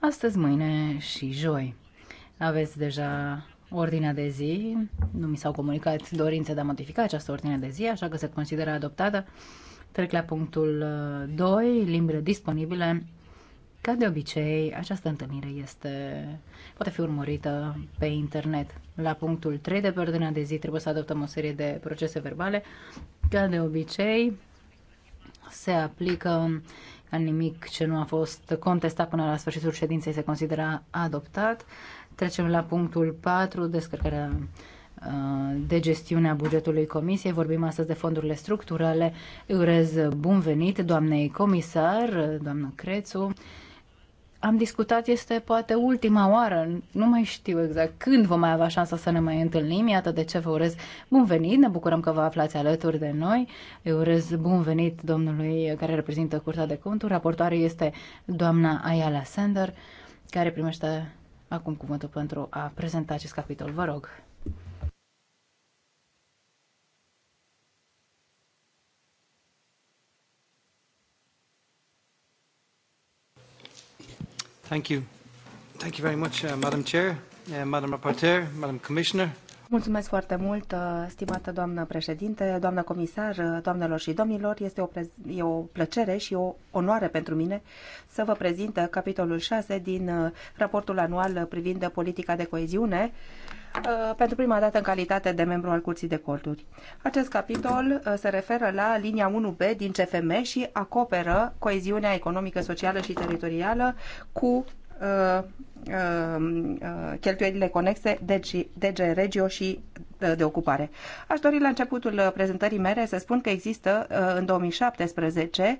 astăzi, mâine și joi. Aveți deja ordinea de zi, nu mi s-au comunicat dorințe de a modifica această ordine de zi, așa că se consideră adoptată. Trec la punctul 2, uh, limbile disponibile. Ca de obicei, această întâlnire este, poate fi urmărită pe internet. La punctul 3 de pe ordinea de zi trebuie să adoptăm o serie de procese verbale. Ca de obicei, se aplică nimic ce nu a fost contestat până la sfârșitul ședinței se considera adoptat. Trecem la punctul 4, descărcarea uh, de gestiunea bugetului Comisiei. Vorbim astăzi de fondurile structurale. Îi urez bun venit doamnei comisar, doamna Crețu am discutat este poate ultima oară, nu mai știu exact când vom mai avea șansa să ne mai întâlnim, iată de ce vă urez bun venit, ne bucurăm că vă aflați alături de noi, îi urez bun venit domnului care reprezintă Curtea de Conturi, raportoare este doamna Ayala Sender, care primește acum cuvântul pentru a prezenta acest capitol, vă rog. Thank you. Thank you very much, uh, Madam Chair, uh, Madam Rapporteur, Madam Commissioner. Mulțumesc foarte mult, uh, stimată doamnă președinte, doamnă comisar, uh, doamnelor și domnilor. Este o, e o plăcere și o onoare pentru mine să vă prezint capitolul 6 din uh, raportul anual privind politica de coeziune. Uh, Uh, pentru prima dată în calitate de membru al Curții de Conturi. Acest capitol uh, se referă la linia 1B din CFM și acoperă coeziunea economică, socială și teritorială cu uh, cheltuielile conexe, DG, DG Regio și de ocupare. Aș dori la începutul prezentării mele să spun că există în 2017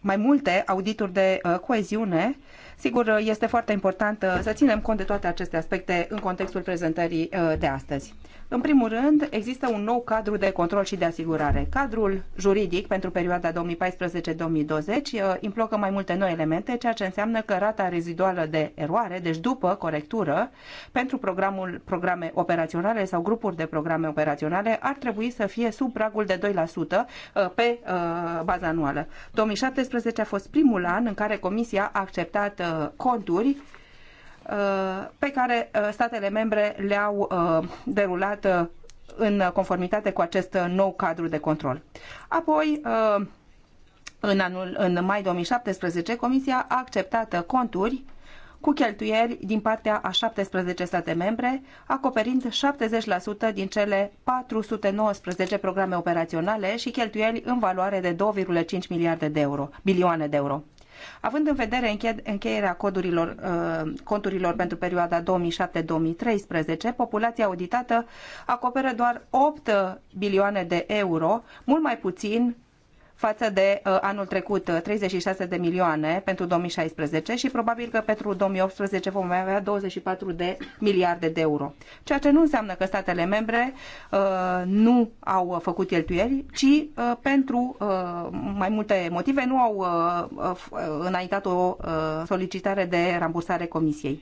mai multe audituri de coeziune Sigur, este foarte important să ținem cont de toate aceste aspecte în contextul prezentării uh, de astăzi. În primul rând, există un nou cadru de control și de asigurare. Cadrul juridic pentru perioada 2014-2020 uh, implocă mai multe noi elemente, ceea ce înseamnă că rata reziduală de eroare, deci după corectură, pentru programul, programe operaționale sau grupuri de programe operaționale ar trebui să fie sub pragul de 2% uh, pe uh, baza anuală. 2017 a fost primul an în care Comisia a acceptat conturi Uh, pe care uh, statele membre le-au uh, derulat în conformitate cu acest nou cadru de control. Apoi, în, anul, în mai 2017, Comisia a acceptat conturi cu cheltuieli din partea a 17 state membre, acoperind 70% din cele 419 programe operaționale și cheltuieli în valoare de 2,5 miliarde de euro, bilioane de euro. Având în vedere încheierea codurilor, uh, conturilor pentru perioada 2007-2013, populația auditată acoperă doar 8 bilioane de euro, mult mai puțin față de uh, anul trecut 36 uh, de milioane pentru 2016 și probabil că pentru 2018 vom avea 24 de miliarde de euro. Ceea ce nu înseamnă că statele membre uh, nu au uh, făcut cheltuieli, ci uh, pentru uh, mai multe motive nu au uh, uh înaintat o uh, solicitare de rambursare comisiei.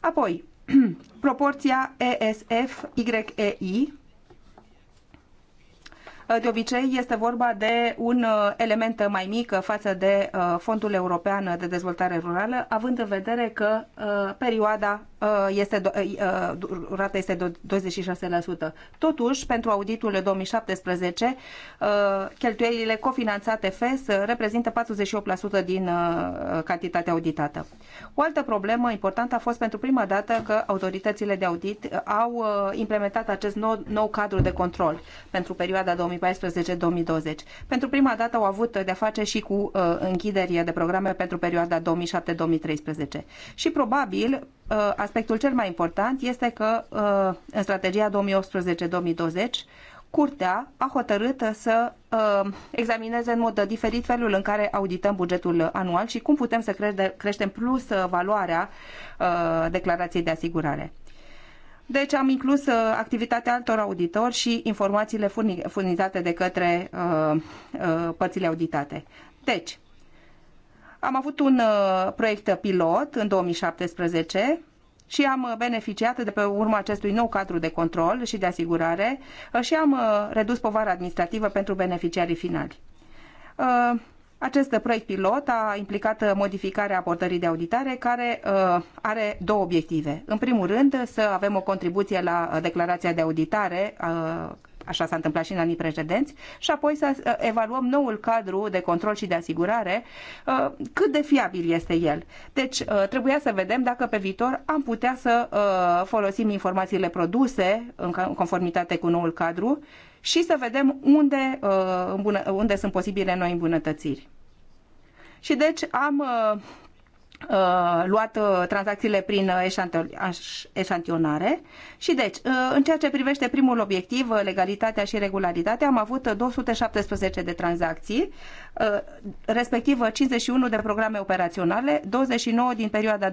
Apoi, proporția ESF-YEI Eh, de obicei este vorba de un eh, element mai mic eh, față de Fondul European de Dezvoltare Rurală, având în vedere că perioada este, rata este 26%. Totuși, pentru auditul 2017, cheltuielile cofinanțate FES reprezintă 48% din cantitatea auditată. O altă problemă importantă a fost pentru prima dată că autoritățile de audit au implementat acest nou, nou cadru de control pentru perioada 2014 2014-2020. Pentru prima dată au avut de-a face și cu uh, închideri de programe pentru perioada 2007-2013. Și probabil uh, aspectul cel mai important este că uh, în strategia 2018-2020 Curtea a hotărât să uh, examineze în mod diferit felul în care audităm bugetul anual și cum putem să crește, creștem plus valoarea uh, declarației de asigurare. Deci am inclus uh, activitatea altor auditori și informațiile furnizate de către uh, uh, părțile auditate. Deci, am avut un uh, proiect pilot în 2017 și am uh, beneficiat de pe urma acestui nou cadru de control și de asigurare uh, și am redus povara administrativă pentru beneficiarii finali. Acest proiect pilot a implicat modificarea abordării de auditare care uh, are două obiective. În primul rând, să avem o contribuție la declarația de auditare uh, așa s-a întâmplat și în anii precedenți, și apoi să uh, evaluăm noul cadru de control și de asigurare, uh, cât de fiabil este el. Deci uh, trebuia să vedem dacă pe viitor am putea să folosim informațiile produse în conformitate cu noul cadru și să vedem unde, unde sunt posibile noi îmbunătățiri și deci am uh, uh, luat uh, tranzacțiile prin eșantionare și deci, în ceea ce privește primul obiectiv, legalitatea și regularitatea, am avut 217 de tranzacții, Uh, respectiv 51 de programe operaționale, 29 din perioada 2014-2020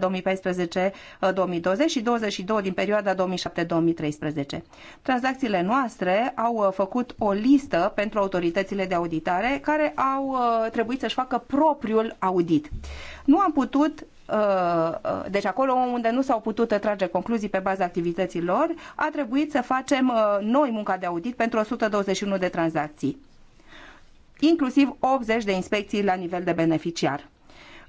și 22 uh, din perioada 2007-2013. Tranzacțiile noastre au uh, făcut o listă pentru autoritățile de auditare care au trebuit să-și facă propriul audit. Nu am putut deci acolo unde nu s-au putut trage concluzii pe baza activităților, a trebuit să facem noi munca de audit pentru 121 de tranzacții inclusiv 80 de inspecții la nivel de beneficiar.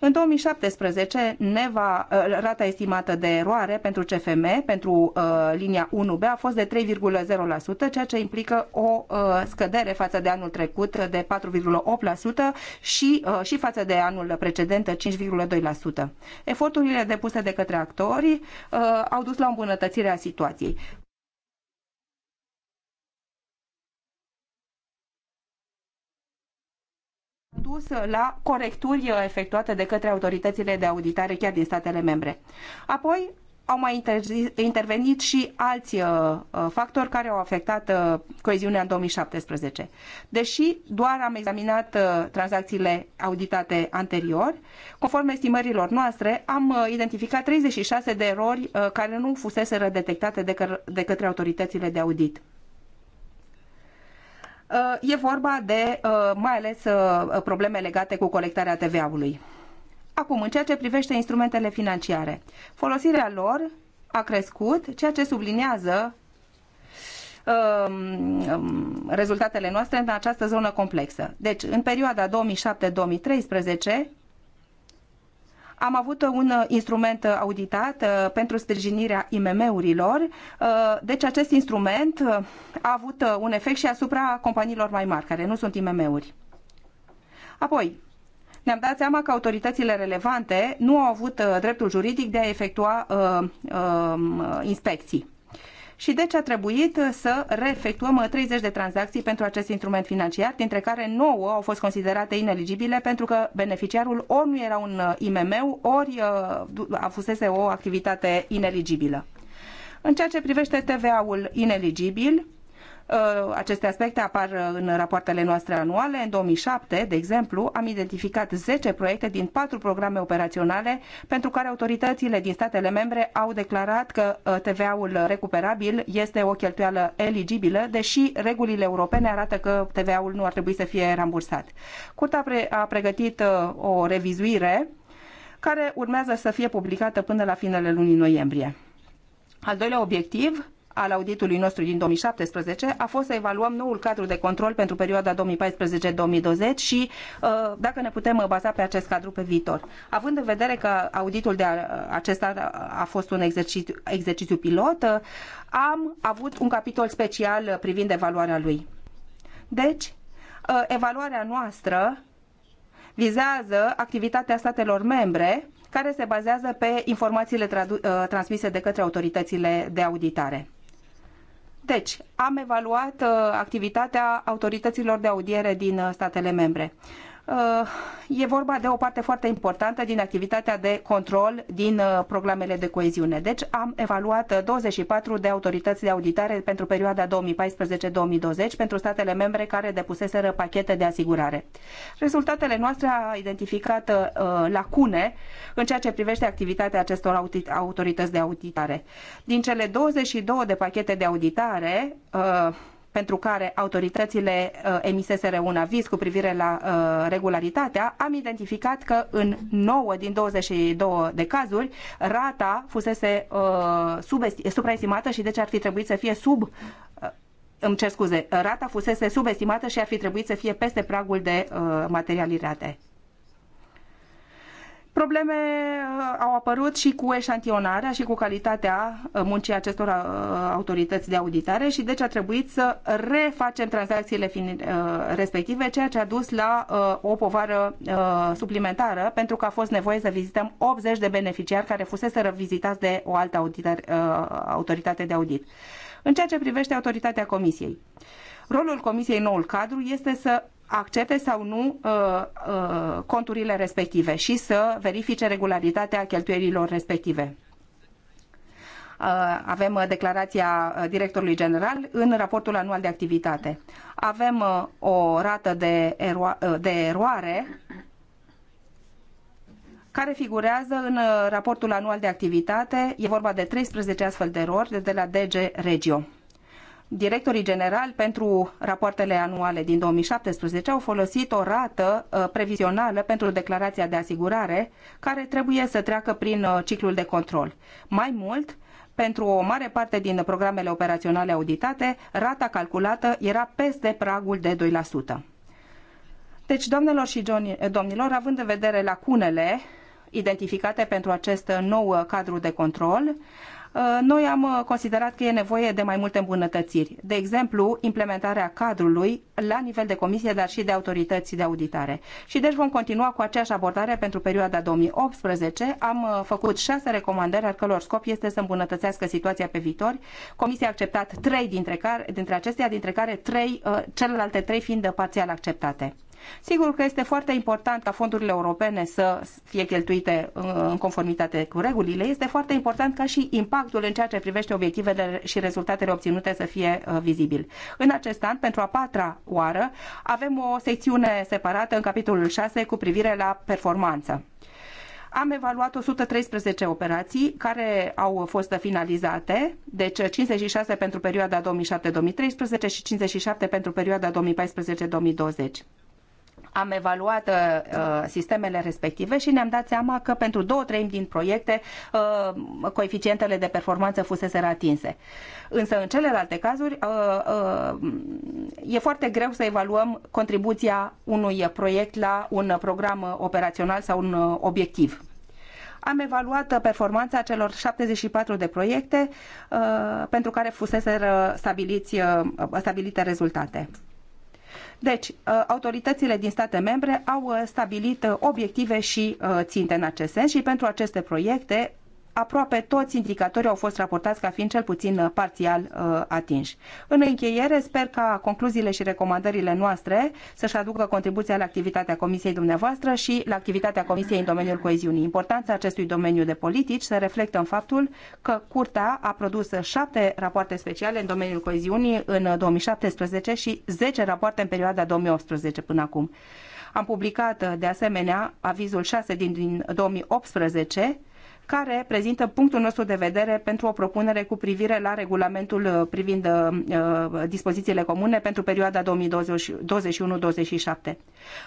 În 2017, neva, uh, rata estimată de eroare pentru CFM, pentru uh, linia 1B, a fost de 3,0%, ceea ce implică o uh, scădere față de anul trecut de 4,8% și, uh, și față de anul precedent 5,2%. Eforturile depuse de către actori uh, au dus la îmbunătățirea situației. dus la corecturi uh, efectuate de către autoritățile de auditare chiar din statele membre. Apoi, au mai intervenit și alți uh, uh, factori care au afectat coeziunea în 2017. Deși doar am examinat tranzacțiile auditate anterior, conform estimărilor noastre, am identificat 36 de erori care nu fuseseră detectate de, către autoritățile de audit. Uh, e vorba de uh, mai ales uh, probleme legate cu colectarea TVA-ului. Acum, în ceea ce privește instrumentele financiare, folosirea lor a crescut, ceea ce subliniază um, um, rezultatele noastre în această zonă complexă. Deci, în perioada 2007-2013, am avut un uh, instrument uh, auditat uh, pentru sprijinirea IMM-urilor, deci acest instrument a avut un efect și asupra companiilor mai mari, care nu sunt IMM-uri. Apoi, ne-am dat seama că autoritățile relevante nu au avut dreptul juridic de a efectua uh, um, uh, inspecții și deci a trebuit uh, să reefectuăm 30 uh, de tranzacții pentru acest instrument financiar, dintre care 9 au fost considerate ineligibile pentru că beneficiarul ori nu era un uh, IMM, ori a fusese o activitate ineligibilă. În ceea ce privește TVA-ul ineligibil, Uh, aceste aspecte apar uh, în rapoartele noastre anuale. În 2007, de exemplu, am identificat 10 proiecte din 4 programe operaționale pentru care autoritățile din statele membre au declarat că uh, TVA-ul recuperabil este o cheltuială eligibilă, deși regulile europene arată că TVA-ul nu ar trebui să fie rambursat. Curtea a pregătit o revizuire care urmează să fie publicată până la finele lunii noiembrie. Al doilea obiectiv al auditului nostru din 2017 a fost să evaluăm noul cadru de control pentru perioada 2014-2020 și uh, dacă ne putem baza pe acest cadru pe viitor. Având în vedere că auditul de acesta a fost un exercițiu, exercițiu pilot, uh, am avut un capitol special privind evaluarea lui. Deci, uh, evaluarea noastră vizează activitatea statelor membre care se bazează pe informațiile transmise de către autoritățile de auditare. Deci, am evaluat uh, activitatea autorităților de audiere din uh, statele membre. Uh, e vorba de o parte foarte importantă din activitatea de control din uh, programele de coeziune. Deci am evaluat 24 uh, de autorități de auditare pentru perioada 2014-2020 pentru statele membre care depuseseră pachete de asigurare. Rezultatele noastre au identificat lacune în ceea ce privește activitatea acestor autorități de auditare. Din cele 22 de pachete de auditare pentru care autoritățile uh, emiseseră un aviz cu privire la uh, regularitatea, am identificat că în 9 din 22 de cazuri rata fusese uh, supraestimată și deci ar fi trebuit să fie sub îmi cer scuze, rata fusese subestimată și ar fi trebuit să fie peste pragul de materialitate. Probleme uh, au apărut și cu eșantionarea și cu calitatea uh, muncii acestor uh, autorități de auditare și deci a trebuit să refacem tranzacțiile respective, ceea ce a dus la o povară suplimentară pentru că a fost nevoie să vizităm 80 de beneficiari care fusese vizitați de o altă auditor, autoritate de audit. În ceea ce privește autoritatea Comisiei, rolul Comisiei noul cadru este să accepte sau nu uh, uh, conturile respective și să verifice regularitatea cheltuielilor respective uh, avem declarația directorului general în raportul anual de activitate. Avem o rată de, ero de eroare care figurează în raportul anual de activitate. E vorba de 13 astfel de erori de la DG Regio directorii generali pentru rapoartele anuale din 2017 au folosit o rată uh, previzională pentru declarația de asigurare care trebuie să treacă prin uh, ciclul de control. Mai mult, pentru o mare parte din programele operaționale auditate, rata calculată era peste pragul de 2%. Deci, doamnelor și eh, domnilor, având în vedere lacunele identificate pentru acest nou uh, cadru de control, Uh, noi am uh, considerat că e nevoie de mai multe îmbunătățiri. De exemplu, implementarea cadrului la nivel de comisie, dar și de autorități de auditare. Și deci vom continua cu aceeași abordare pentru perioada 2018. Am uh, făcut șase recomandări, al căror scop este să îmbunătățească situația pe viitor. Comisia a acceptat trei dintre, care, dintre acestea, dintre care trei, celelalte trei fiind parțial acceptate. Sigur că este foarte important ca fondurile europene să fie cheltuite uh, în conformitate cu regulile. Este foarte important ca și impactul în ceea ce privește obiectivele și rezultatele obținute să fie uh, vizibil. În acest an, pentru a patra oară, avem o secțiune separată în capitolul 6 cu privire la performanță. Am evaluat 113 operații care au fost finalizate, deci 56 pentru perioada 2007-2013 și 57 pentru perioada 2014-2020 am evaluat uh, sistemele respective și ne-am dat seama că pentru două treimi din proiecte uh, coeficientele de performanță fusese atinse. Însă în celelalte cazuri uh, uh, e foarte greu să evaluăm contribuția unui proiect la un program operațional sau un obiectiv am evaluat performanța celor 74 de proiecte uh, pentru care fusese uh, stabilite rezultate. Deci, uh, autoritățile din state membre au uh, stabilit uh, obiective și ținte în acest sens și pentru aceste proiecte aproape toți indicatorii au fost raportați ca fiind cel puțin uh, parțial uh, atinși. În încheiere, sper ca concluziile și recomandările noastre să-și aducă contribuția la activitatea Comisiei dumneavoastră și la activitatea Comisiei în domeniul coeziunii. Importanța acestui domeniu de politici se reflectă în faptul că Curtea a produs șapte rapoarte speciale în domeniul coeziunii în 2017 uh, și zece rapoarte în perioada 2018 până acum. Am publicat, de asemenea, avizul 6 din, din 2018 care prezintă punctul nostru de vedere pentru o propunere cu privire la regulamentul uh, privind uh, uh, dispozițiile comune pentru perioada 2021-2027.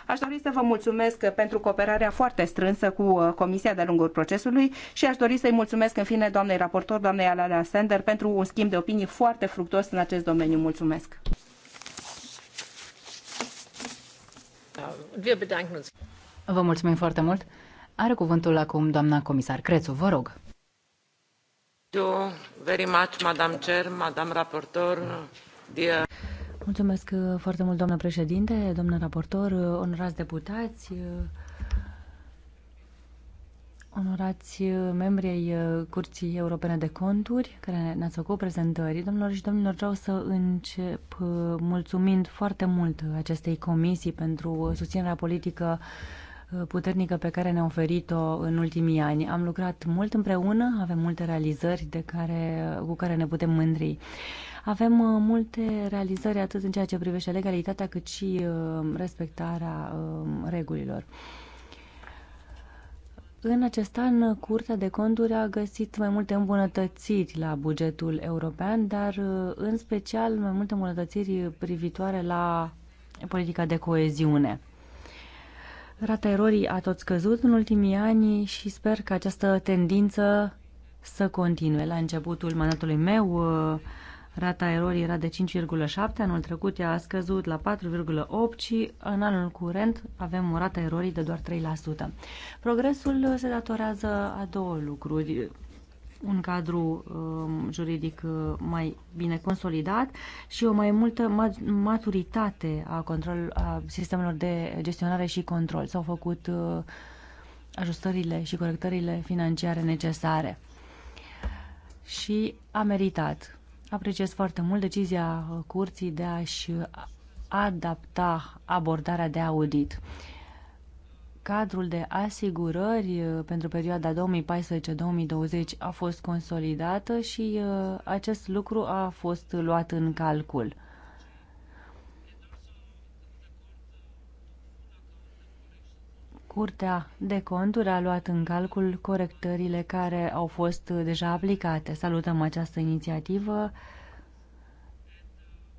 Aș dori să vă mulțumesc pentru cooperarea foarte strânsă cu Comisia de-a lungul procesului și aș dori să-i mulțumesc în fine doamnei raportor, doamnei Alalea Sender, pentru un schimb de opinii foarte fructos în acest domeniu. Mulțumesc! Vă mulțumim foarte mult! Are cuvântul acum doamna comisar Crețu, vă rog. Mulțumesc foarte mult, doamnă președinte, doamnă raportor, uh, onorați deputați, uh, onorați uh, membri ai Curții Europene de Conturi, care ne-ați făcut prezentări. Domnilor și domnilor, vreau să încep mulțumind foarte mult acestei comisii pentru susținerea politică puternică pe care ne-a oferit-o în ultimii ani. Am lucrat mult împreună, avem multe realizări de care, cu care ne putem mândri. Avem uh, multe realizări atât în ceea ce privește legalitatea, cât și uh, respectarea um, regulilor. În acest an, Curtea de Conturi a găsit mai multe îmbunătățiri la bugetul european, dar uh, în special mai multe îmbunătățiri privitoare la politica de coeziune. Rata erorii a tot scăzut în ultimii ani și sper că această tendință să continue. La începutul mandatului meu, uh, rata erorii era de 5,7, anul trecut ea a scăzut la 4,8 și în anul curent avem o rată erorii de doar 3%. Progresul se datorează a două lucruri un cadru um, juridic uh, mai bine consolidat și o mai multă maturitate a, control, a sistemelor de gestionare și control. S-au făcut uh, ajustările și corectările financiare necesare și a meritat. Apreciez foarte mult decizia uh, curții de a-și adapta abordarea de audit cadrul de asigurări uh, pentru perioada 2014-2020 a fost consolidată și uh, acest lucru a fost luat în calcul. Curtea de conturi a luat în calcul corectările care au fost uh, deja aplicate. Salutăm această inițiativă.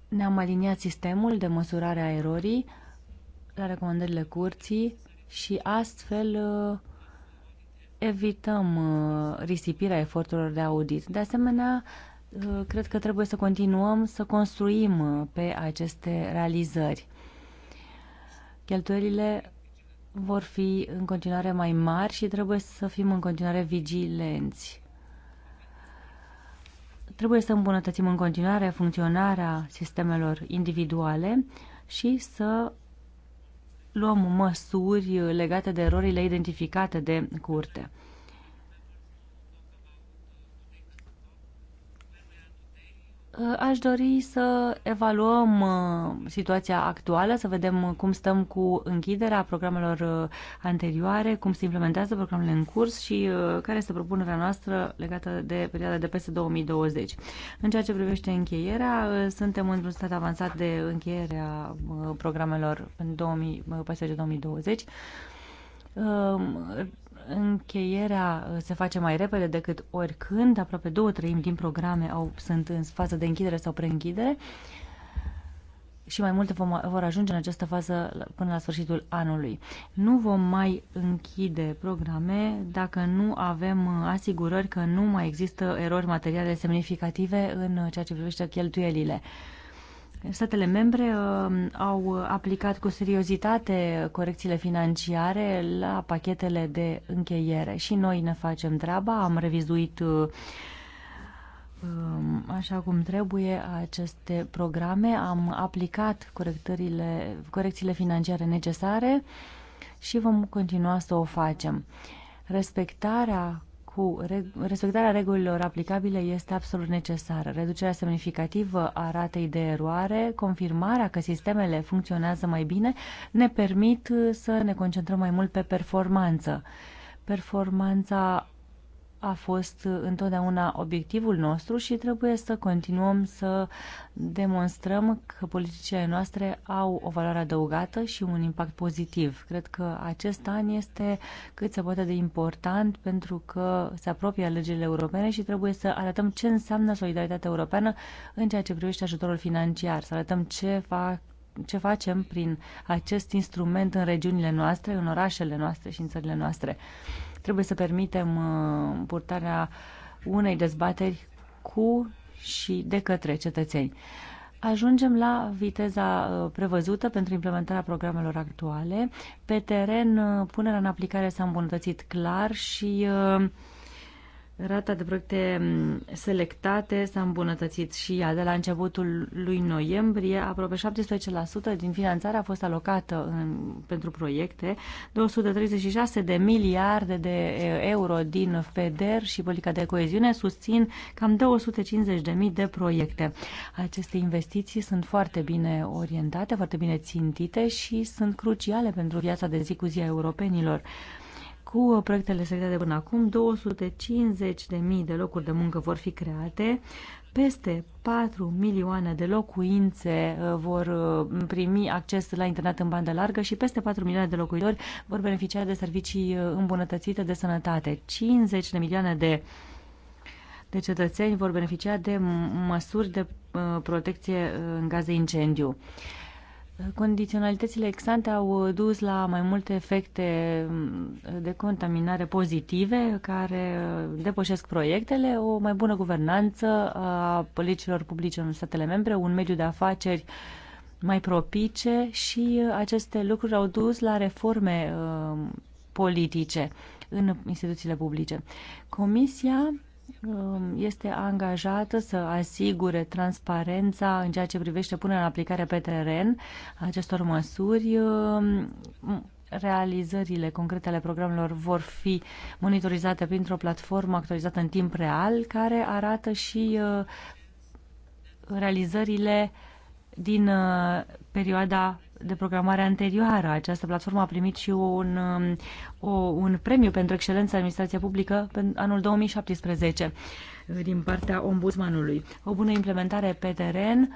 Ne-am aliniat sistemul de măsurare a erorii la recomandările curții și astfel uh, evităm uh, risipirea eforturilor de audit. De asemenea, uh, cred că trebuie să continuăm să construim pe aceste realizări. Cheltuielile vor fi în continuare mai mari și trebuie să fim în continuare vigilenți. Trebuie să îmbunătățim în continuare funcționarea sistemelor individuale și să luăm măsuri legate de erorile identificate de curte. Uh, aș dori să evaluăm uh, situația actuală, să vedem cum stăm cu închiderea programelor uh, anterioare, cum se implementează programele în curs și care este propunerea noastră legată de perioada de peste 2020. În ceea ce privește încheierea, suntem într-un stat avansat de încheierea programelor în 2020 încheierea uh, se face mai repede decât oricând, aproape două treimi din programe au, sunt în fază de închidere sau preînchidere și mai multe vom, vor ajunge în această fază până la sfârșitul anului. Nu vom mai închide programe dacă nu avem uh, asigurări că nu mai există erori materiale semnificative în uh, ceea ce privește cheltuielile. Statele membre uh, au aplicat cu seriozitate corecțiile financiare la pachetele de încheiere și noi ne facem treaba, am revizuit uh, um, așa cum trebuie aceste programe, am aplicat corectările, corecțiile financiare necesare și vom continua să o facem. Respectarea cu respectarea regulilor aplicabile este absolut necesară. Reducerea semnificativă a ratei de eroare, confirmarea că sistemele funcționează mai bine, ne permit să ne concentrăm mai mult pe performanță. Performanța a fost uh, întotdeauna obiectivul nostru și trebuie să continuăm să demonstrăm că politicile noastre au o valoare adăugată și un impact pozitiv. Cred că acest an este cât se poate de important pentru că se apropie alegerile europene și trebuie să arătăm ce înseamnă solidaritatea europeană în ceea ce privește ajutorul financiar, să arătăm ce fac ce facem prin acest instrument în regiunile noastre, în orașele noastre și în țările noastre. Uh, Trebuie să permitem uh, purtarea unei dezbateri cu și de către cetățeni. Ajungem la viteza uh, prevăzută pentru implementarea programelor actuale. Pe teren, uh, punerea în aplicare s-a îmbunătățit clar și uh, Rata de proiecte mm, selectate s-a îmbunătățit și ea. De la începutul lui noiembrie, aproape 17% din finanțare a fost alocată în, pentru proiecte, 236 de miliarde de euro din FEDER și politica de coeziune susțin cam 250.000 de proiecte. Aceste investiții sunt foarte bine orientate, foarte bine țintite și sunt cruciale pentru viața de zi cu zi a europenilor. Cu proiectele secrete de până acum, 250.000 de locuri de muncă vor fi create, peste 4 milioane de locuințe uh, vor uh, primi acces la internet în bandă largă și peste 4 milioane de locuitori vor beneficia de servicii uh, îmbunătățite de sănătate. 50 de milioane de de cetățeni vor beneficia de măsuri de protecție în caz de incendiu. Condiționalitățile exante au dus la mai multe efecte de contaminare pozitive care depășesc proiectele, o mai bună guvernanță a politicilor publice în statele membre, un mediu de afaceri mai propice și aceste lucruri au dus la reforme uh, politice în instituțiile publice. Comisia Um, este angajată să asigure transparența în ceea ce privește punerea în aplicare pe teren acestor măsuri. Um, realizările concrete ale programelor vor fi monitorizate printr-o platformă actualizată în timp real, care arată și uh, realizările din uh, perioada de programare anterioară. Această platformă a primit și un, um, o, un premiu pentru excelență în administrația publică în anul 2017 din partea ombudsmanului. O bună implementare pe teren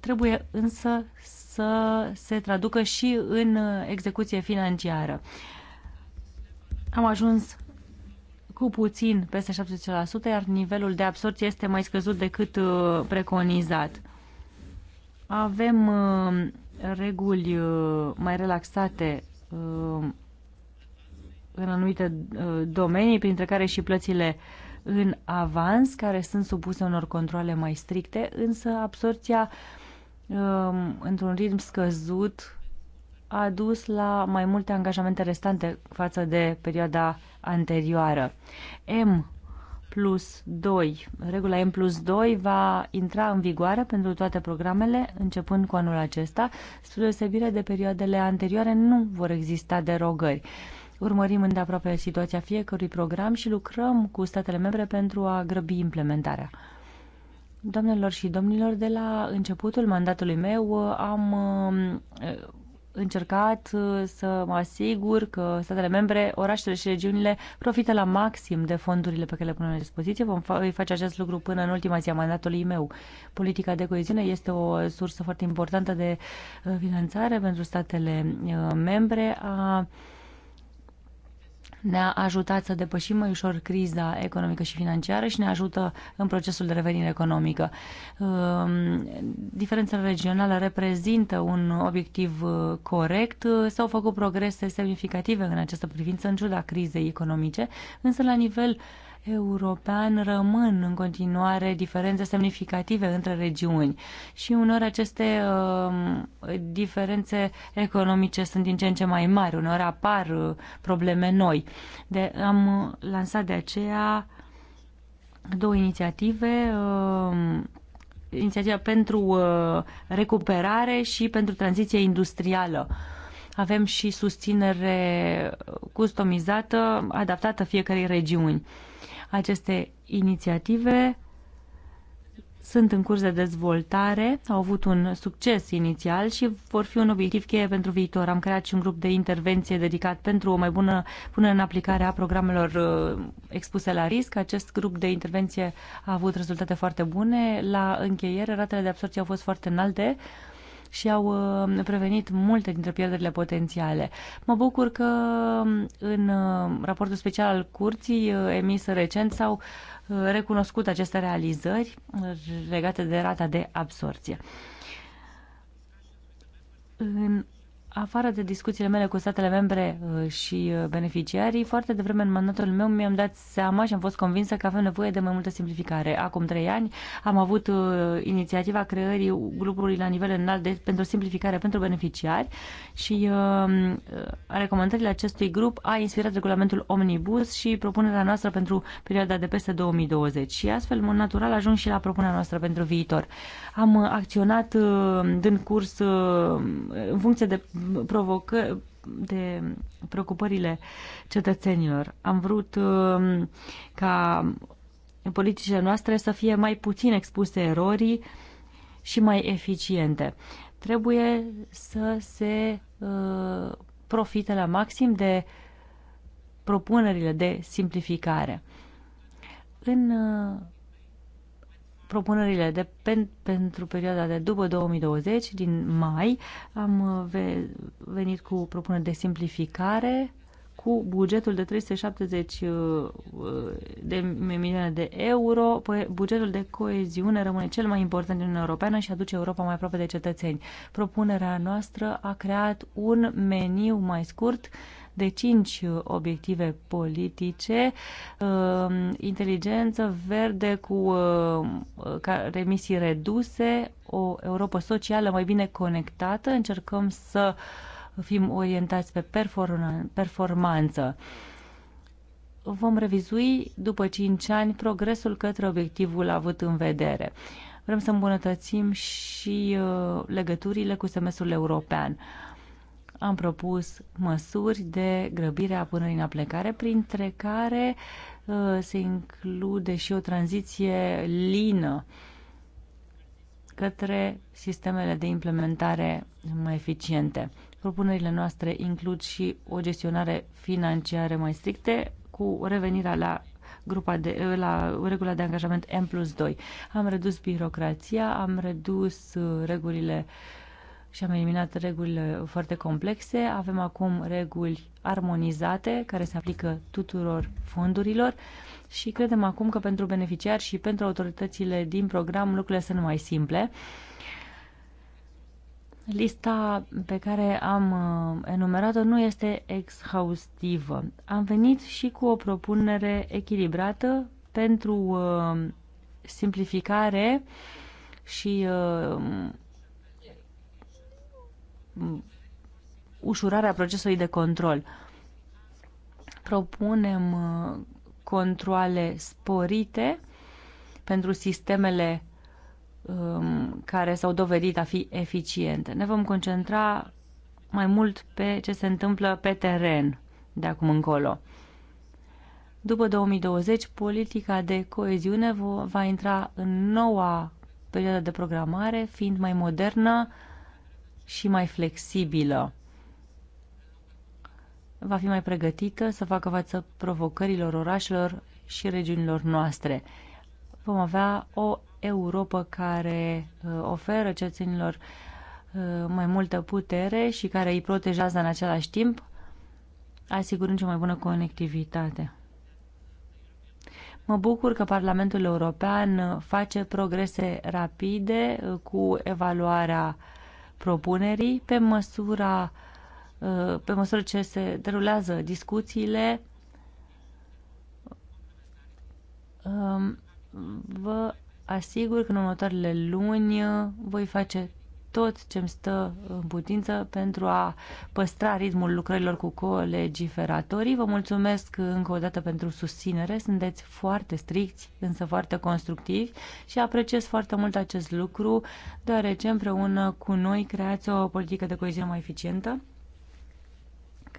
trebuie însă să se traducă și în execuție financiară. Am ajuns cu puțin peste 70%, iar nivelul de absorție este mai scăzut decât uh, preconizat. Avem uh, reguli uh, mai relaxate uh, în anumite uh, domenii, printre care și plățile în avans, care sunt supuse unor controle mai stricte, însă absorția um, într-un ritm scăzut a dus la mai multe angajamente restante față de perioada anterioară. M plus 2. Regula M plus 2 va intra în vigoare pentru toate programele începând cu anul acesta. Spre deosebire de perioadele anterioare nu vor exista derogări. Urmărim îndeaproape situația fiecărui program și lucrăm cu statele membre pentru a grăbi implementarea. Doamnelor și domnilor, de la începutul mandatului meu am încercat uh, să mă asigur că statele membre, orașele și regiunile profită la maxim de fondurile pe care le punem la dispoziție. Vom fa- face acest lucru până în ultima zi a mandatului meu. Politica de coeziune este o sursă foarte importantă de uh, finanțare pentru statele uh, membre. A, ne-a ajutat să depășim mai ușor criza economică și financiară și ne ajută în procesul de revenire economică. Ehm, diferențele regionale reprezintă un obiectiv uh, corect. S-au făcut progrese semnificative în această privință, în ciuda crizei economice, însă la nivel european rămân în continuare diferențe semnificative între regiuni și unor aceste uh, diferențe economice sunt din ce în ce mai mari, unor apar uh, probleme noi. De, am lansat de aceea două inițiative, uh, inițiativa pentru uh, recuperare și pentru tranziție industrială avem și susținere customizată, adaptată fiecarei regiuni. Aceste inițiative sunt în curs de dezvoltare, au avut un succes inițial și vor fi un obiectiv cheie pentru viitor. Am creat și un grup de intervenție dedicat pentru o mai bună punere în aplicare a programelor uh, expuse la risc. Acest grup de intervenție a avut rezultate foarte bune. La încheiere, ratele de absorție au fost foarte înalte și au uh, prevenit multe dintre pierderile potențiale. Mă bucur că um, în uh, raportul special al curții uh, emis recent s-au recunoscut aceste realizări legate de rata de absorție. În afară de discuțiile mele cu statele membre uh, și uh, beneficiarii, foarte devreme în mandatul meu mi-am dat seama și am fost convinsă că avem nevoie de mai multă simplificare. Acum trei ani am avut uh, inițiativa creării grupului la nivel înalt de, pentru simplificare pentru beneficiari și uh, recomandările acestui grup a inspirat regulamentul Omnibus și propunerea noastră pentru perioada de peste 2020 și astfel, în natural, ajung și la propunerea noastră pentru viitor. Am acționat uh, din curs uh, în funcție de provocă, de preocupările cetățenilor. Am vrut um, ca politicile noastre să fie mai puțin expuse erorii și mai eficiente. Trebuie să se uh, profite la maxim de propunerile de simplificare. În uh, propunerile de pen, pentru perioada de după 2020, din mai, am uh, ve, venit cu propuneri de simplificare cu bugetul de 370 uh, de milioane de euro. Păi bugetul de coeziune rămâne cel mai important din Uniunea Europeană și aduce Europa mai aproape de cetățeni. Propunerea noastră a creat un meniu mai scurt de cinci obiective politice, um, inteligență verde cu uh, remisii reduse, o Europa socială mai bine conectată, încercăm să fim orientați pe performanță vom revizui după 5 ani progresul către obiectivul avut în vedere. Vrem să îmbunătățim și uh, legăturile cu semestrul european am propus măsuri de grăbire a punerii în aplicare, printre care uh, se include și o tranziție lină către sistemele de implementare mai eficiente. Propunerile noastre includ și o gestionare financiară mai stricte cu revenirea la grupa de, uh, la regula de angajament M plus 2. Am redus birocrația, am redus uh, regulile uh, și am eliminat regulile foarte complexe. Avem acum reguli armonizate care se aplică tuturor fondurilor și credem acum că pentru beneficiari și pentru autoritățile din program lucrurile sunt mai simple. Lista pe care am uh, enumerat-o nu este exhaustivă. Am venit și cu o propunere echilibrată pentru uh, simplificare și uh, ușurarea procesului de control. Propunem uh, controle sporite pentru sistemele um, care s-au dovedit a fi eficiente. Ne vom concentra mai mult pe ce se întâmplă pe teren de acum încolo. După 2020, politica de coeziune va intra în noua perioadă de programare, fiind mai modernă, și mai flexibilă. Va fi mai pregătită să facă față provocărilor orașelor și regiunilor noastre. Vom avea o Europa care uh, oferă cetățenilor uh, mai multă putere și care îi protejează în același timp, asigurând cea mai bună conectivitate. Mă bucur că Parlamentul European uh, face progrese rapide cu evaluarea propunerii. Pe măsura uh, pe măsură ce se derulează discuțiile, um, vă asigur că în următoarele luni uh, voi face tot ce-mi stă în putință pentru a păstra ritmul lucrărilor cu colegiferatorii. Vă mulțumesc încă o dată pentru susținere. Sunteți foarte stricți, însă foarte constructivi și apreciez foarte mult acest lucru, deoarece împreună cu noi creați o politică de coeziune mai eficientă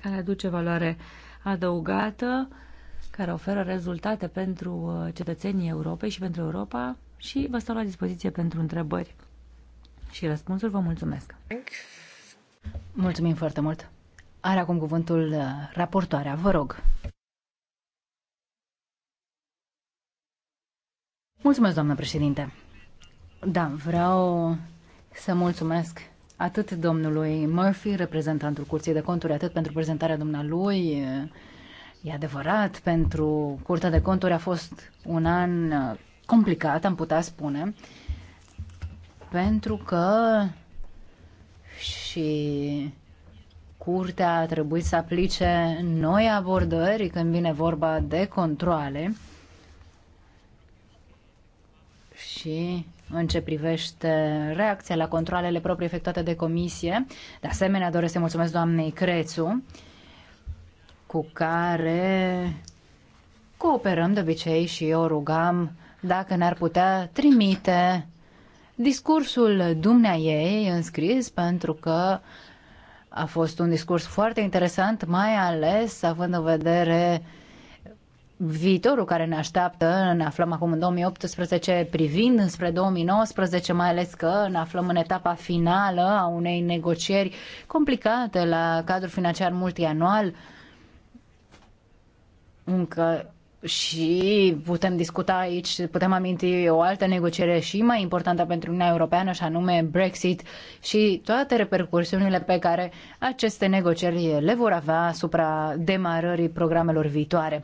care aduce valoare adăugată, care oferă rezultate pentru uh, cetățenii Europei și pentru Europa și vă stau la dispoziție pentru întrebări și răspunsul. Vă mulțumesc! Mulțumim foarte mult! Are acum cuvântul uh, raportoarea. Vă rog! Mulțumesc, doamnă președinte! Da, vreau să mulțumesc atât domnului Murphy, reprezentantul Curții de Conturi, atât pentru prezentarea dumnealui. E adevărat, pentru Curtea de Conturi a fost un an uh, complicat, am putea spune pentru că și curtea a trebuit să aplice noi abordări când vine vorba de controle și în ce privește reacția la controlele proprii efectuate de comisie. De asemenea, doresc să mulțumesc doamnei Crețu, cu care cooperăm de obicei și eu rugam dacă ne-ar putea trimite discursul dumneaei înscris pentru că a fost un discurs foarte interesant, mai ales având în vedere viitorul care ne așteaptă, ne aflăm acum în 2018, privind înspre 2019, mai ales că ne aflăm în etapa finală a unei negocieri complicate la cadrul financiar multianual, încă și putem discuta aici, putem aminti o altă negociere și mai importantă pentru Uniunea Europeană, și anume Brexit și toate repercursiunile pe care aceste negocieri le vor avea asupra demarării programelor viitoare.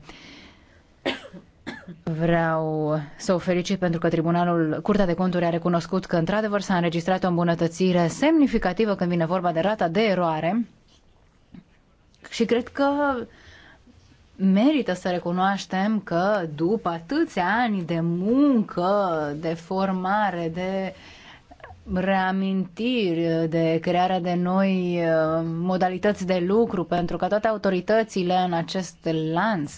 Vreau să o felicit pentru că Tribunalul Curtea de Conturi a recunoscut că într-adevăr s-a înregistrat o îmbunătățire semnificativă când vine vorba de rata de eroare și cred că merită să recunoaștem că după atâția ani de muncă, de formare, de reamintiri, de crearea de noi uh, modalități de lucru, pentru că toate autoritățile în acest lanț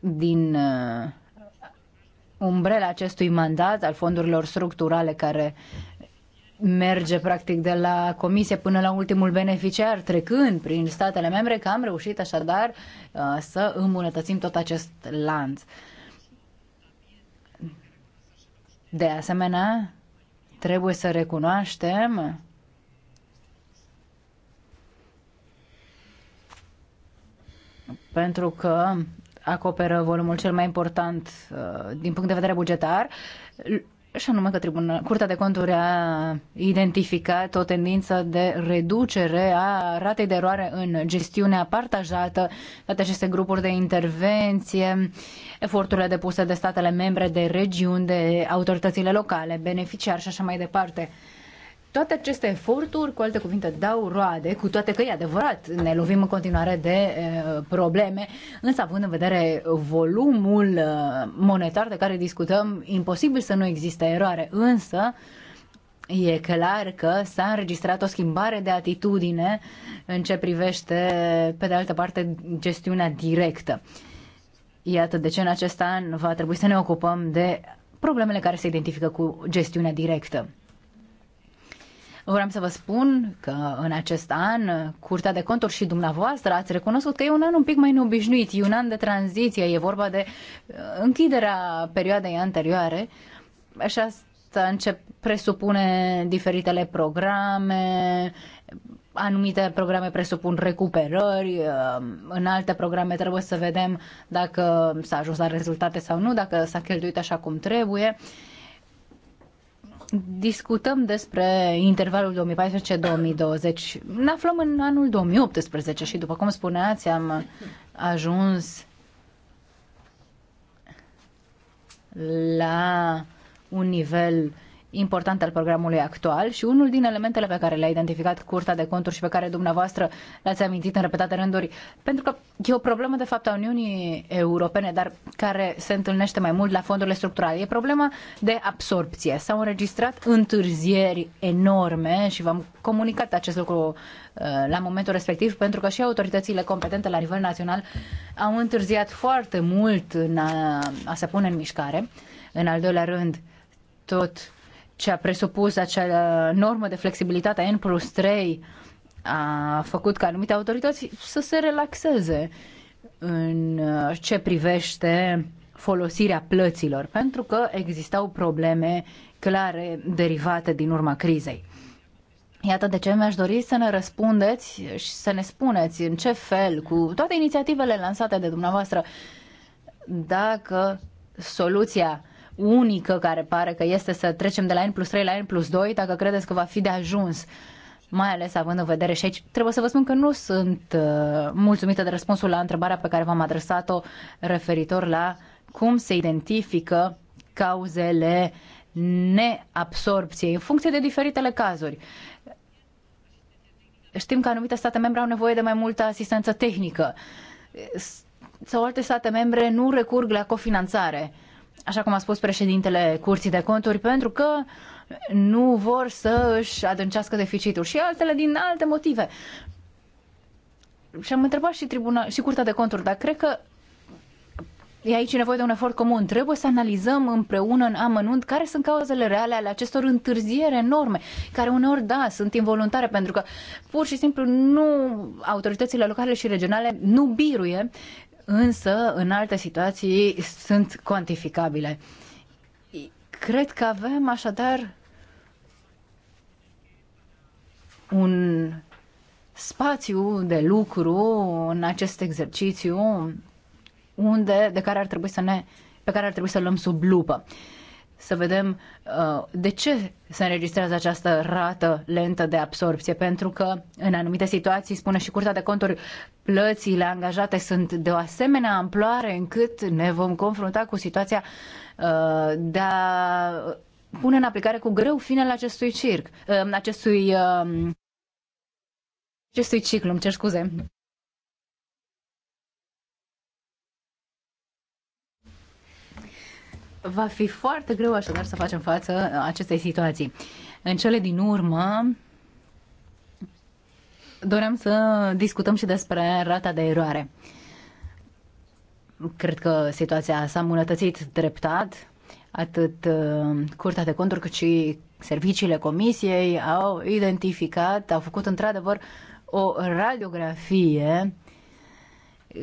din uh, umbrela acestui mandat al fondurilor structurale care merge practic de la comisie până la ultimul beneficiar, trecând prin statele membre, că am reușit așadar uh, să îmbunătățim tot acest lanț. De asemenea, trebuie să recunoaștem pentru că acoperă volumul cel mai important uh, din punct de vedere bugetar, și anume că tribuna, Curtea de Conturi a identificat o tendință de reducere a ratei de eroare în gestiunea partajată, toate aceste grupuri de intervenție, eforturile depuse de statele membre, de regiuni, de autoritățile locale, beneficiari și așa mai departe. Toate aceste eforturi, cu alte cuvinte, dau roade, cu toate că e adevărat, ne lovim în continuare de uh, probleme, însă având în vedere volumul uh, monetar de care discutăm, imposibil să nu existe eroare, însă E clar că s-a înregistrat o schimbare de atitudine în ce privește, pe de altă parte, gestiunea directă. Iată de ce în acest an va trebui să ne ocupăm de problemele care se identifică cu gestiunea directă. Vreau să vă spun că în acest an Curtea de Conturi și dumneavoastră ați recunoscut că e un an un pic mai neobișnuit, e un an de tranziție, e vorba de uh, închiderea perioadei anterioare Așa asta încep, presupune diferitele programe, anumite programe presupun recuperări, uh, în alte programe trebuie să vedem dacă s-a ajuns la rezultate sau nu, dacă s-a cheltuit așa cum trebuie. Uh, discutăm despre intervalul 2014-2020. Ne aflăm în anul 2018 și, după cum spuneați, am ajuns la un nivel important al programului actual și unul din elementele pe care le-a identificat Curtea de Conturi și pe care dumneavoastră le-ați amintit în repetate rânduri, pentru că e o problemă de fapt a Uniunii Europene, dar care se întâlnește mai mult la fondurile structurale. E problema de absorpție. S-au înregistrat întârzieri enorme și v-am comunicat acest lucru uh, la momentul respectiv, pentru că și autoritățile competente la nivel național au întârziat foarte mult în a, a se pune în mișcare. În al doilea rând, tot ce a presupus acea normă de flexibilitate N plus 3 a făcut ca anumite autorități să se relaxeze în uh, ce privește folosirea plăților, pentru că existau probleme clare derivate din urma crizei. Iată de ce mi-aș dori să ne răspundeți și să ne spuneți în ce fel, cu toate inițiativele lansate de dumneavoastră, dacă soluția uh, unică care pare că este să trecem de la N plus 3 la N plus 2, dacă credeți că va fi de ajuns mai ales având în vedere și aici trebuie să vă spun că nu sunt uh, mulțumită de răspunsul la întrebarea pe care v-am adresat-o referitor la cum se identifică cauzele neabsorpției în funcție de diferitele cazuri. Știm că anumite state membre au nevoie de mai multă asistență tehnică sau alte state membre nu recurg la cofinanțare. Uh, așa cum a spus președintele Curții de Conturi, pentru că nu vor să își adâncească deficitul și altele din alte motive. Și am întrebat și, tribuna, și Curtea de Conturi, dar cred că e aici nevoie de un efort comun. Trebuie să analizăm împreună în amănunt care sunt cauzele reale ale acestor întârziere enorme, care uneori, da, sunt involuntare, pentru că pur și simplu nu autoritățile locale și regionale nu biruie însă în alte situații sunt cuantificabile. Cred că avem așadar un spațiu de lucru în acest exercițiu unde, de care ar trebui să ne, pe care ar trebui să luăm sub lupă să vedem uh, de ce se înregistrează această rată lentă de absorpție, pentru că în anumite situații, spune și Curtea de Conturi, plățile angajate sunt de o asemenea amploare încât ne vom confrunta cu situația uh, de a pune în aplicare cu greu finele acestui circ, uh, acestui, acestui ciclu, îmi cer scuze. Va fi foarte greu așadar să facem față acestei situații. În cele din urmă, doream să discutăm și despre rata de eroare. Cred că situația s-a îmbunătățit dreptat, atât uh, Curtea de Conturi cât și serviciile comisiei au identificat, au făcut într-adevăr o radiografie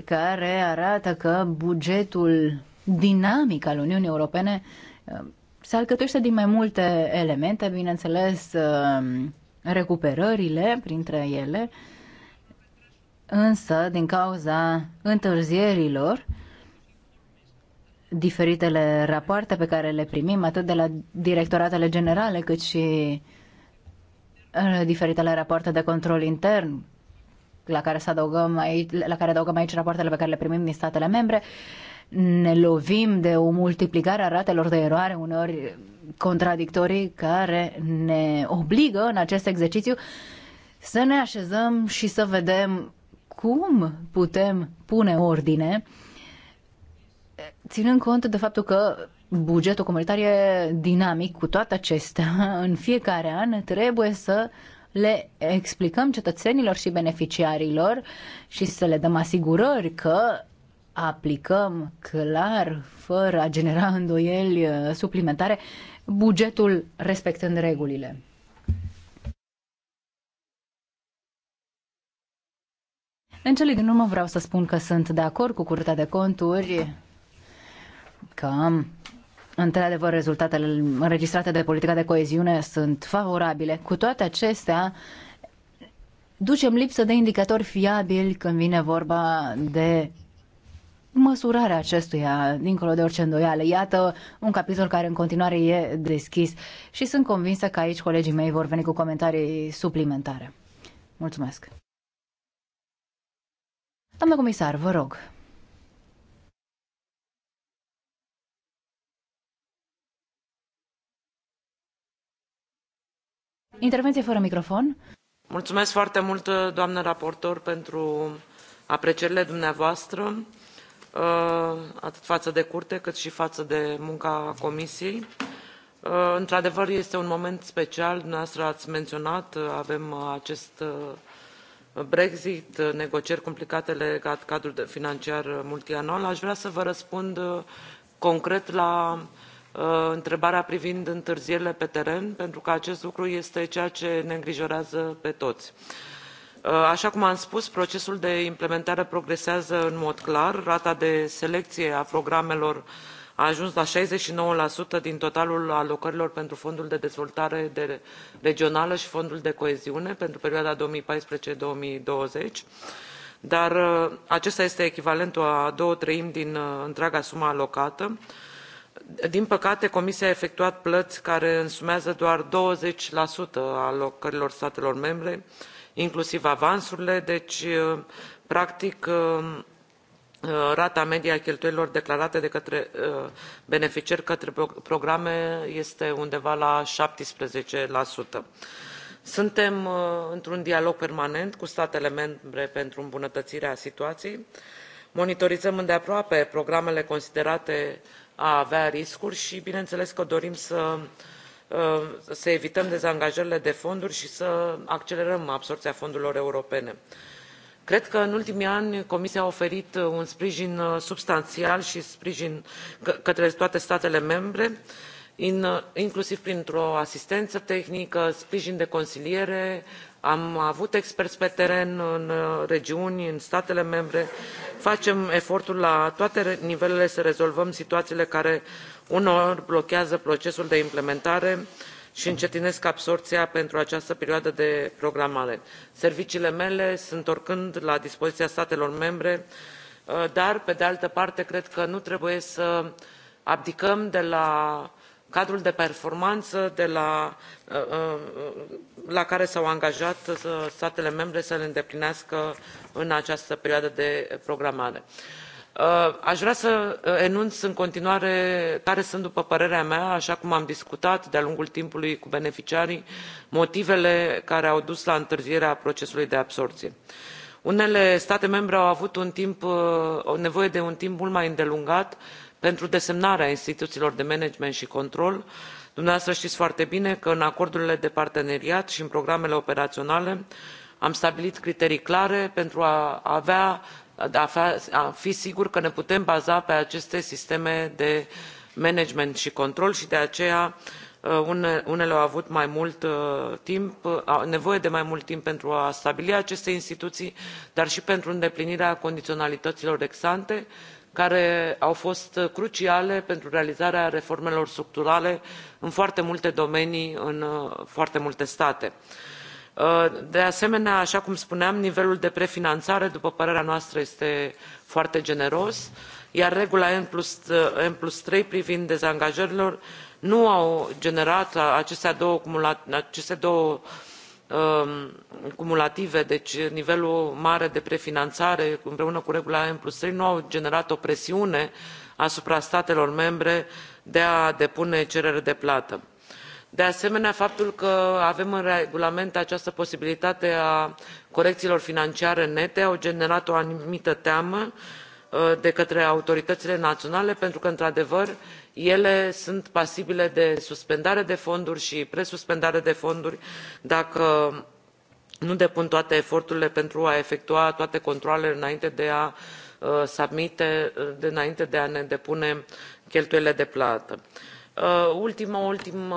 care arată că bugetul dinamic al Uniunii Europene uh, se alcătuiește din mai multe elemente, bineînțeles, uh, recuperările printre ele, însă, din cauza întârzierilor, diferitele rapoarte pe care le primim, atât de la directoratele generale, cât și uh, diferitele rapoarte de control intern, la care, să adăugăm aici, la care adăugăm aici rapoartele pe care le primim din statele membre, uh, ne lovim de o multiplicare a ratelor de eroare, uneori contradictorii, care ne obligă în acest exercițiu să ne așezăm și să vedem cum putem pune ordine, ținând cont de faptul că bugetul comunitar e dinamic, cu toate acestea, în fiecare an trebuie să le explicăm cetățenilor și beneficiarilor și să le dăm asigurări că aplicăm clar, fără a genera îndoieli uh, suplimentare, bugetul respectând regulile. În cele din urmă vreau să spun că sunt de acord cu Curtea de Conturi că Într-adevăr, rezultatele înregistrate de politica de coeziune sunt favorabile. Cu toate acestea, ducem lipsă de indicatori fiabili când vine vorba de măsurarea acestuia, dincolo de orice îndoială. Iată un capitol care în continuare e deschis și sunt convinsă că aici colegii mei vor veni cu comentarii suplimentare. Mulțumesc! Doamna comisar, vă rog. Intervenție fără microfon. Mulțumesc foarte mult, doamnă raportor, pentru aprecierile dumneavoastră. Uh, atât față de curte cât și față de munca comisiei. Uh, într adevăr este un moment special dumneavoastră ați menționat uh, avem acest brexit negocieri complicate legate de cadrul financiar multianual. aș vrea să vă răspund concret la întrebarea privind întârzierile pe teren pentru că acest lucru este ceea ce ne îngrijorează pe toți. Uh, așa cum am spus procesul de implementare progresează în mod clar rata de selecție a programelor a ajuns la șaizeci și nouă din totalul alocărilor pentru fondul de dezvoltare regională și fondul de coeziune pentru perioada două mii paisprezece două mii douăzeci dar uh, acesta este echivalentul a două treimi din uh, întreaga sumă alocată. din păcate comisia a efectuat plăți care însumează doar douăzeci alocărilor statelor membre inclusiv avansurile, deci, uh, practic, uh, uh, rata medie a cheltuielilor declarate de către beneficiari către programe este undeva la 17%. Suntem într-un dialog permanent cu statele membre pentru îmbunătățirea situației. Monitorizăm îndeaproape programele considerate a avea riscuri și, bineînțeles, că dorim să Uh, să evităm dezangajările de fonduri și să accelerăm absorbția fondurilor europene. Cred că în ultimii ani Comisia a oferit un sprijin uh, substanțial și sprijin către toate statele membre, uh, inclusiv printr-o asistență tehnică, sprijin de consiliere, am avut experți pe teren în uh, regiuni în statele membre facem eforturi la toate nivelurile să rezolvăm situațiile care uneori blochează procesul de implementare și încetinesc absorbția pentru această perioadă de programare. serviciile mele sunt oricând la dispoziția statelor membre uh, dar pe de altă parte cred că nu trebuie să abdicăm de la cadrul de performanță de la, uh, uh, la care s-au angajat uh, statele membre să le îndeplinească în această perioadă de programare. Aș vrea să enunț în continuare care sunt, după părerea mea, așa cum am discutat de-a lungul timpului cu beneficiarii, motivele care au dus la întârzierea procesului de absorbție. Unele state membre au avut un timp, o nevoie de un timp mult mai îndelungat uh, pentru desemnarea instituțiilor de management și control dumneavoastră știți foarte bine că în acordurile de parteneriat și în programele operaționale am stabilit criterii clare pentru a fi sigur că ne putem baza pe aceste sisteme de management și control și de aceea uh, unele au avut mai mult uh, timp, nevoie de mai mult timp pentru a stabili aceste instituții, dar și pentru îndeplinirea condiționalităților ex ante care au fost cruciale pentru realizarea reformelor structurale în foarte multe domenii în uh, foarte multe state. Uh, de asemenea, așa cum spuneam, nivelul de prefinanțare, după părerea noastră, este foarte generos, iar regula N plus, uh, trei privind dezangajărilor nu au generat aceste două, aceste două Um, cumulative deci nivelul mare de prefinanțare împreună cu regula n trei nu au generat o presiune asupra statelor membre de a depune cereri de plată. de asemenea faptul că avem în regulament această posibilitate a corecțiilor financiare nete au generat o anumită teamă uh, de către autoritățile naționale pentru că într adevăr ele sunt pasibile de suspendare de fonduri și presuspendare de fonduri dacă nu depun toate eforturile pentru a efectua toate controalele înainte de a uh, submite, uh, înainte de a ne depune cheltuielile de plată. Uh, ultima, ultim,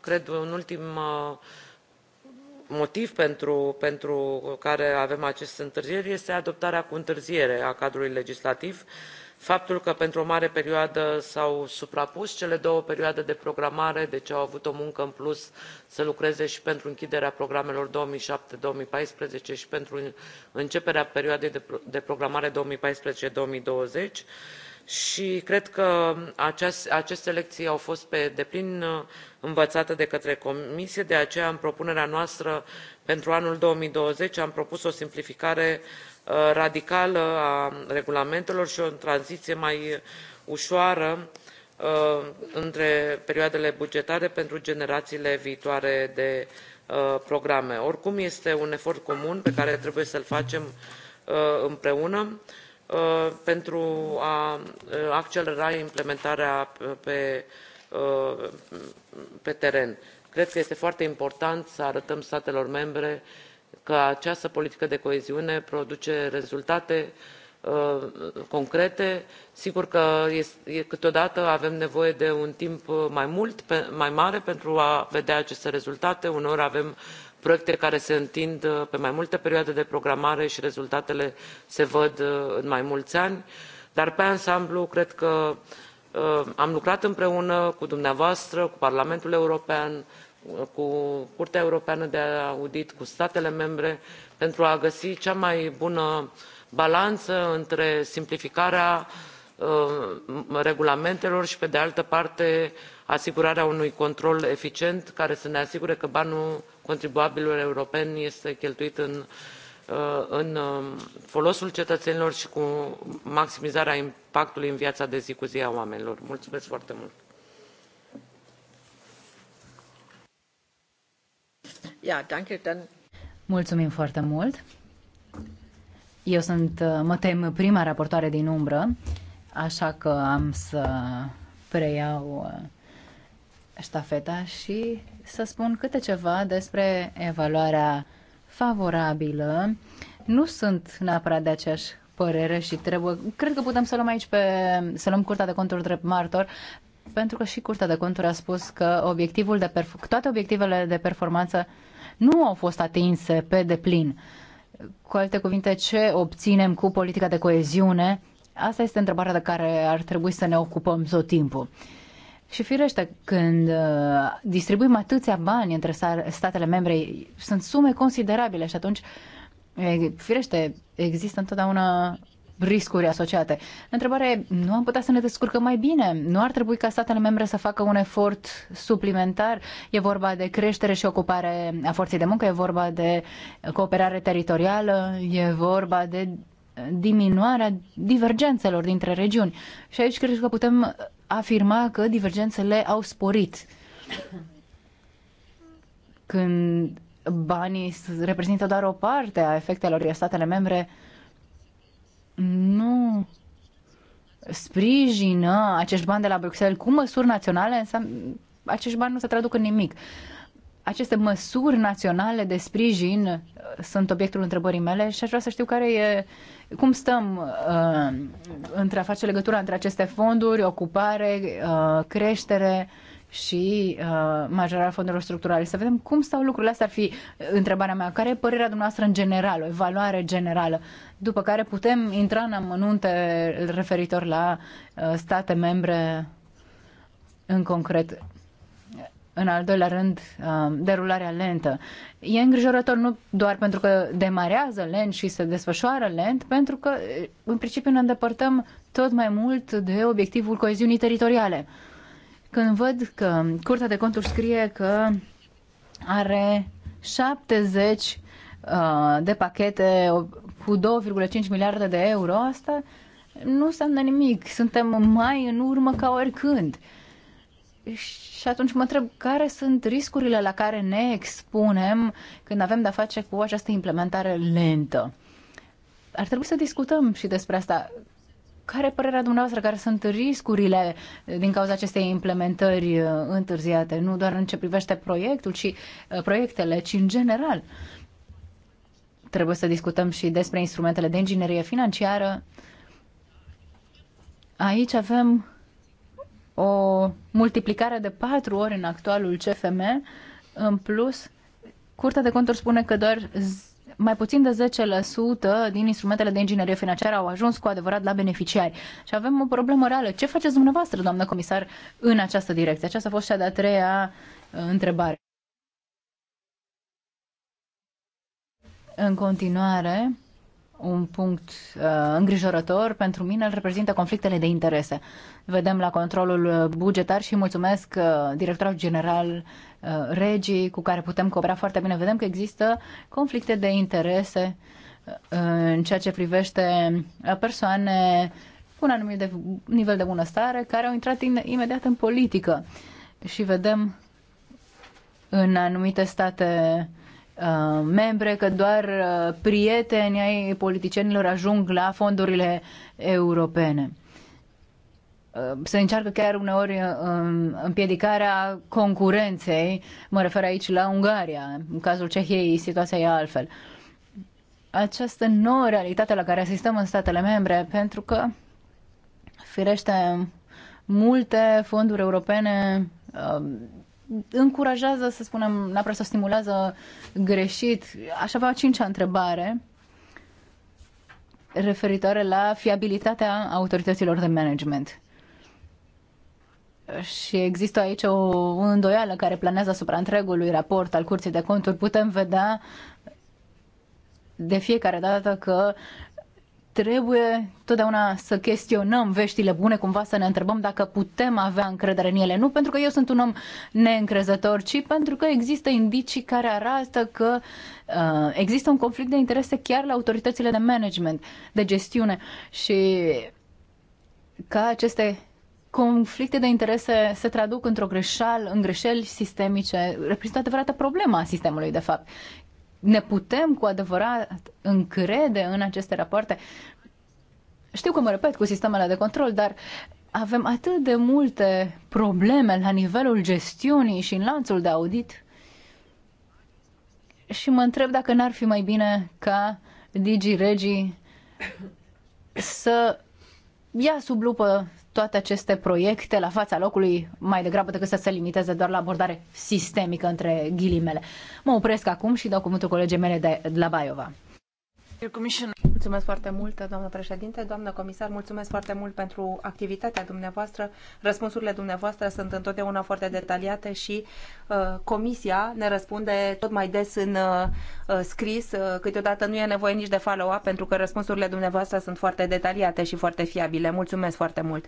cred un ultim motiv pentru, pentru care avem aceste întârzieri este adoptarea cu întârziere a cadrului legislativ care faptul că pentru o mare perioadă s au suprapus cele două perioade de programare deci au avut o muncă în plus să lucreze și pentru închiderea programelor două mii șapte două mii paisprezece și pentru începerea perioadei de programare două mii paisprezece două mii douăzeci și cred că aceste lecții au fost pe deplin uh, învățate de către comisie de aceea în propunerea noastră pentru anul două mii douăzeci am propus o simplificare a Uh, radicală a regulamentelor și o tranziție mai ușoară uh, între perioadele bugetare pentru generațiile viitoare de uh, programe. oricum este un efort comun pe care trebuie să l facem împreună pentru a accelera implementarea pe, pe teren. cred că este foarte important să arătăm statelor membre că această politică de coeziune produce rezultate uh, concrete. sigur că este, câteodată avem nevoie de un timp mai mult mai mare pentru a vedea aceste rezultate uneori avem proiecte care se întind uh, pe mai multe perioade de programare și rezultatele se văd uh, în mai mulți ani dar pe ansamblu cred că am lucrat împreună cu dumneavoastră cu parlamentul european cu Curtea Europeană de Audit, cu statele membre, pentru a găsi cea mai bună balanță între simplificarea uh, regulamentelor și pe de altă parte asigurarea unui control eficient care să ne asigure că banul contribuabililor europeni este cheltuit în, uh, în um, folosul cetățenilor și cu maximizarea impactului în viața de zi cu zi a oamenilor. Mulțumesc foarte mult! Mulțumim foarte mult. Eu sunt, uh, mă tem, prima raportoare din umbră, așa că am să preiau uh, ștafeta și să spun câte ceva despre evaluarea favorabilă. Nu sunt neapărat de aceeași părere și trebuie, cred că putem să luăm aici pe, să luăm Curtea de Conturi drept martor, pentru că și Curtea de Conturi a spus că obiectivul de toate obiectivele de performanță uh, nu au fost atinse pe deplin. Cu alte cuvinte, ce obținem cu politica de coeziune? Asta este întrebarea de care ar trebui să ne ocupăm tot timpul. Și firește, când uh, distribuim atâția bani între statele membre, sunt sume considerabile și atunci, firește, există întotdeauna riscuri asociate. Întrebare, nu am putea să ne descurcăm mai bine? Nu ar trebui ca statele membre să facă un efort suplimentar? E vorba de creștere și ocupare a forței de muncă, e vorba de cooperare teritorială, e vorba de diminuarea divergențelor dintre regiuni. Și aici cred că putem afirma că divergențele au sporit. Când banii reprezintă doar o parte a efectelor, iar statele membre uh, nu sprijină acești bani de la Bruxelles cu măsuri naționale, înseamnă, acești bani nu se traduc în nimic. Aceste măsuri naționale de sprijin uh, sunt obiectul întrebării mele și aș vrea să știu care e, cum stăm uh, între a face legătura între aceste fonduri, ocupare, uh, creștere, uh, și uh, majorarea fondurilor structurale. Să vedem cum stau lucrurile. Asta ar fi uh, întrebarea mea. Care e părerea dumneavoastră în general, o evaluare generală? După care putem intra în amănunte referitor la uh, state membre în concret. În al doilea rând, uh, derularea lentă. E îngrijorător nu doar pentru că demarează lent și se desfășoară lent, pentru că, uh, în principiu, ne îndepărtăm tot mai mult de obiectivul coeziunii teritoriale. Uh, când văd că Curtea de Conturi scrie că are 70 uh, de pachete cu 2,5 miliarde de euro, asta nu înseamnă nimic. Suntem mai în urmă ca oricând. Și atunci mă întreb care sunt riscurile la care ne expunem când avem de-a face cu această implementare lentă. Ar trebui să discutăm și despre asta. Care e părerea dumneavoastră? Care sunt riscurile din cauza acestei implementări uh, întârziate? Nu doar în ce privește proiectul, ci uh, proiectele, ci în general. Trebuie să discutăm și despre instrumentele de inginerie financiară. Aici avem o multiplicare de patru ori în actualul CFM. În plus, Curtea de Conturi spune că doar mai puțin de 10% din instrumentele de inginerie financiară au ajuns cu adevărat la beneficiari. Și avem o problemă reală. Ce faceți dumneavoastră, doamnă comisar, în această direcție? Aceasta a fost cea de-a treia uh, întrebare. În continuare, un punct uh, îngrijorător pentru mine îl reprezintă conflictele de interese. Vedem la controlul uh, bugetar și mulțumesc uh, directorul general uh, Regii cu care putem coopera foarte bine. Vedem că există conflicte de interese uh, în ceea ce privește uh, persoane cu un anumit de, nivel de bunăstare care au intrat in, imediat în politică și vedem în anumite state Uh, membre, că doar uh, prieteni ai politicienilor ajung la fondurile europene. Uh, se încearcă chiar uneori împiedicarea concurenței, mă refer aici la Ungaria, în cazul Cehiei situația e altfel. Această nouă realitate la care asistăm în statele membre, pentru că, firește, multe fonduri europene încurajează, să spunem, neapărat să stimulează greșit. Aș avea a cincea întrebare referitoare la fiabilitatea autorităților de management. Și există aici o îndoială care planează asupra întregului raport al Curții de Conturi. Putem vedea de fiecare dată că trebuie totdeauna să chestionăm veștile bune, cumva să ne întrebăm dacă putem avea încredere în ele. Nu pentru că eu sunt un om neîncrezător, ci pentru că există indicii care arată că uh, există un conflict de interese chiar la autoritățile de management, de gestiune și ca aceste conflicte de interese se traduc într-o greșeală, în greșeli sistemice, reprezintă adevărată problema sistemului, de fapt ne putem cu adevărat încrede în aceste rapoarte. Știu că mă repet cu sistemele de control, dar avem atât de multe probleme la nivelul gestiunii și în lanțul de audit și mă întreb dacă n-ar fi mai bine ca Digi Regii să ia sub lupă toate aceste proiecte la fața locului mai degrabă decât să se limiteze doar la abordare sistemică între ghilimele. Mă opresc acum și dau cuvântul colegii mele de, de la Baiova. Mulțumesc foarte mult, doamnă președinte, doamnă comisar, mulțumesc foarte mult pentru activitatea dumneavoastră. Răspunsurile dumneavoastră sunt întotdeauna foarte detaliate și uh, comisia ne răspunde tot mai des în uh, uh, scris. Uh, câteodată nu e nevoie nici de follow-up pentru că răspunsurile dumneavoastră sunt foarte detaliate și foarte fiabile. Mulțumesc foarte mult.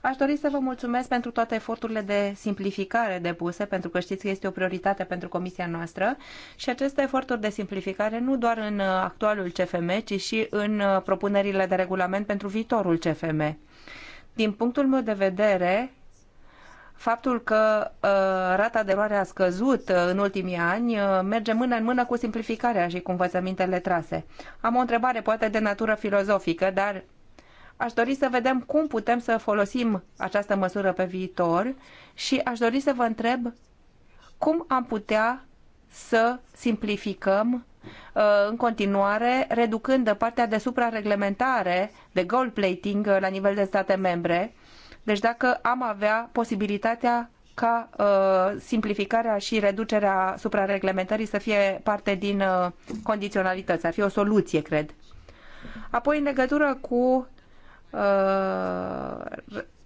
Aș dori să vă mulțumesc pentru toate eforturile de simplificare depuse, pentru că știți că este o prioritate pentru comisia noastră și aceste eforturi de simplificare nu doar în uh, actualul CFM, ci și în uh, propunerile de regulament pentru viitorul CFM. Din punctul meu de vedere, faptul că uh, rata de eroare a scăzut uh, în ultimii ani merge mână în mână cu simplificarea și cu învățămintele trase. Am o întrebare poate de natură filozofică, dar aș dori să vedem cum putem să folosim această măsură pe viitor și aș dori să vă întreb cum am putea să simplificăm Uh, în continuare, reducând partea de suprareglementare, de gold plating uh, la nivel de state membre. Deci dacă am avea posibilitatea ca uh, simplificarea și reducerea suprareglementării să fie parte din uh, condiționalități, ar fi o soluție, cred. Apoi, în legătură cu uh,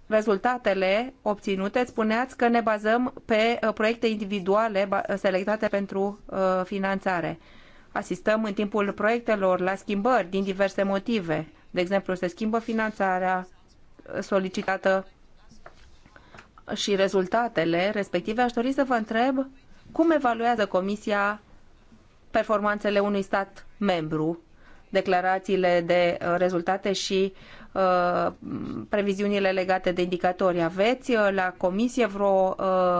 rezultatele obținute, spuneați că ne bazăm pe uh, proiecte individuale selectate pentru finanțare. Uh, asistăm în timpul proiectelor la schimbări din diverse motive. De exemplu, se schimbă finanțarea solicitată și rezultatele respective. Aș dori să vă întreb cum evaluează Comisia performanțele unui stat membru, declarațiile de rezultate și Uh, previziunile legate de indicatori. Aveți uh, la comisie vreo uh,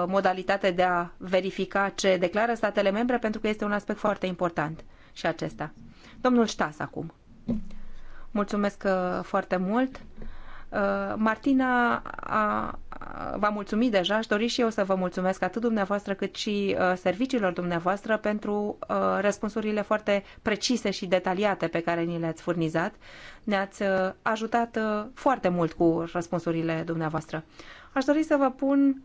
modalitate de a verifica ce declară statele membre pentru că este un aspect foarte important și acesta. Domnul Ștas acum. Mulțumesc foarte mult. Uh, Martina a, v-a mulțumit deja, aș dori și eu să vă mulțumesc atât dumneavoastră cât și uh, serviciilor dumneavoastră pentru uh, răspunsurile foarte precise și detaliate pe care ni le-ați furnizat. Ne-ați ajutat foarte mult cu răspunsurile dumneavoastră. Aș dori să vă pun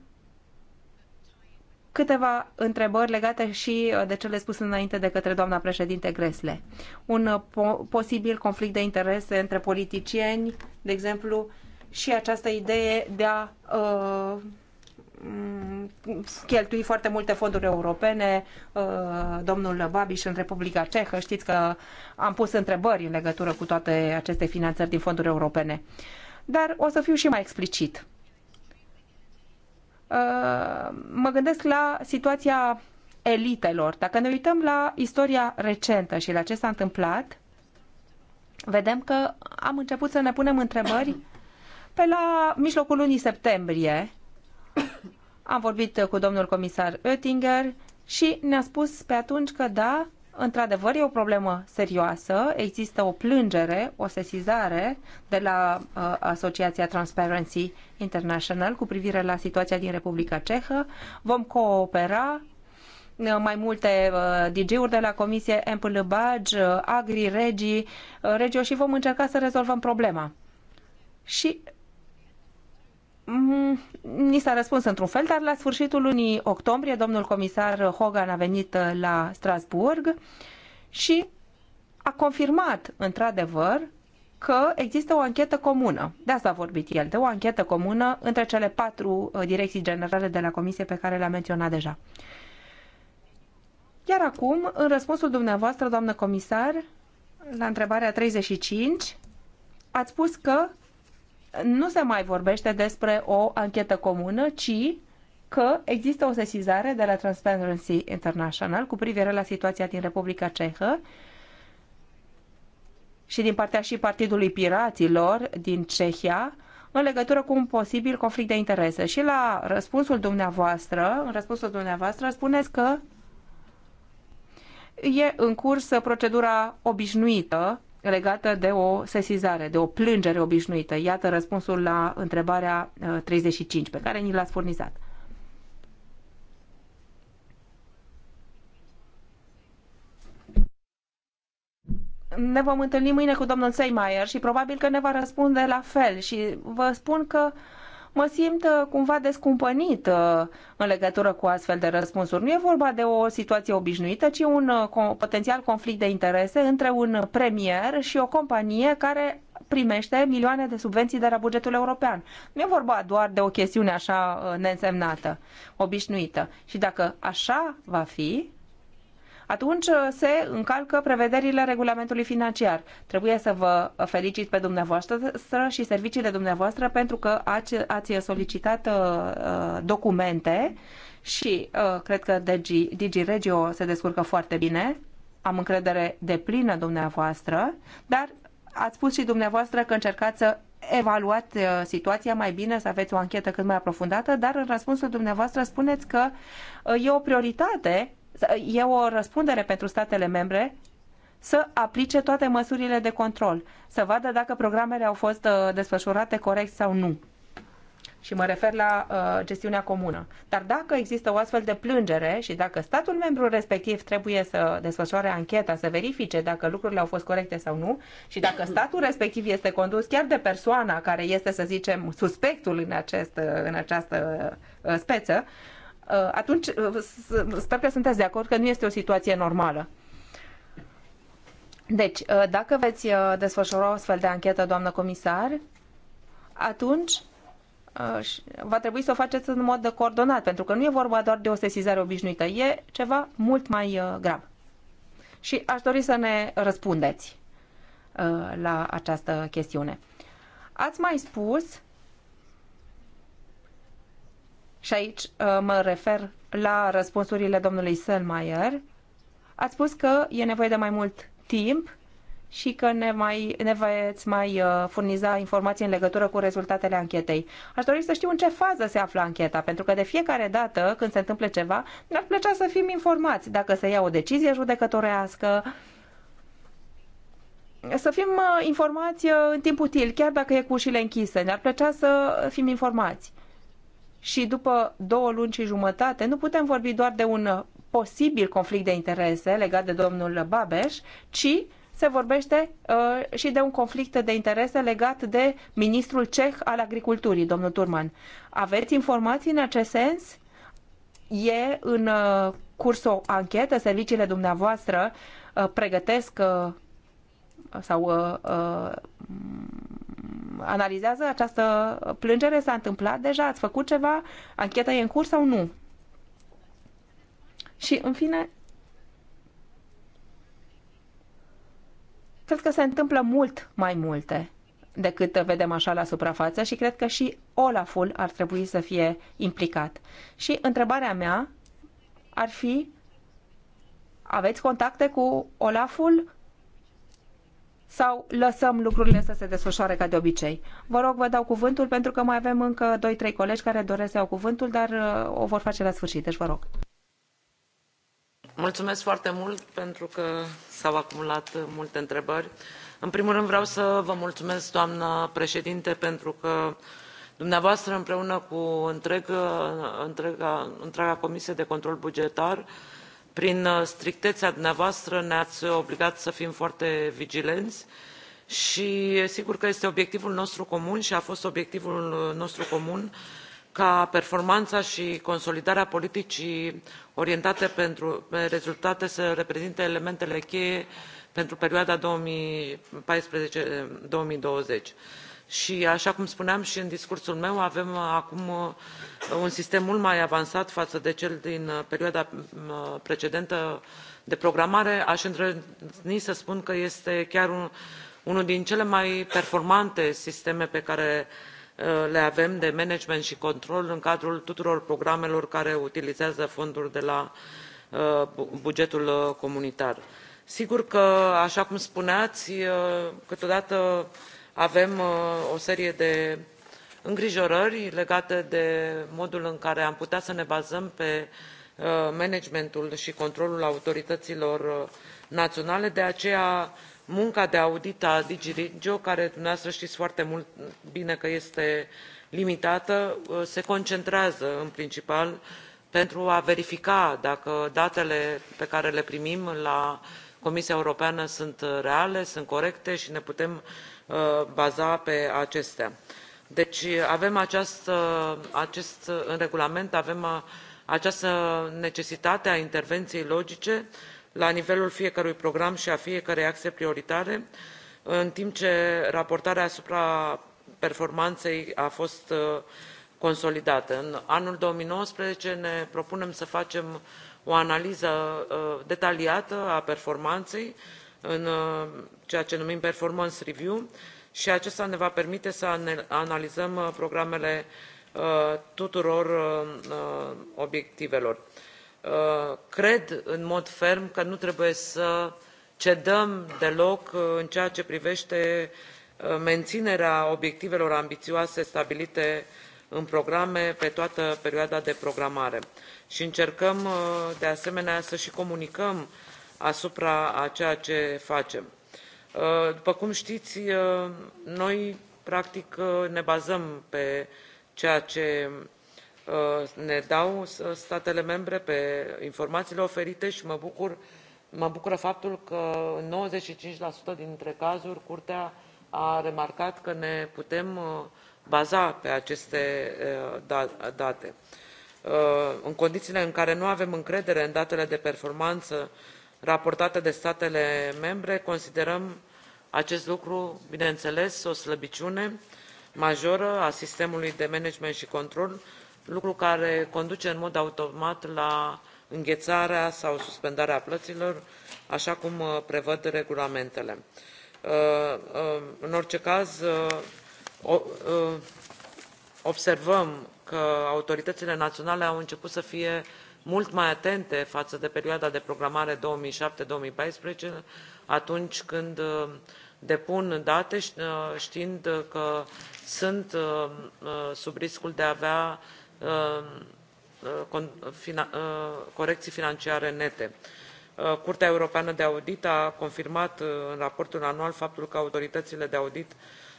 Câteva întrebări legate și uh, de cele spuse înainte de către doamna președinte Gresle. Un uh, po- posibil conflict de interese între politicieni, de exemplu, și această idee de a uh, cheltui foarte multe fonduri europene. Uh, domnul Babiș în Republica Cehă, știți că am pus întrebări în legătură cu toate aceste finanțări din fonduri europene. Dar o să fiu și mai explicit. Uh, mă gândesc la situația elitelor. Dacă ne uităm la istoria recentă și la ce s-a întâmplat, vedem că am început să ne punem întrebări pe la mijlocul lunii septembrie. Am vorbit cu domnul comisar Oettinger și ne-a spus pe atunci că da, Într-adevăr, e o problemă serioasă. Există o plângere, o sesizare de la uh, Asociația Transparency International cu privire la situația din Republica Cehă. Vom coopera uh, mai multe uh, DG-uri de la Comisie MPL Baj, uh, Agri, Regi uh, Regio și vom încerca să rezolvăm problema. Și Mm, ni s-a răspuns într-un fel, dar la sfârșitul lunii octombrie domnul comisar Hogan a venit uh, la Strasburg și a confirmat într-adevăr că există o anchetă comună. De asta a vorbit el, de o anchetă comună între cele patru uh, direcții generale de la comisie pe care le a menționat deja. Iar acum, în răspunsul dumneavoastră, doamnă comisar, la întrebarea 35, ați spus că nu se mai vorbește despre o anchetă comună, ci că există o sesizare de la Transparency International cu privire la situația din Republica Cehă și din partea și Partidului Piraților din Cehia în legătură cu un posibil conflict de interese. Și la răspunsul dumneavoastră, în răspunsul dumneavoastră, spuneți că e în curs procedura obișnuită legată de o sesizare, de o plângere obișnuită. Iată răspunsul la întrebarea 35 uh, pe care ni l-ați furnizat. ne vom întâlni mâine cu domnul Seymour și probabil că ne va răspunde la fel și vă spun că mă simt uh, cumva descumpănită uh, în legătură cu astfel de răspunsuri. Nu e vorba de o situație obișnuită, ci un uh, potențial conflict de interese între un premier și o companie care primește milioane de subvenții de la bugetul european. Nu e vorba doar de o chestiune așa neînsemnată, obișnuită. Și dacă așa va fi, atunci uh, se încalcă prevederile regulamentului financiar. Trebuie să vă felicit pe dumneavoastră și serviciile dumneavoastră pentru că ați, ați solicitat uh, uh, documente și cred că Digi, Digi Regio se descurcă foarte bine. Am încredere de plină dumneavoastră, dar ați spus și dumneavoastră că încercați să evaluat situația mai bine, să aveți o anchetă cât mai aprofundată, dar în răspunsul dumneavoastră spuneți că e o prioritate e o răspundere pentru statele membre să aplice toate măsurile de control, să vadă dacă programele au fost uh, desfășurate corect sau nu. Și mă refer la uh, gestiunea comună. Dar dacă există o astfel de plângere și dacă statul membru respectiv trebuie să desfășoare ancheta, să verifice dacă lucrurile au fost corecte sau nu, și dacă statul respectiv este condus chiar de persoana care este, să zicem, suspectul în, acest, uh, în această uh, speță, uh, Uh, atunci uh, sper că sunteți de acord că nu este o situație normală. Deci, uh, dacă veți desfășura o astfel de anchetă, doamnă comisar, atunci va trebui să o faceți în mod coordonat, pentru că nu e vorba doar de o sesizare obișnuită, e ceva mult mai grav. Și aș dori să ne răspundeți la această chestiune. Ați mai spus și aici uh, mă refer la răspunsurile domnului Selmayer. ați spus că e nevoie de mai mult timp și că ne, mai, ne veți mai uh, furniza informații în legătură cu rezultatele anchetei. Aș dori să știu în ce fază se află ancheta, pentru că de fiecare dată când se întâmplă ceva, ne-ar plăcea să fim informați dacă se ia o decizie judecătorească, să fim uh, informați în timp util, chiar dacă e cu ușile închise. Ne-ar plăcea să fim informați și după două luni și jumătate nu putem vorbi doar de un posibil conflict de interese legat de domnul Babeș, ci se vorbește uh, și de un conflict de interese legat de ministrul ceh al agriculturii, domnul Turman. Aveți informații în acest sens? E în uh, curs o anchetă, serviciile dumneavoastră uh, pregătesc uh, sau uh, uh, analizează această plângere? S-a întâmplat deja? Ați făcut ceva? Ancheta e în curs sau nu? Și, în fine, cred că se întâmplă mult mai multe decât vedem așa la suprafață și cred că și Olaful ar trebui să fie implicat. Și întrebarea mea ar fi aveți contacte cu Olaful? sau lăsăm lucrurile să se desfășoare ca de obicei? Vă rog, vă dau cuvântul pentru că mai avem încă 2-3 colegi care doresc să iau cuvântul, dar uh, o vor face la sfârșit, deci vă rog. Mulțumesc foarte mult pentru că s-au acumulat uh, multe întrebări. În primul rând vreau să vă mulțumesc, doamnă președinte, pentru că dumneavoastră împreună cu întreg, uh, întreaga, întreaga Comisie de Control Bugetar uh, prin uh, strictețea dumneavoastră ne ați obligat să fim foarte vigilenți și sigur că este obiectivul nostru comun și a fost obiectivul uh, nostru comun ca performanța și consolidarea politicii orientate pentru rezultate să reprezinte elementele cheie pentru perioada două mii paisprezece două mii douăzeci și așa cum spuneam și în discursul meu avem uh, acum uh, un sistem mult mai avansat față de cel din uh, perioada precedentă de programare aș îndrăzni să spun că este chiar un, unul din cele mai performante sisteme pe care le avem de management și control în cadrul tuturor programelor care utilizează fonduri de la bugetul comunitar. sigur că așa cum spuneați câteodată avem uh, o serie de îngrijorări legate de modul în care am putea să ne bazăm pe uh, managementul și controlul autorităților uh, naționale de aceea munca de audit a dg regio care dumneavoastră știți foarte mult, bine că este limitată se concentrează în principal pentru a verifica dacă datele pe care le primim la comisia europeană sunt reale sunt corecte și ne putem Uh, baza pe acestea. Deci avem uh, acest acest, uh, în regulament avem această necesitate a intervenției logice la nivelul fiecărui program și a fiecărei axe prioritare, în timp ce raportarea asupra performanței a fost consolidată. În anul 2019 ne propunem să facem o analiză detaliată a performanței în uh, ceea ce numim performance review și acesta ne va permite să analizăm uh, programele uh, tuturor obiectivelor. Cred în mod ferm că nu trebuie să cedăm deloc în ceea ce privește menținerea obiectivelor ambițioase stabilite în programe pe toată perioada de programare și încercăm de asemenea să și comunicăm asupra a ceea ce facem. Uh, după cum știți, uh, noi practic uh, ne bazăm pe ceea ce ne dau statele membre, pe informațiile oferite și mă, bucur, mă bucură faptul că în 95% dintre cazuri Curtea a remarcat că ne putem baza pe aceste da, date. În condițiile în care nu avem încredere în datele de performanță raportate de statele membre considerăm acest lucru bineînțeles o slăbiciune majoră a sistemului de management și control lucru care conduce în mod automat la înghețarea sau suspendarea plăților așa cum uh, prevăd regulamentele. Uh, uh, în orice caz, observăm că autoritățile naționale au început să fie mult mai atente față de perioada de programare două mii șapte două mii paisprezece atunci când uh, depun date uh, știind că sunt uh, sub riscul de a avea corecții financiare nete. Curtea Europeană de Audit a confirmat în raportul anual faptul că autoritățile de audit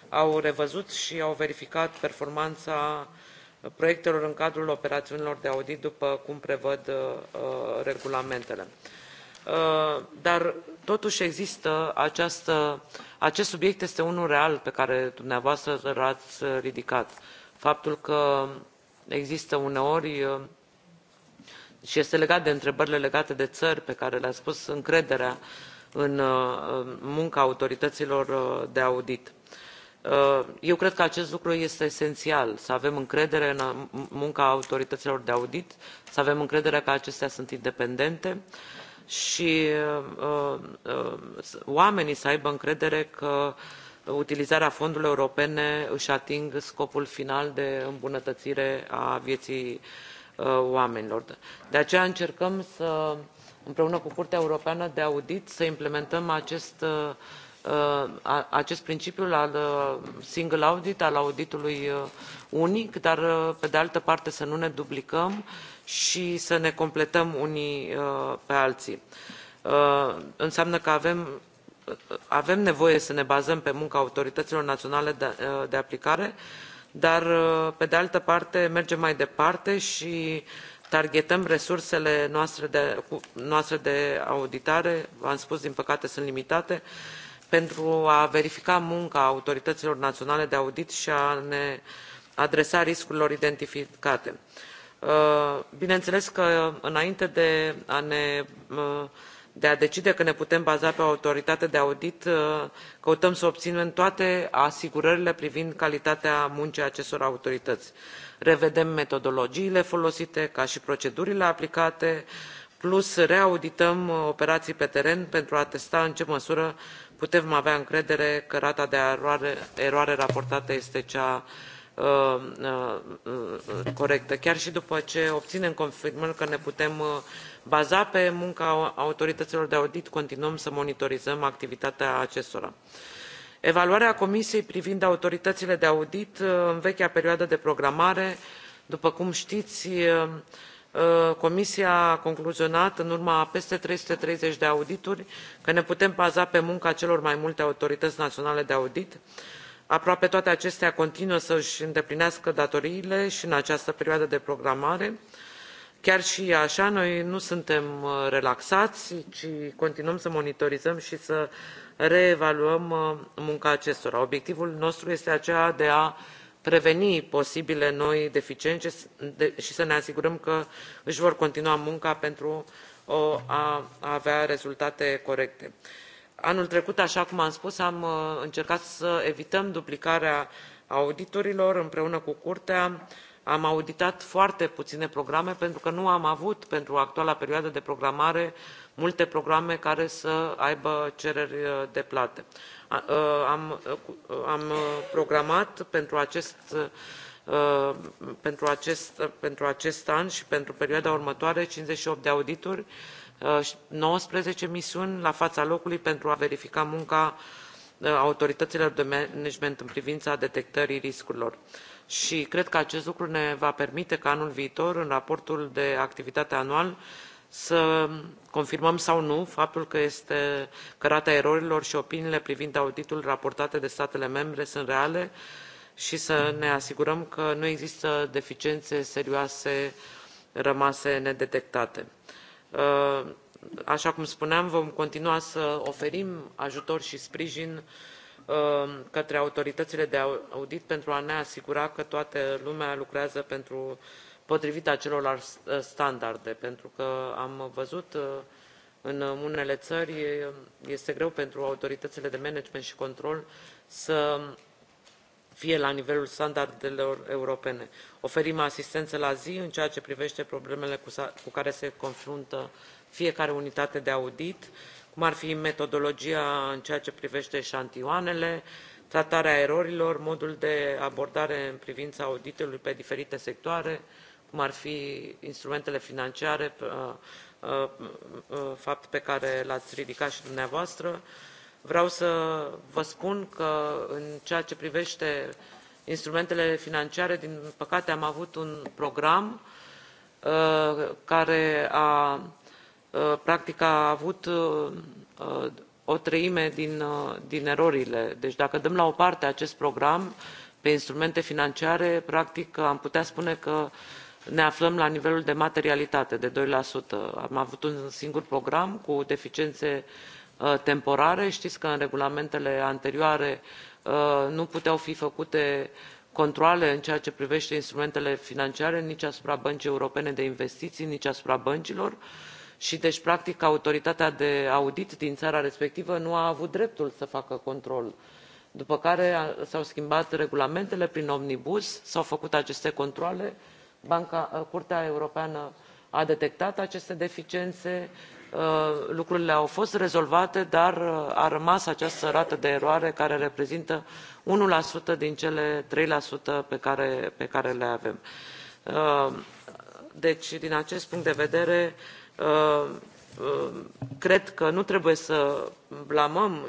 au revăzut și au verificat performanța proiectelor în cadrul operațiunilor de audit, după cum prevăd uh, uh, regulamentele. Uh, dar totuși există această, acest subiect este unul real pe care dumneavoastră l-ați ridicat. Faptul că există uneori și este legat de întrebările legate de țări pe care le-ați spus, încrederea în munca autorităților de audit Uh, eu cred că acest lucru este esențial să avem încredere în uh, munca autorităților de audit să avem încredere că acestea sunt independente și uh, oamenii să aibă încredere că utilizarea fondurilor europene își ating scopul final de îmbunătățire a vieții oamenilor. De aceea încercăm să, împreună cu Curtea Europeană de Audit să implementăm acest Uh, acest principiu al uh, single audit, al auditului uh, unic, dar pe de altă parte să nu ne duplicăm și să ne completăm unii pe alții. Înseamnă că avem avem nevoie să ne bazăm pe munca autorităților naționale de, de, aplicare, dar, pe de altă parte, mergem mai departe și targetăm resursele noastre de, noastre de auditare, v-am spus, din păcate sunt limitate, pentru a verifica munca autorităților naționale de audit și a ne adresa riscurilor identificate. Uh, bineînțeles că înainte de a, ne, uh, de a decide că ne putem baza pe o autoritate de audit, uh, căutăm să obținem toate asigurările privind calitatea muncii acestor autorități. Revedem metodologiile folosite, ca și procedurile aplicate, plus reaudităm operații pe teren pentru a testa în ce măsură putem avea încredere că rata de eroare, eroare raportată este cea uh, uh, uh, corectă. Chiar și după ce obținem confirmări că ne putem baza pe munca autorităților de audit, continuăm să monitorizăm activitatea acestora. Evaluarea Comisiei privind autoritățile de audit în vechea perioadă de programare, după cum știți, Uh, comisia a concluzionat în urma a peste trei sute treizeci de audituri că ne putem baza pe munca celor mai multe autorități naționale de audit aproape toate acestea continuă să își îndeplinească datoriile și în această perioadă de programare chiar și așa noi nu suntem uh, relaxați ci continuăm să monitorizăm și să reevaluăm uh, munca acestora. obiectivul nostru este acela de a reveni posibile noi deficiențe și să ne asigurăm că își vor continua munca pentru a avea rezultate corecte. Anul trecut, așa cum am spus, am uh, încercat să evităm duplicarea auditorilor împreună cu Curtea. Am auditat foarte puține programe pentru că nu am avut pentru actuala perioadă de programare multe programe care să aibă cereri uh, de plată. Ă, am, ă, ă, am programat pentru acest, pentru, acest, pentru acest an și pentru perioada următoare 58 de audituri, 19 misiuni la fața locului pentru a verifica munca autorităților de management în privința detectării riscurilor. Și cred că acest lucru ne va permite ca anul viitor, în raportul de activitate anual, să confirmăm sau nu faptul că, este, că rata erorilor și opiniile privind auditul raportate de statele membre sunt reale și să ne asigurăm că nu există deficiențe serioase rămase nedetectate. Uh, așa cum spuneam, vom continua să oferim ajutor și sprijin uh, către autoritățile de audit pentru a ne asigura că toată lumea lucrează pentru potrivit acelorlalți standarde pentru că am văzut uh, în unele țări uh, este greu pentru autoritățile de management și control să fie la nivelul standardelor europene. Oferim asistență la zi în ceea ce privește problemele cu, cu care se confruntă fiecare unitate de audit, cum ar fi metodologia în ceea ce privește eșantioanele, tratarea erorilor, modul de abordare în privința auditului pe diferite sectoare, uh, cum ar fi instrumentele financiare, uh, uh, uh, fapt pe care l-ați ridicat și dumneavoastră. Vreau să vă spun că în ceea ce privește instrumentele financiare, din păcate am avut un program care a, practic a avut o treime din, din erorile. Deci dacă dăm la o parte acest program pe instrumente financiare, practic am putea spune că ne aflăm la nivelul de materialitate de 2%. Am avut un singur program cu deficiențe uh, temporare. Știți că în regulamentele anterioare uh, nu puteau fi făcute controale în ceea ce privește instrumentele financiare nici asupra băncii europene de investiții, nici asupra băncilor și deci practic autoritatea de audit din țara respectivă nu a avut dreptul să facă control. După care s-au schimbat regulamentele prin omnibus, s-au făcut aceste controale Banca, uh, Curtea Europeană a detectat aceste deficiențe, uh, lucrurile au fost rezolvate, dar uh, a rămas această rată de eroare care reprezintă 1% din cele 3% pe care, pe care le avem. Deci, din acest punct de vedere, cred că nu trebuie să blamăm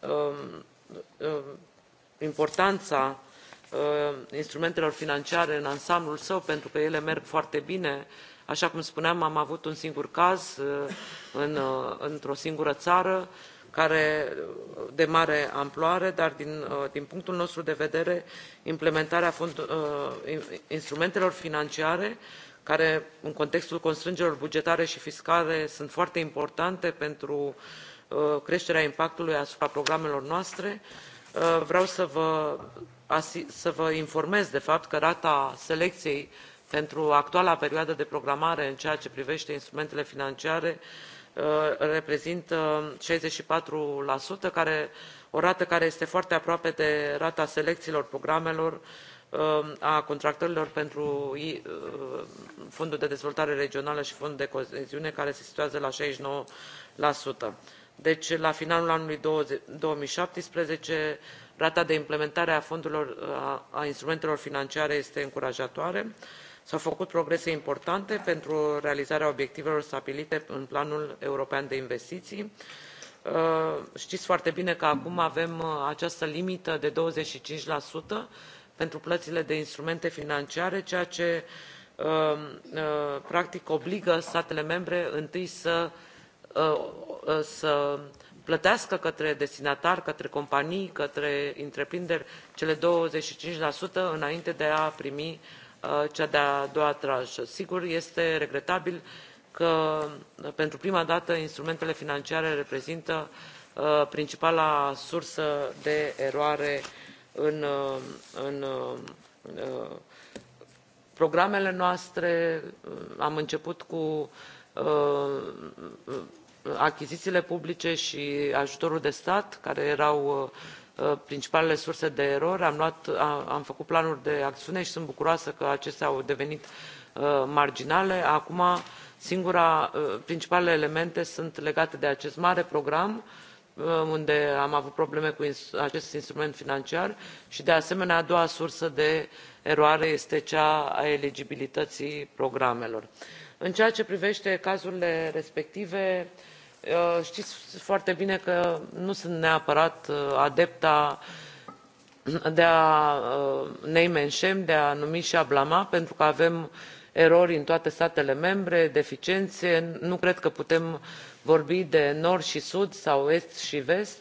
um, importanța Uh, instrumentelor financiare în ansamblul său, pentru că ele merg foarte bine. Așa cum spuneam, am avut un singur caz uh, în, uh, într-o singură țară care de mare amploare, dar din, din punctul nostru de vedere, implementarea instrumentelor financiare care în contextul constrângerilor bugetare și fiscale sunt foarte importante pentru creșterea impactului asupra programelor noastre. Vreau să vă să vă informez de fapt că rata selecției pentru actuala perioadă de programare în ceea ce privește instrumentele financiare uh, reprezintă 64%, care, o rată care este foarte aproape de rata selecțiilor programelor uh, a contractărilor pentru uh, Fondul de Dezvoltare Regională și Fondul de Coeziune, care se situează la 69%. Deci, la finalul anului 2017, rata de implementare a fondurilor a instrumentelor financiare este încurajatoare s au făcut progrese importante pentru realizarea obiectivelor stabilite în planul european de investiții uh, știți foarte bine că acum avem uh, această limită de douăzeci și cinci pentru plățile de instrumente financiare ceea ce uh, practic obligă statele membre întâi să, să plătească către destinatar, către companii, către întreprinderi cele 25% înainte de a primi uh, cea de-a doua tranșă. Sigur, este regretabil că uh, pentru prima dată instrumentele financiare reprezintă uh, principala sursă de eroare în, în programele noastre. Am început cu achizițiile publice și ajutorul de stat, care erau uh, uh, principalele surse de erori. Am, luat, am făcut planuri de acțiune și sunt bucuroasă că acestea au devenit uh, marginale. Acum, singura, principalele elemente sunt legate de acest mare program unde am avut probleme cu acest instrument financiar și de asemenea a doua sursă de eroare este cea a eligibilității programelor. în ceea ce privește cazurile respective Uh, știți foarte bine că nu sunt neapărat uh, adepta de a uh, name and shame, de a numi și a blama, pentru că avem erori în toate statele membre, deficiențe. Nu cred că putem vorbi de nord și sud sau est și vest,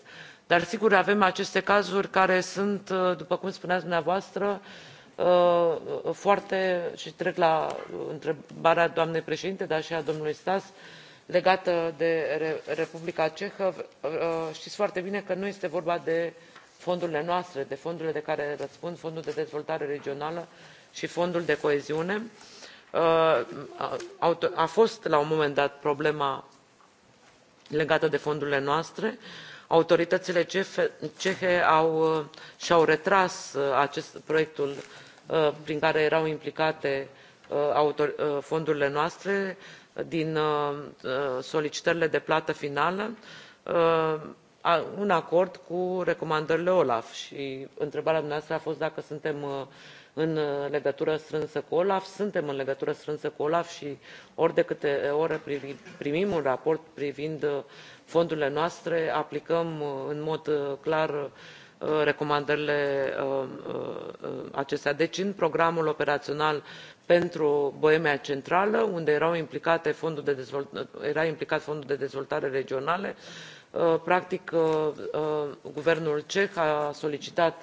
dar sigur avem aceste cazuri care sunt, după cum spuneați dumneavoastră, foarte, și trec la întrebarea doamnei președinte, dar și a domnului Stas, legată de republica cehă uh, știți foarte bine că nu este vorba de fondurile noastre de fondurile de care răspund fondul de dezvoltare regională și fondul de coeziune uh, a fost la un moment dat problema legată de fondurile noastre autoritățile cehe au, uh, și au retras acest, proiectul prin care erau implicate fondurile noastre din uh, uh, solicitările de plată finală în uh, acord cu recomandările olaf și întrebarea dumneavoastră a fost dacă suntem în legătură strânsă cu olaf suntem în legătură strânsă cu olaf și ori de câte ori primim un raport privind fondurile noastre aplicăm în mod clar Uh, recomandările uh, uh, acestea. deci în programul operațional pentru boemia centrală unde era implicat fondul de dezvoltare regională practic guvernul ceh a solicitat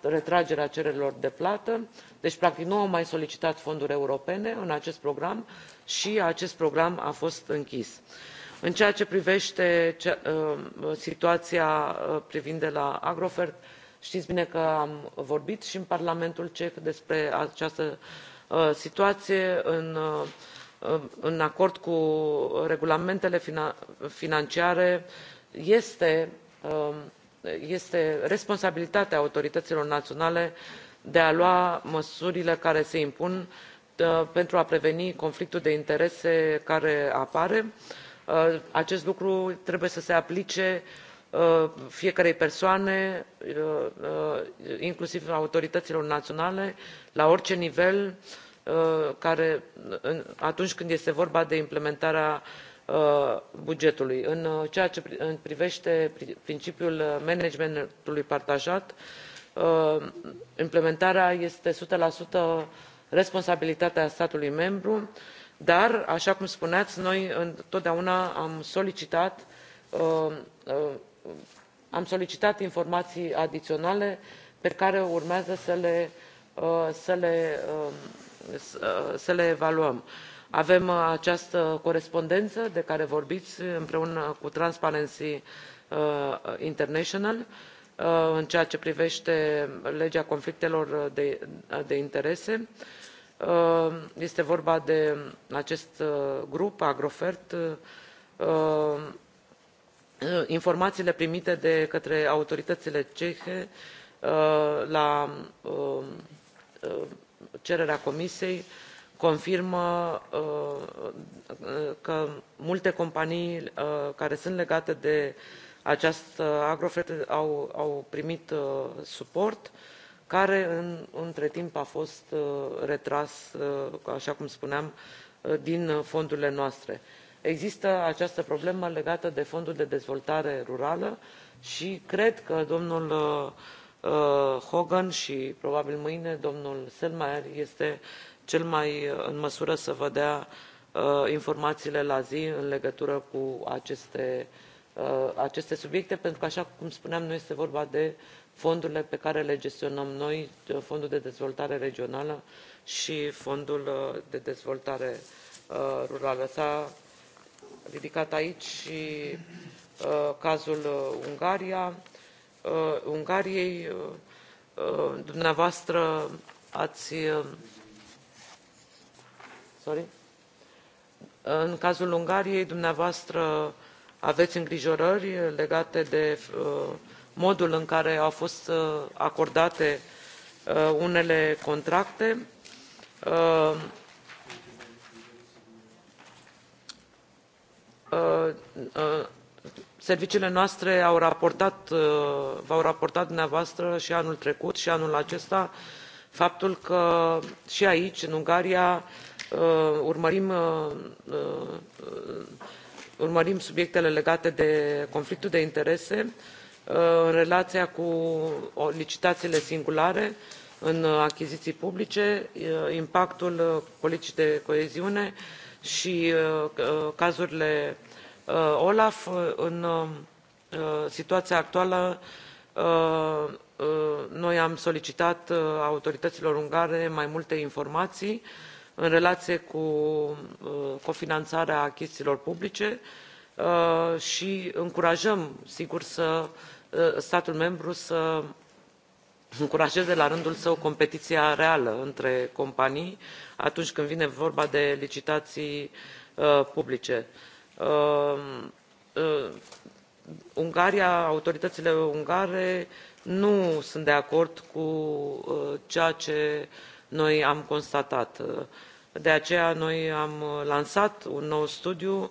retragerea cererilor de plată deci practic nu au mai solicitat fonduri europene în acest program și acest program a fost închis în ceea ce privește uh, situația uh, privind de la agrofert știți bine că am vorbit și în parlamentul ceh despre această uh, situație în, acord cu regulamentele financiare este, um, este responsabilitatea autorităților naționale de a lua măsurile care se impun pentru a preveni conflictul de interese care apare și Uh, acest lucru trebuie să se aplice uh, fiecărei persoane uh, inclusiv autorităților naționale la orice nivel atunci când este vorba de implementarea bugetului. în ceea ce privește principiul managementului partajat implementarea este o sută responsabilitatea statului membru iar dar așa cum spuneați noi întotdeauna am solicitat, uh, uh, am solicitat informații adiționale pe care urmează uh, să le, evaluăm. Avem această corespondență de care vorbiți împreună cu Transparency International în ceea ce privește legea conflictelor de, interese. Uh, Uh, este vorba de acest uh, grup, Agrofert, uh, informațiile primite de către autoritățile cehe la cererea comisiei confirmă că multe companii care sunt legate de această agrofert au, au primit suport care în, între timp a fost uh, retras, uh, așa cum spuneam, uh, din fondurile noastre. Există această problemă legată de Fondul de Dezvoltare Rurală și cred că domnul Hogan și probabil mâine domnul Selmayr este cel mai în măsură să vă dea informațiile la zi în legătură cu aceste, aceste subiecte, pentru că, așa cum spuneam, nu este vorba de fondurile pe care le gestionăm noi, Fondul de Dezvoltare Regională și Fondul uh, de Dezvoltare uh, Rurală. S-a ridicat aici și uh, cazul Ungaria, Ungariei. Dumneavoastră ați... Sorry? În cazul Ungariei, dumneavoastră aveți îngrijorări legate de uh, modul în care au fost uh, acordate uh, unele contracte uh, serviciile noastre au raportat v au raportat dumneavoastră și anul trecut și anul acesta faptul că și aici în ungaria urmărim urmărim subiectele legate de conflictul de interese în uh, relația cu licitațiile singulare în uh, achiziții publice, uh, impactul politicii de coeziune și cazurile Olaf în situația actuală noi am solicitat autorităților ungare mai multe informații în relație cu cofinanțarea achizițiilor publice și încurajăm sigur să Uh, statul membru să încurajeze la rândul său competiția reală între companii atunci când vine vorba de licitații uh, publice. Uh, Ungaria, autoritățile ungare nu sunt de acord cu ceea ce noi am constatat. De aceea noi am lansat un nou studiu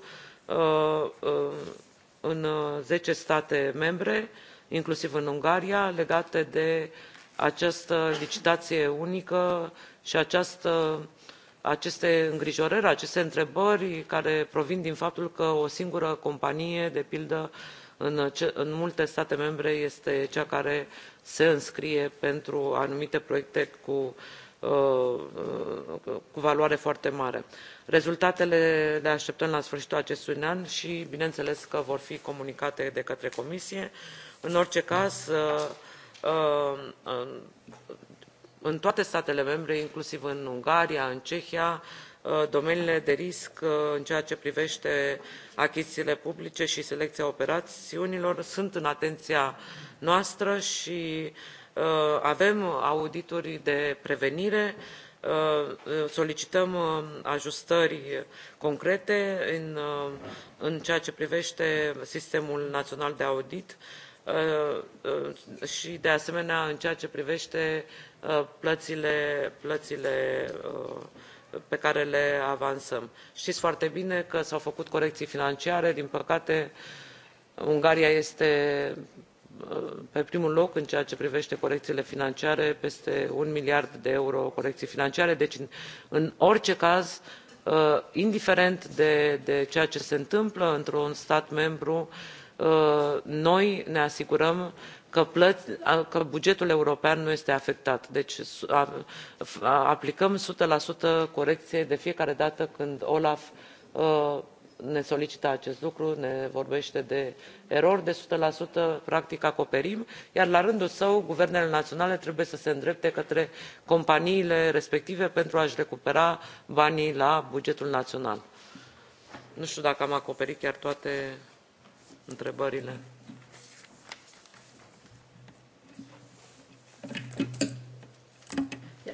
în zece state membre uh, inclusiv în ungaria legate de această licitație unică și această, aceste îngrijorări aceste întrebări care provin din faptul că o singură companie de pildă în, în multe state membre este cea care se înscrie pentru anumite proiecte cu uh, cu valoare foarte mare. Rezultatele le așteptăm la sfârșitul acestui an și bineînțeles că vor fi comunicate de către Comisie. În orice caz, uh, uh, în toate statele membre, inclusiv în Ungaria, în Cehia, uh, domeniile de risc în ceea ce privește achizițiile publice și selecția operațiunilor sunt în atenția noastră și avem audituri de prevenire, solicităm ajustări concrete în, în ceea ce privește sistemul național de audit, Uh, uh, și, de asemenea, în ceea ce privește uh, plățile, plățile pe care le avansăm. Știți foarte bine că s-au făcut corecții financiare, din păcate Ungaria este pe primul loc în ceea ce privește corecțiile financiare, peste un miliard de euro corecții financiare, deci în, în orice caz, indiferent de, de ceea ce se întâmplă într-un stat membru, Uh, noi ne asigurăm că, că bugetul european nu este afectat deci aplicăm o sută corecție de fiecare dată când olaf uh, ne solicită acest lucru ne vorbește de erori de o sută practic acoperim iar la rândul său guvernele naționale trebuie să se îndrepte către companiile respective pentru a și recupera banii la bugetul național. nu știu dacă am acoperit chiar toate întrebările.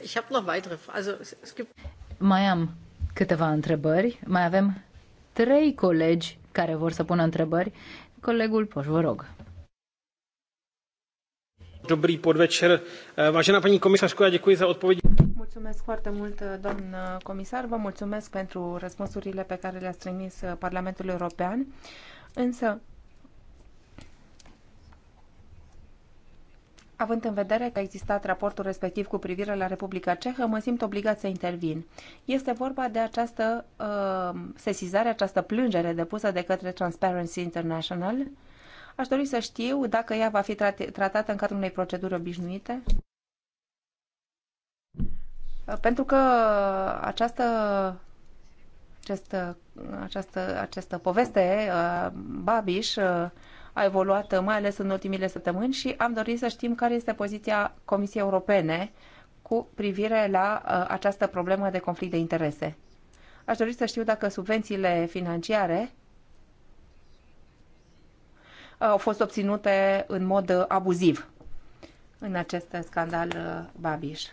Ich habe noch weitere. Also es gibt mai am câteva întrebări. Mai avem trei colegi care vor să pună întrebări. Colegul Poș, vă rog. Dobrý podvečer. Eh, vážená paní komisařko, já děkuji za odpovědi. Mulțumesc foarte mult, domn comisar. Vă mulțumesc pentru răspunsurile pe care le-ați trimis Parlamentului European. Însă, Având în vedere că a existat raportul respectiv cu privire la Republica Cehă, mă simt obligat să intervin. Este vorba de această uh, sesizare, această plângere depusă de către Transparency International. Aș dori să știu dacă ea va fi trat- tratată în cadrul unei proceduri obișnuite. Uh, pentru că această această, uh, această, această poveste, uh, Babiș, uh, a evoluat mai ales în ultimile săptămâni și am dorit să știm care este poziția Comisiei Europene cu privire la uh, această problemă de conflict de interese. Aș dori să știu dacă subvențiile financiare uh, au fost obținute în mod uh, abuziv în acest scandal Babiș.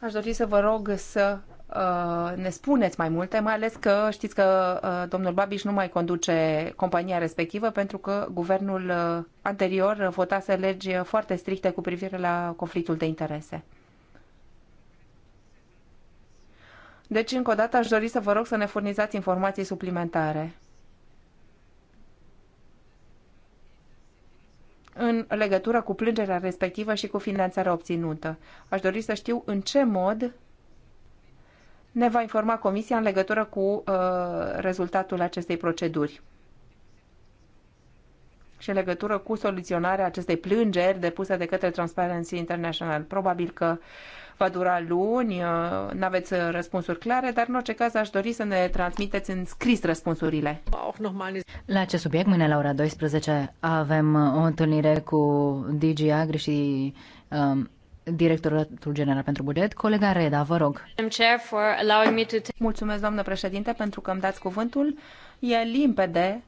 Aș dori să vă rog să Uh, ne spuneți mai multe, mai ales că știți că uh, domnul Babiș nu mai conduce compania respectivă pentru că guvernul uh, anterior votase legi foarte stricte cu privire la conflictul de interese. Deci, încă o dată, aș dori să vă rog să ne furnizați informații suplimentare. în legătură cu plângerea respectivă și cu finanțarea obținută. Aș dori să știu în ce mod ne va informa Comisia în legătură cu uh, rezultatul acestei proceduri și în legătură cu soluționarea acestei plângeri depuse de către Transparency International. Probabil că va dura luni, uh, nu aveți uh, răspunsuri clare, dar în orice caz aș dori să ne transmiteți în scris răspunsurile. La acest subiect, mâine la ora 12 avem uh, o întâlnire cu DG Agri și um, directorul General pentru Buget, colega Reda, vă rog. Mulțumesc, doamnă președinte, pentru că îmi dați cuvântul. E limpede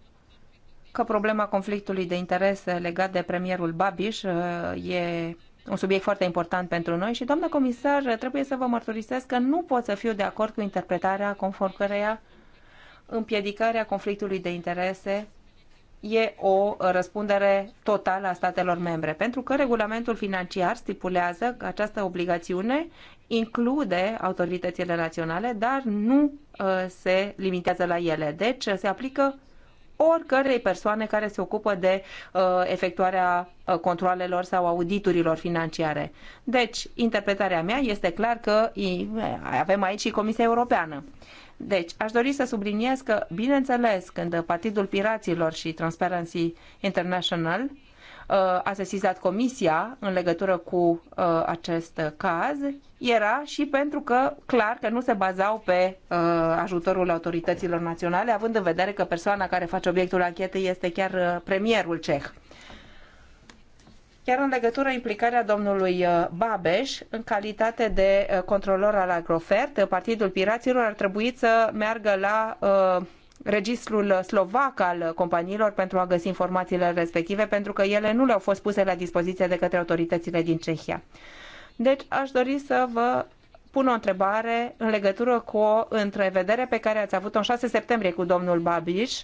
că problema conflictului de interese legat de premierul Babiș uh, e un subiect foarte important pentru noi și, doamnă comisar, trebuie să vă mărturisesc că nu pot să fiu de acord cu interpretarea conform căreia împiedicarea conflictului de interese e o răspundere totală a statelor membre, pentru că regulamentul financiar stipulează că această obligațiune include autoritățile naționale, dar nu uh, se limitează la ele. Deci uh, se aplică oricărei persoane care se ocupă de uh, efectuarea uh, controlelor sau auditurilor financiare. Deci, interpretarea mea este clar că avem aici și Comisia Europeană. Deci, aș dori să subliniez că, bineînțeles, când Partidul Piraților și Transparency International uh, a sesizat comisia în legătură cu uh, acest caz, era și pentru că, clar, că nu se bazau pe uh, ajutorul autorităților naționale, având în vedere că persoana care face obiectul anchetei este chiar premierul ceh. Chiar în legătură implicarea domnului uh, Babeș, în calitate de uh, controlor al Agrofert, uh, Partidul Piraților ar trebui să meargă la uh, registrul slovac al companiilor pentru a găsi informațiile respective, pentru că ele nu le-au fost puse la dispoziție de către autoritățile din Cehia. Deci aș dori să vă pun o întrebare în legătură cu o întrevedere pe care ați avut-o în 6 septembrie cu domnul Babiș.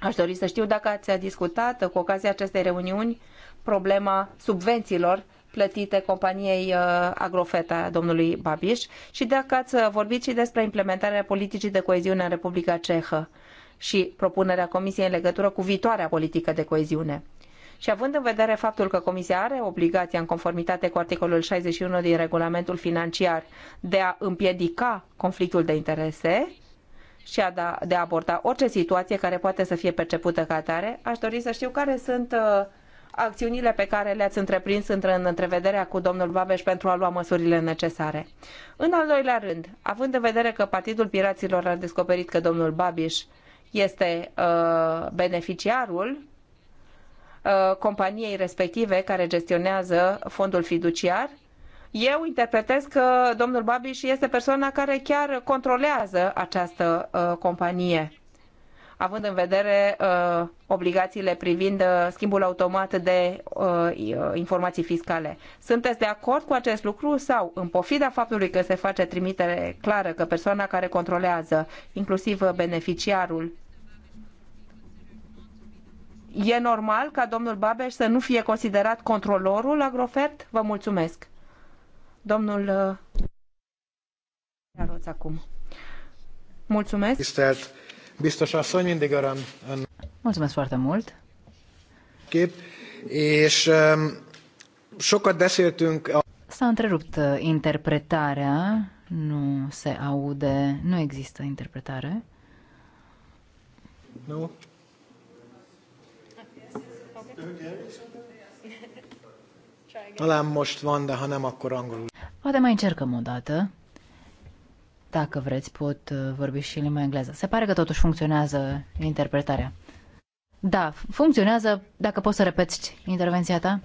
Aș dori să știu dacă ați discutat cu ocazia acestei reuniuni problema subvențiilor plătite companiei uh, Agrofeta domnului Babiș și dacă ați uh, vorbit și despre implementarea politicii de coeziune în Republica Cehă și propunerea Comisiei în legătură cu viitoarea politică de coeziune. Și având în vedere faptul că Comisia are obligația, în conformitate cu articolul 61 din regulamentul financiar, de a împiedica conflictul de interese și a da, de a aborda orice situație care poate să fie percepută ca atare, aș dori să știu care sunt uh, acțiunile pe care le-ați întreprins între în întrevederea cu domnul Babeș pentru a lua măsurile necesare. În al doilea rând, având în vedere că Partidul Piraților a descoperit că domnul Babiș este uh, beneficiarul uh, companiei respective care gestionează fondul fiduciar, eu interpretez că domnul Babiș este persoana care chiar controlează această uh, companie având în vedere uh, obligațiile privind uh, schimbul automat de uh, uh, informații fiscale. Sunteți de acord cu acest lucru sau, în pofida faptului că se face trimitere clară că persoana care controlează, inclusiv uh, beneficiarul, e normal ca domnul Babeș să nu fie considerat controlorul Agrofert? Vă mulțumesc. Domnul uh, Iaroț acum. Mulțumesc. Biztos asszony, mindig öröm. Ön... Mulțumesc foarte mult. Kép, és um, sokat beszéltünk... A... S-a întrerupt uh, interpretarea, nu se aude, nu există interpretare. Nu? Talán most van, de ha nem, akkor angolul. Poate mai încercăm o dată. Dacă vreți, pot uh, vorbi și în limba engleză. Se pare că totuși funcționează interpretarea. Da, funcționează. Dacă poți să repeți intervenția ta?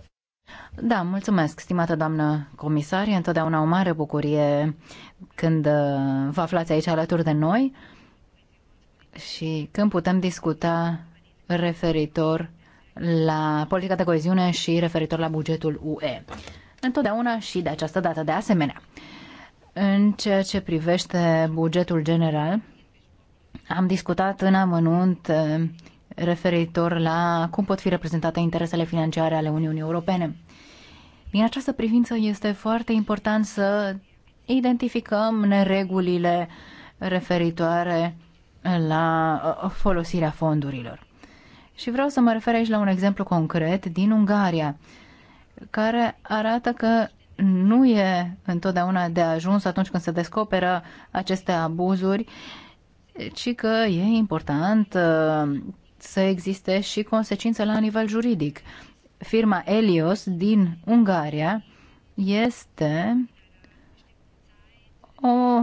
Da, mulțumesc, stimată doamnă comisar. E întotdeauna o mare bucurie când uh, vă aflați aici alături de noi și când putem discuta referitor la politica de coeziune și referitor la bugetul UE. Întotdeauna și de această dată de asemenea. În ceea ce privește bugetul general, am discutat în amănunt eh, referitor la cum pot fi reprezentate interesele financiare ale Uniunii Europene. Din această privință este foarte important să identificăm neregulile referitoare la eh, folosirea fondurilor. Și vreau să mă refer aici la un exemplu concret din Ungaria, care arată că nu e întotdeauna de ajuns atunci când se descoperă aceste abuzuri, ci că e important uh, să existe și consecințe la nivel juridic. Firma Elios din Ungaria este o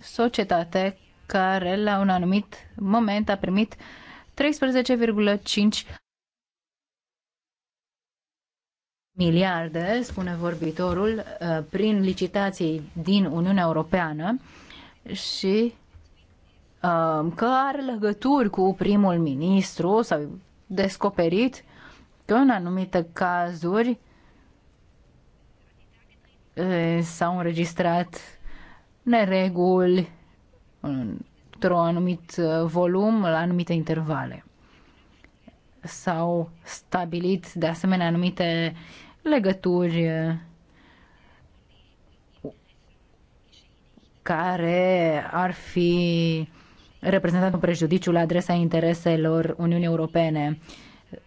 societate care la un anumit moment a primit 13,5 miliarde, spune vorbitorul, uh, prin licitații din Uniunea Europeană și uh, că are legături cu primul ministru sau descoperit că în anumite cazuri uh, s-au înregistrat nereguli într-un anumit volum, la anumite intervale. S-au stabilit de asemenea anumite legături uh, care ar fi reprezentat un prejudiciu la adresa intereselor Uniunii Europene.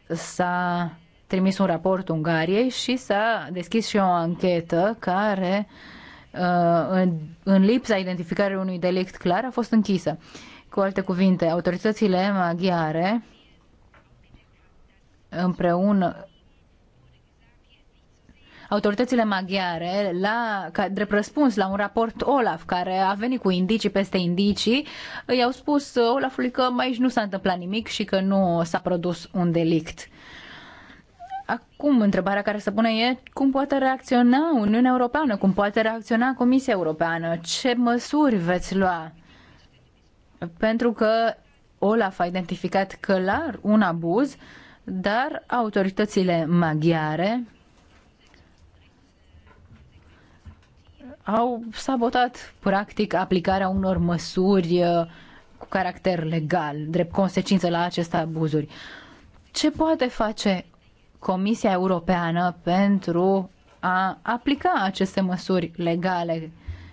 S-a trimis un raport Ungariei și s-a deschis și o anchetă care, uh, în, lipsa identificării unui delict clar, a fost închisă. Cu alte cuvinte, autoritățile maghiare împreună autoritățile maghiare, la, ca, drept răspuns la un raport Olaf, care a venit cu indicii peste indicii, i-au spus Olafului că aici nu s-a întâmplat nimic și că nu s-a produs un delict. Acum, întrebarea care se pune e cum poate reacționa Uniunea Europeană, cum poate reacționa Comisia Europeană, ce măsuri veți lua? Pentru că Olaf a identificat clar un abuz, dar autoritățile maghiare au sabotat, practic, aplicarea unor măsuri uh, cu caracter legal, drept consecință la aceste abuzuri. Ce poate face Comisia Europeană pentru a aplica aceste măsuri legale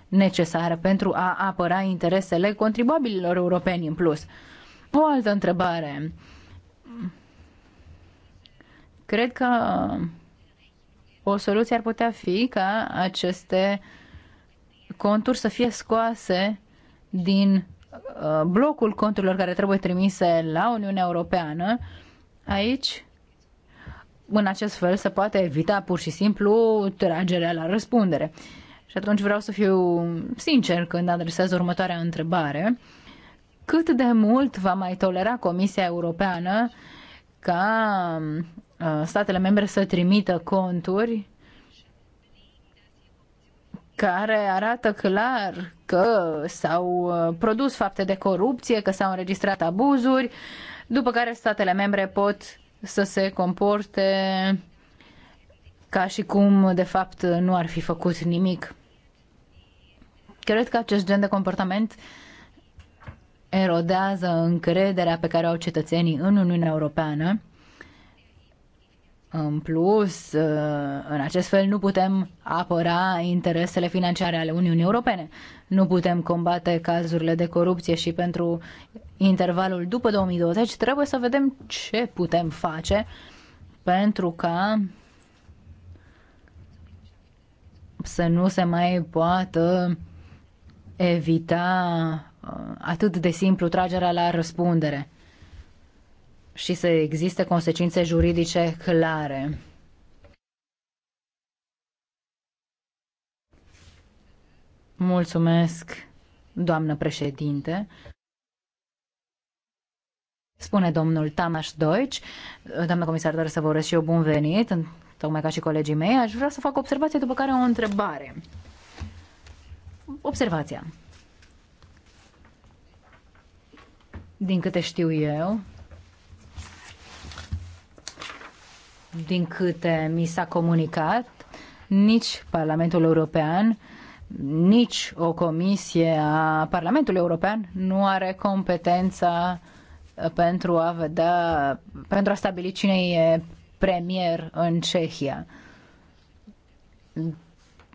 necesare pentru a apăra interesele contribuabililor europeni în plus? O altă întrebare. Cred că o soluție ar putea fi ca aceste uh, conturi să fie scoase din uh, blocul conturilor care trebuie trimise la Uniunea Europeană. Aici, în acest fel, se poate evita pur și simplu tragerea la răspundere. Și atunci vreau să fiu sincer când adresez următoarea întrebare. Cât de mult va mai tolera Comisia Europeană ca uh, statele membre să trimită conturi care arată clar că s-au uh, produs fapte de corupție, că s-au înregistrat abuzuri, după care statele membre pot să se comporte ca și cum, de fapt, nu ar fi făcut nimic. Cred că acest gen de comportament erodează încrederea pe care o au cetățenii în Uniunea Europeană în plus, uh, în acest fel nu putem apăra interesele financiare ale Uniunii Europene. Nu putem combate cazurile de corupție și pentru intervalul după 2020 trebuie să vedem ce putem face pentru ca să nu se mai poată evita uh, atât de simplu tragerea la răspundere și să existe consecințe juridice clare. Mulțumesc, doamnă președinte. Spune domnul Tamas Deutsch, doamnă comisar, dar să vă urez și eu bun venit, tocmai ca și colegii mei, aș vrea să fac observație, după care o întrebare. Observația. Din câte știu eu, din câte mi s-a comunicat, nici Parlamentul European, nici o comisie a Parlamentului European nu are competența pentru a vedea, pentru a stabili cine e premier în Cehia.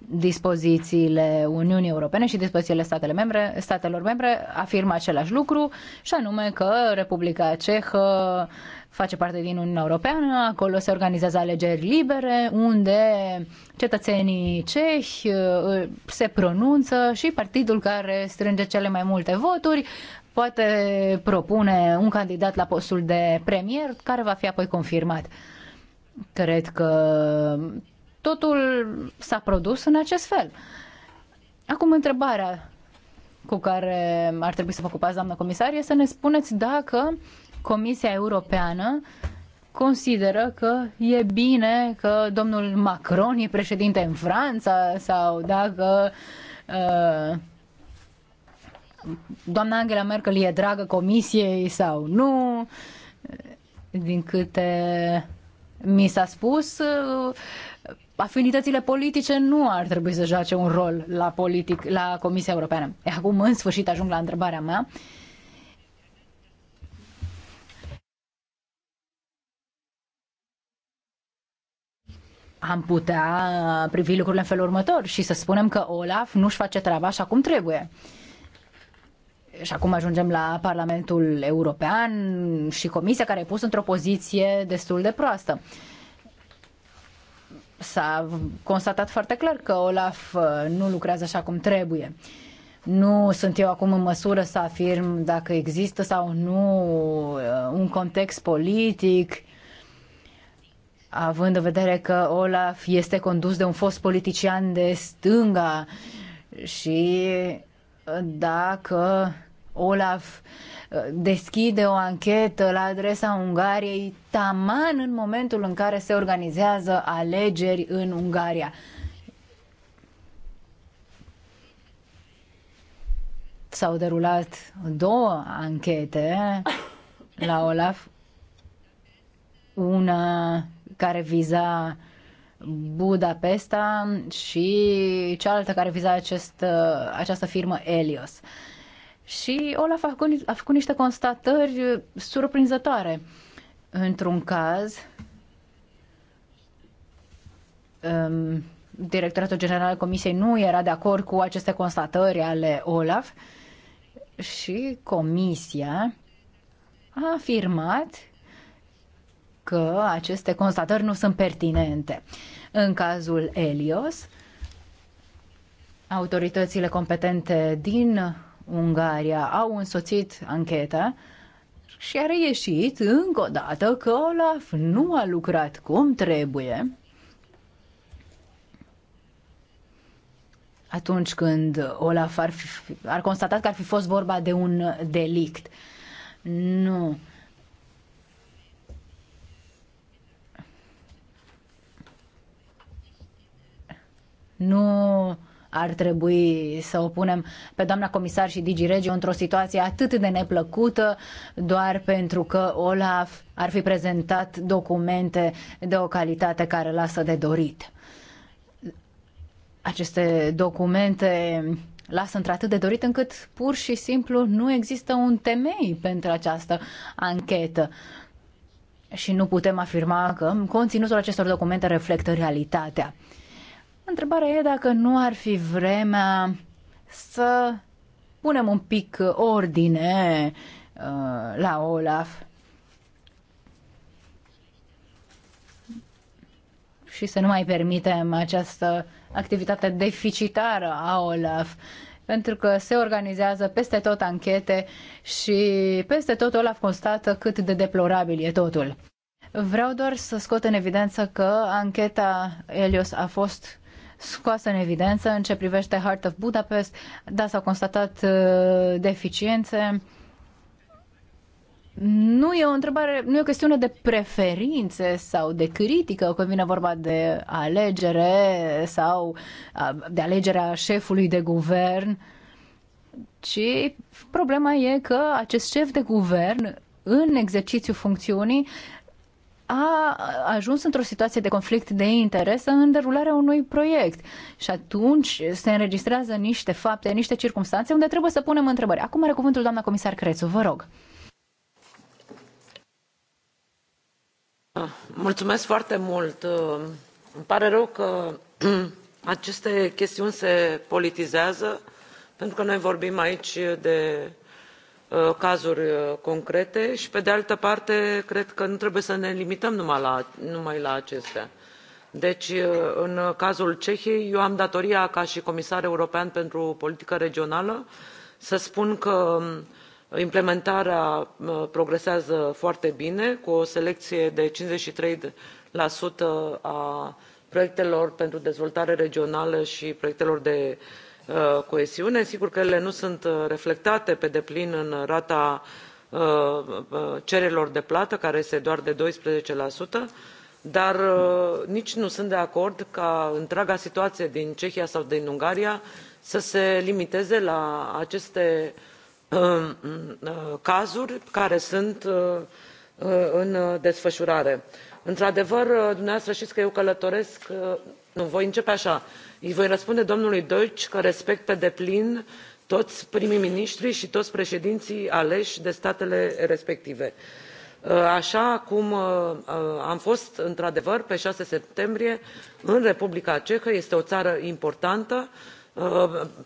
Dispozițiile Uniunii Europene și dispozițiile statele membre, statelor membre afirmă același lucru și anume că Republica Cehă face parte din Uniunea Europeană, acolo se organizează alegeri libere, unde cetățenii cehi uh, se pronunță și partidul care strânge cele mai multe voturi poate propune un candidat la postul de premier care va fi apoi confirmat. Cred că totul s-a produs în acest fel. Acum întrebarea cu care ar trebui să vă ocupați, doamnă comisar, este să ne spuneți dacă uh, Comisia Europeană consideră că e bine că domnul Macron e președinte în Franța sau dacă uh, doamna Angela Merkel e dragă comisiei sau nu. Din câte mi s-a spus, uh, afinitățile politice nu ar trebui să joace un rol la, politic, la Comisia Europeană. E Acum, în sfârșit, ajung la întrebarea mea. Uh, am putea uh, privi lucrurile în felul următor și să spunem că Olaf nu-și face treaba așa cum trebuie. Și acum ajungem la Parlamentul European și Comisia care e pus într-o poziție destul de proastă. S-a constatat foarte clar că Olaf uh, nu lucrează așa cum trebuie. Nu sunt eu acum în măsură să afirm dacă există sau nu uh, un context politic având în vedere că Olaf este condus de un fost politician de stânga și dacă Olaf uh, deschide o anchetă la adresa Ungariei taman în momentul în care se organizează alegeri în Ungaria. S-au derulat două anchete la Olaf. Una care viza Budapesta și cealaltă care viza acest, uh, această firmă Elios. Și Olaf a făcut, a făcut niște constatări surprinzătoare. Într-un caz, um, directoratul general al Comisiei nu era de acord cu aceste constatări ale Olaf și Comisia a afirmat că aceste constatări nu sunt pertinente. În cazul Elios, autoritățile competente din Ungaria au însoțit ancheta și a reieșit încă o dată că Olaf nu a lucrat cum trebuie atunci când Olaf ar, fi, ar constatat că ar fi fost vorba de un delict. Nu. Nu ar trebui să o punem pe doamna comisar și Digi Regio într-o situație atât de neplăcută doar pentru că Olaf ar fi prezentat documente de o calitate care lasă de dorit. Aceste documente lasă într-atât de dorit încât pur și simplu nu există un temei pentru această anchetă. Și nu putem afirma că conținutul acestor documente reflectă realitatea. Întrebarea e dacă nu ar fi vremea să punem un pic ordine uh, la Olaf și să nu mai permitem această activitate deficitară a Olaf pentru că se organizează peste tot anchete și peste tot Olaf constată cât de deplorabil e totul. Vreau doar să scot în evidență că ancheta Elios a fost scoasă în evidență în ce privește Heart of Budapest. Da, s-au constatat uh, deficiențe. Nu e o întrebare, nu e o chestiune de preferințe sau de critică când vine vorba de alegere sau uh, de alegerea șefului de guvern, ci problema e că acest șef de guvern în exercițiul funcțiunii a ajuns într-o situație de conflict de interes în derularea unui proiect. Și atunci se înregistrează niște fapte, niște circunstanțe unde trebuie să punem întrebări. Acum are cuvântul doamna comisar Crețu, vă rog. Ah, mulțumesc foarte mult. Uh, îmi pare rău că uh, aceste chestiuni se politizează, pentru că noi vorbim aici de Uh, cazuri uh, concrete și pe de altă parte cred că nu trebuie să ne limităm numai la, numai la acestea deci uh, în cazul cehiei eu am datoria ca și comisar european pentru politică regională să spun că um, implementarea progresează foarte bine cu o selecție de cincizeci și trei a proiectelor pentru dezvoltare regională și proiectelor de Uh, coeziune. Sigur că ele nu sunt uh, reflectate pe deplin în rata uh, cererilor de plată, care este doar de 12%, dar nici nu sunt de acord ca întreaga situație din Cehia sau din Ungaria să se limiteze la aceste cazuri care sunt în desfășurare. Într-adevăr, dumneavoastră știți că eu călătoresc, nu, voi începe așa, îi voi răspunde domnului deutsch că respect pe deplin toți prim miniștrii și toți președinții aleși de statele respective uh, așa cum uh, uh, am fost într adevăr pe șase septembrie în republica cehă este o țară importantă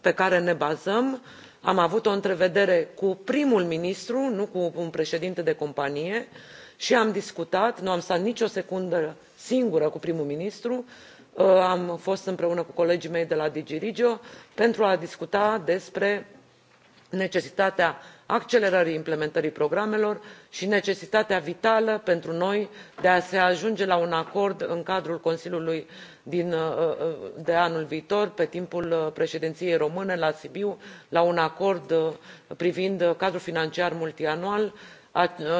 pe care ne bazăm am avut o întrevedere cu primul ministru nu cu un președinte de companie și am discutat nu am stat nicio secundă singură cu prim ministrul Uh, am fost împreună cu colegii mei de la dg regio pentru a discuta despre necesitatea accelerării implementării programelor și necesitatea vitală pentru noi de a se ajunge la un acord în cadrul consiliului din, uh, uh, de anul viitor pe timpul președinției române la sibiu la un acord privind cadrul financiar multianual și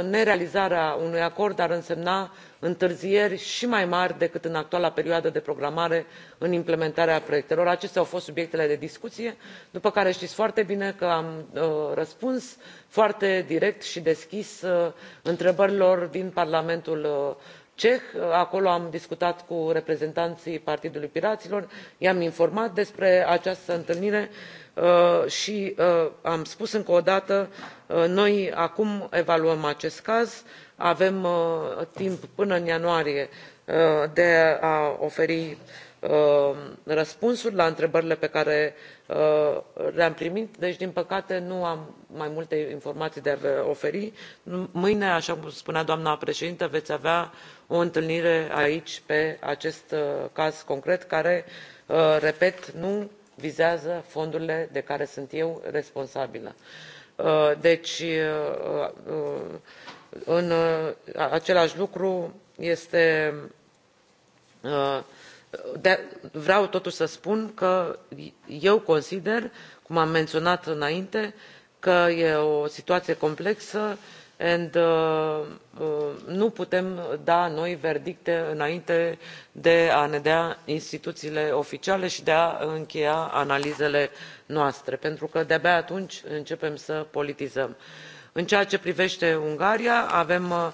nerealizarea unui acord ar însemna întârzieri și mai mari decât în actuala perioadă de programare în implementarea proiectelor. acestea au fost subiectele de discuție după care știți foarte bine că am uh, răspuns foarte direct și deschis uh, întrebărilor din parlamentul uh, ceh acolo am discutat cu reprezentanții partidului piraților i am informat despre această întâlnire și Uh, și uh, am spus încă o dată uh, noi acum evaluăm acest caz avem timp până în ianuarie de a oferi răspunsuri la întrebările pe care le am primit deci din păcate nu am mai multe informații de a vă oferi. mâine așa cum spunea doamna președintă veți avea o întâlnire aici pe acest caz concret care repet nu vizează fondurile de care sunt eu responsabilă. Uh, deci, uh, uh, în același lucru este de, vreau totuși să spun că eu consider cum am menționat înainte că e o situație complexă și and uh, uh, nu putem da noi verdicte înainte de a ne da instituțiile oficiale și de a încheia analizele noastre pentru că de abia atunci începem să politizăm. în ceea ce privește ungaria avem uh,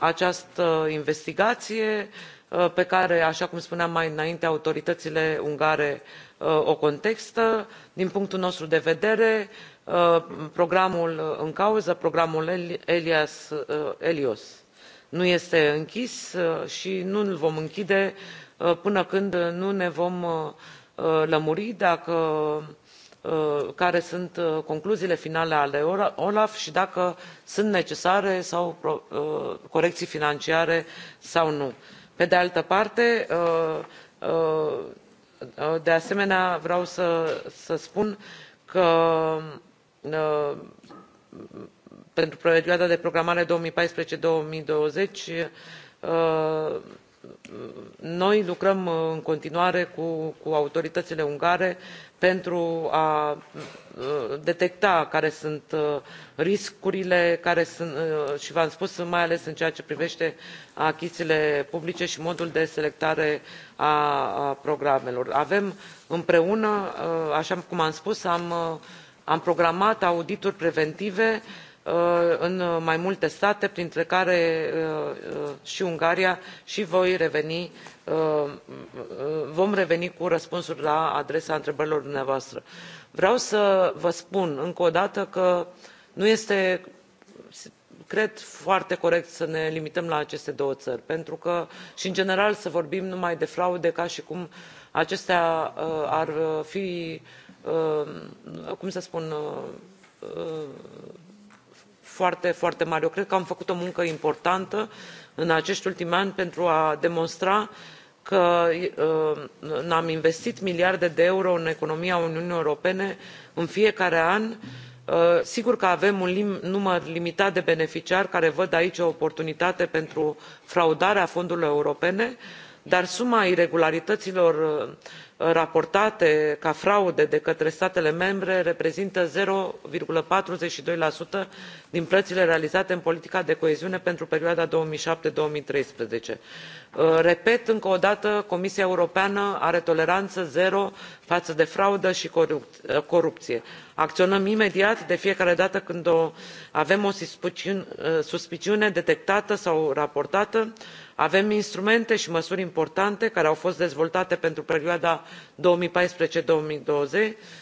această investigație pe care așa cum spuneam mai înainte autoritățile ungare o contestă din punctul nostru de vedere Uh, programul în cauză programul Elias, uh, elios nu este închis uh, și nu îl vom închide până când nu ne vom lămuri dacă care sunt concluziile finale ale olaf și dacă sunt necesare sau corecții financiare sau nu. pe de altă parte de asemenea vreau să spun că Uh, pentru perioada de programare două mii paisprezece două mii douăzeci uh, noi lucrăm în continuare cu, autoritățile ungare pentru a uh, detecta care sunt riscurile care sunt, și v am spus mai ales în ceea ce privește achizițiile publice și modul de selectare a programelor. avem împreună așa cum am spus am am programat audituri preventive uh, în mai multe state printre care uh, uh, și ungaria și voi reveni vom reveni cu răspunsuri la adresa întrebărilor dumneavoastră. vreau să vă spun încă o dată că nu este cred foarte corect să ne limităm la aceste două țări pentru că și în general să vorbim numai de fraude ca și cum acestea ar fi Uh, cum să spun, uh, uh, foarte, foarte mari. Eu cred că am făcut o muncă importantă în acești ultimi ani pentru a demonstra că am investit miliarde de euro în economia Uniunii Europene în fiecare an. Sigur că avem un lim număr limitat de beneficiari care văd aici o oportunitate pentru fraudarea fondurilor europene, dar suma irregularităților uh, raportate ca fraude de către statele membre reprezintă zero patruzeci și doi din plățile realizate în politica de coeziune pentru perioada două mii șapte două mii treisprezece uh, repet încă o dată comisia europeană are toleranță zero față de fraudă și uh, corupție. acționăm imediat de fiecare dată când avem o uh, suspiciune detectată sau raportată și avem instrumente și măsuri importante care au fost dezvoltate pentru perioada două mii paisprezece două mii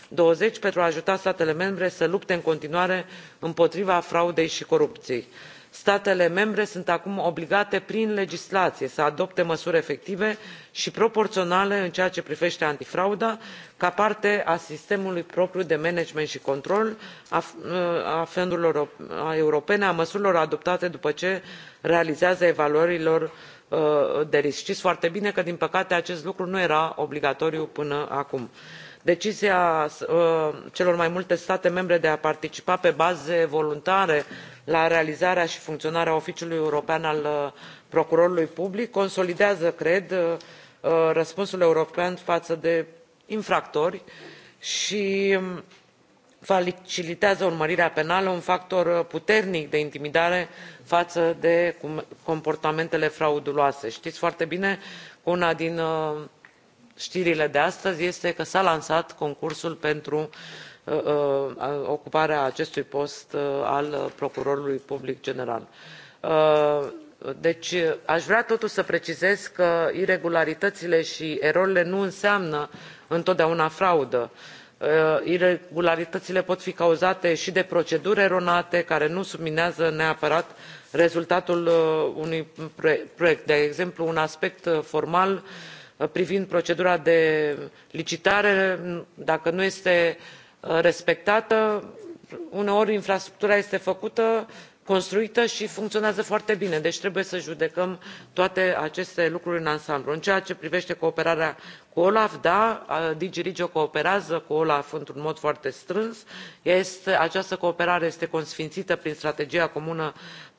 douăzeci pentru a ajuta statele membre să lupte în continuare împotriva fraudei și corupției statele membre sunt acum obligate prin legislație să adopte măsuri efective și proporționale în ceea ce privește antifrauda ca parte a sistemului propriu de management și control a ă, fondurilor europene a măsurilor adoptate după ce realizează evaluările lor ă, de risc. știți foarte bine că din păcate acest lucru nu era obligatoriu până acum decizia uh, celor mai multe state membre de a participa pe baze voluntare la realizarea și funcționarea oficiului european al uh, procurorului public consolidează cred uh, răspunsul european față de infractori și um, facilitează urmărirea penală un factor puternic de intimidare față de comportamentele frauduloase. știți foarte bine că una din știrile de astăzi este că s a lansat concursul pentru uh, uh, ocuparea acestui post uh, al procurorului public general. Deci aș vrea totuși să precizez că iregularitățile și erorile nu înseamnă întotdeauna fraudă. Iregularitățile pot fi cauzate și de proceduri eronate care nu subminează neapărat rezultatul unui proiect. De exemplu, un aspect formal Uh, privind procedura de licitare dacă nu este uh, respectată uneori infrastructura este făcută construită și funcționează foarte bine deci trebuie să judecăm toate aceste lucruri în ansamblu. în ceea ce privește cooperarea cu olaf da dg regio cooperează cu olaf într un mod foarte strâns această cooperare este consfințită prin strategia comună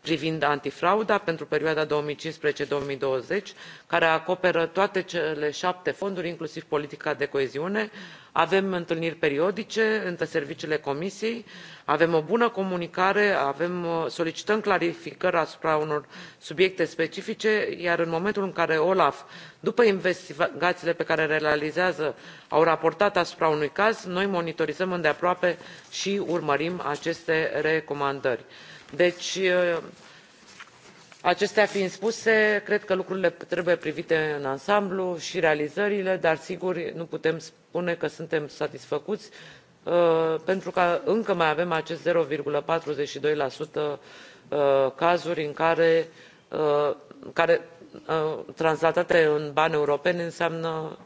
privind antifrauda pentru perioada două mii cincisprezece două mii douăzeci care acoperă toate cele șapte fonduri inclusiv politica de coeziune avem întâlniri periodice între serviciile comisiei avem o bună comunicare avem, solicităm clarificări asupra unor subiecte specifice iar în momentul în care olaf după investigațiile pe care le realizează au raportat asupra unui caz noi monitorizăm îndeaproape și urmărim aceste recomandări deci uh, acestea fiind spuse cred că lucrurile trebuie privite în ansamblu și realizările dar sigur nu putem spune că suntem satisfăcuți uh, pentru că încă mai avem acest zero patruzeci și doi uh, cazuri în care, care translatate în bani europeni înseamnă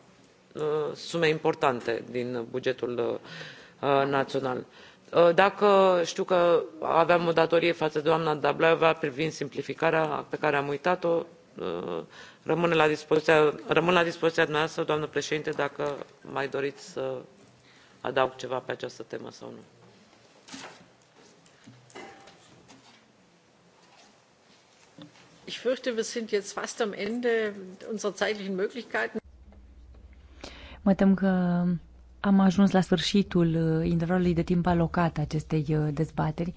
sume importante din bugetul național. Uh, dacă știu că aveam o datorie față de doamna dlabajová privind simplificarea pe care am uitat o uh, rămân la dispoziția dumneavoastră doamnă președintă dacă mai doriți să adaug ceva pe această temă sau nu. Ich fürchte, wir sind jetzt fast am Ende unserer zeitlichen Möglichkeiten. Mă tem că am ajuns la sfârșitul uh, intervalului de timp alocat acestei uh, dezbateri.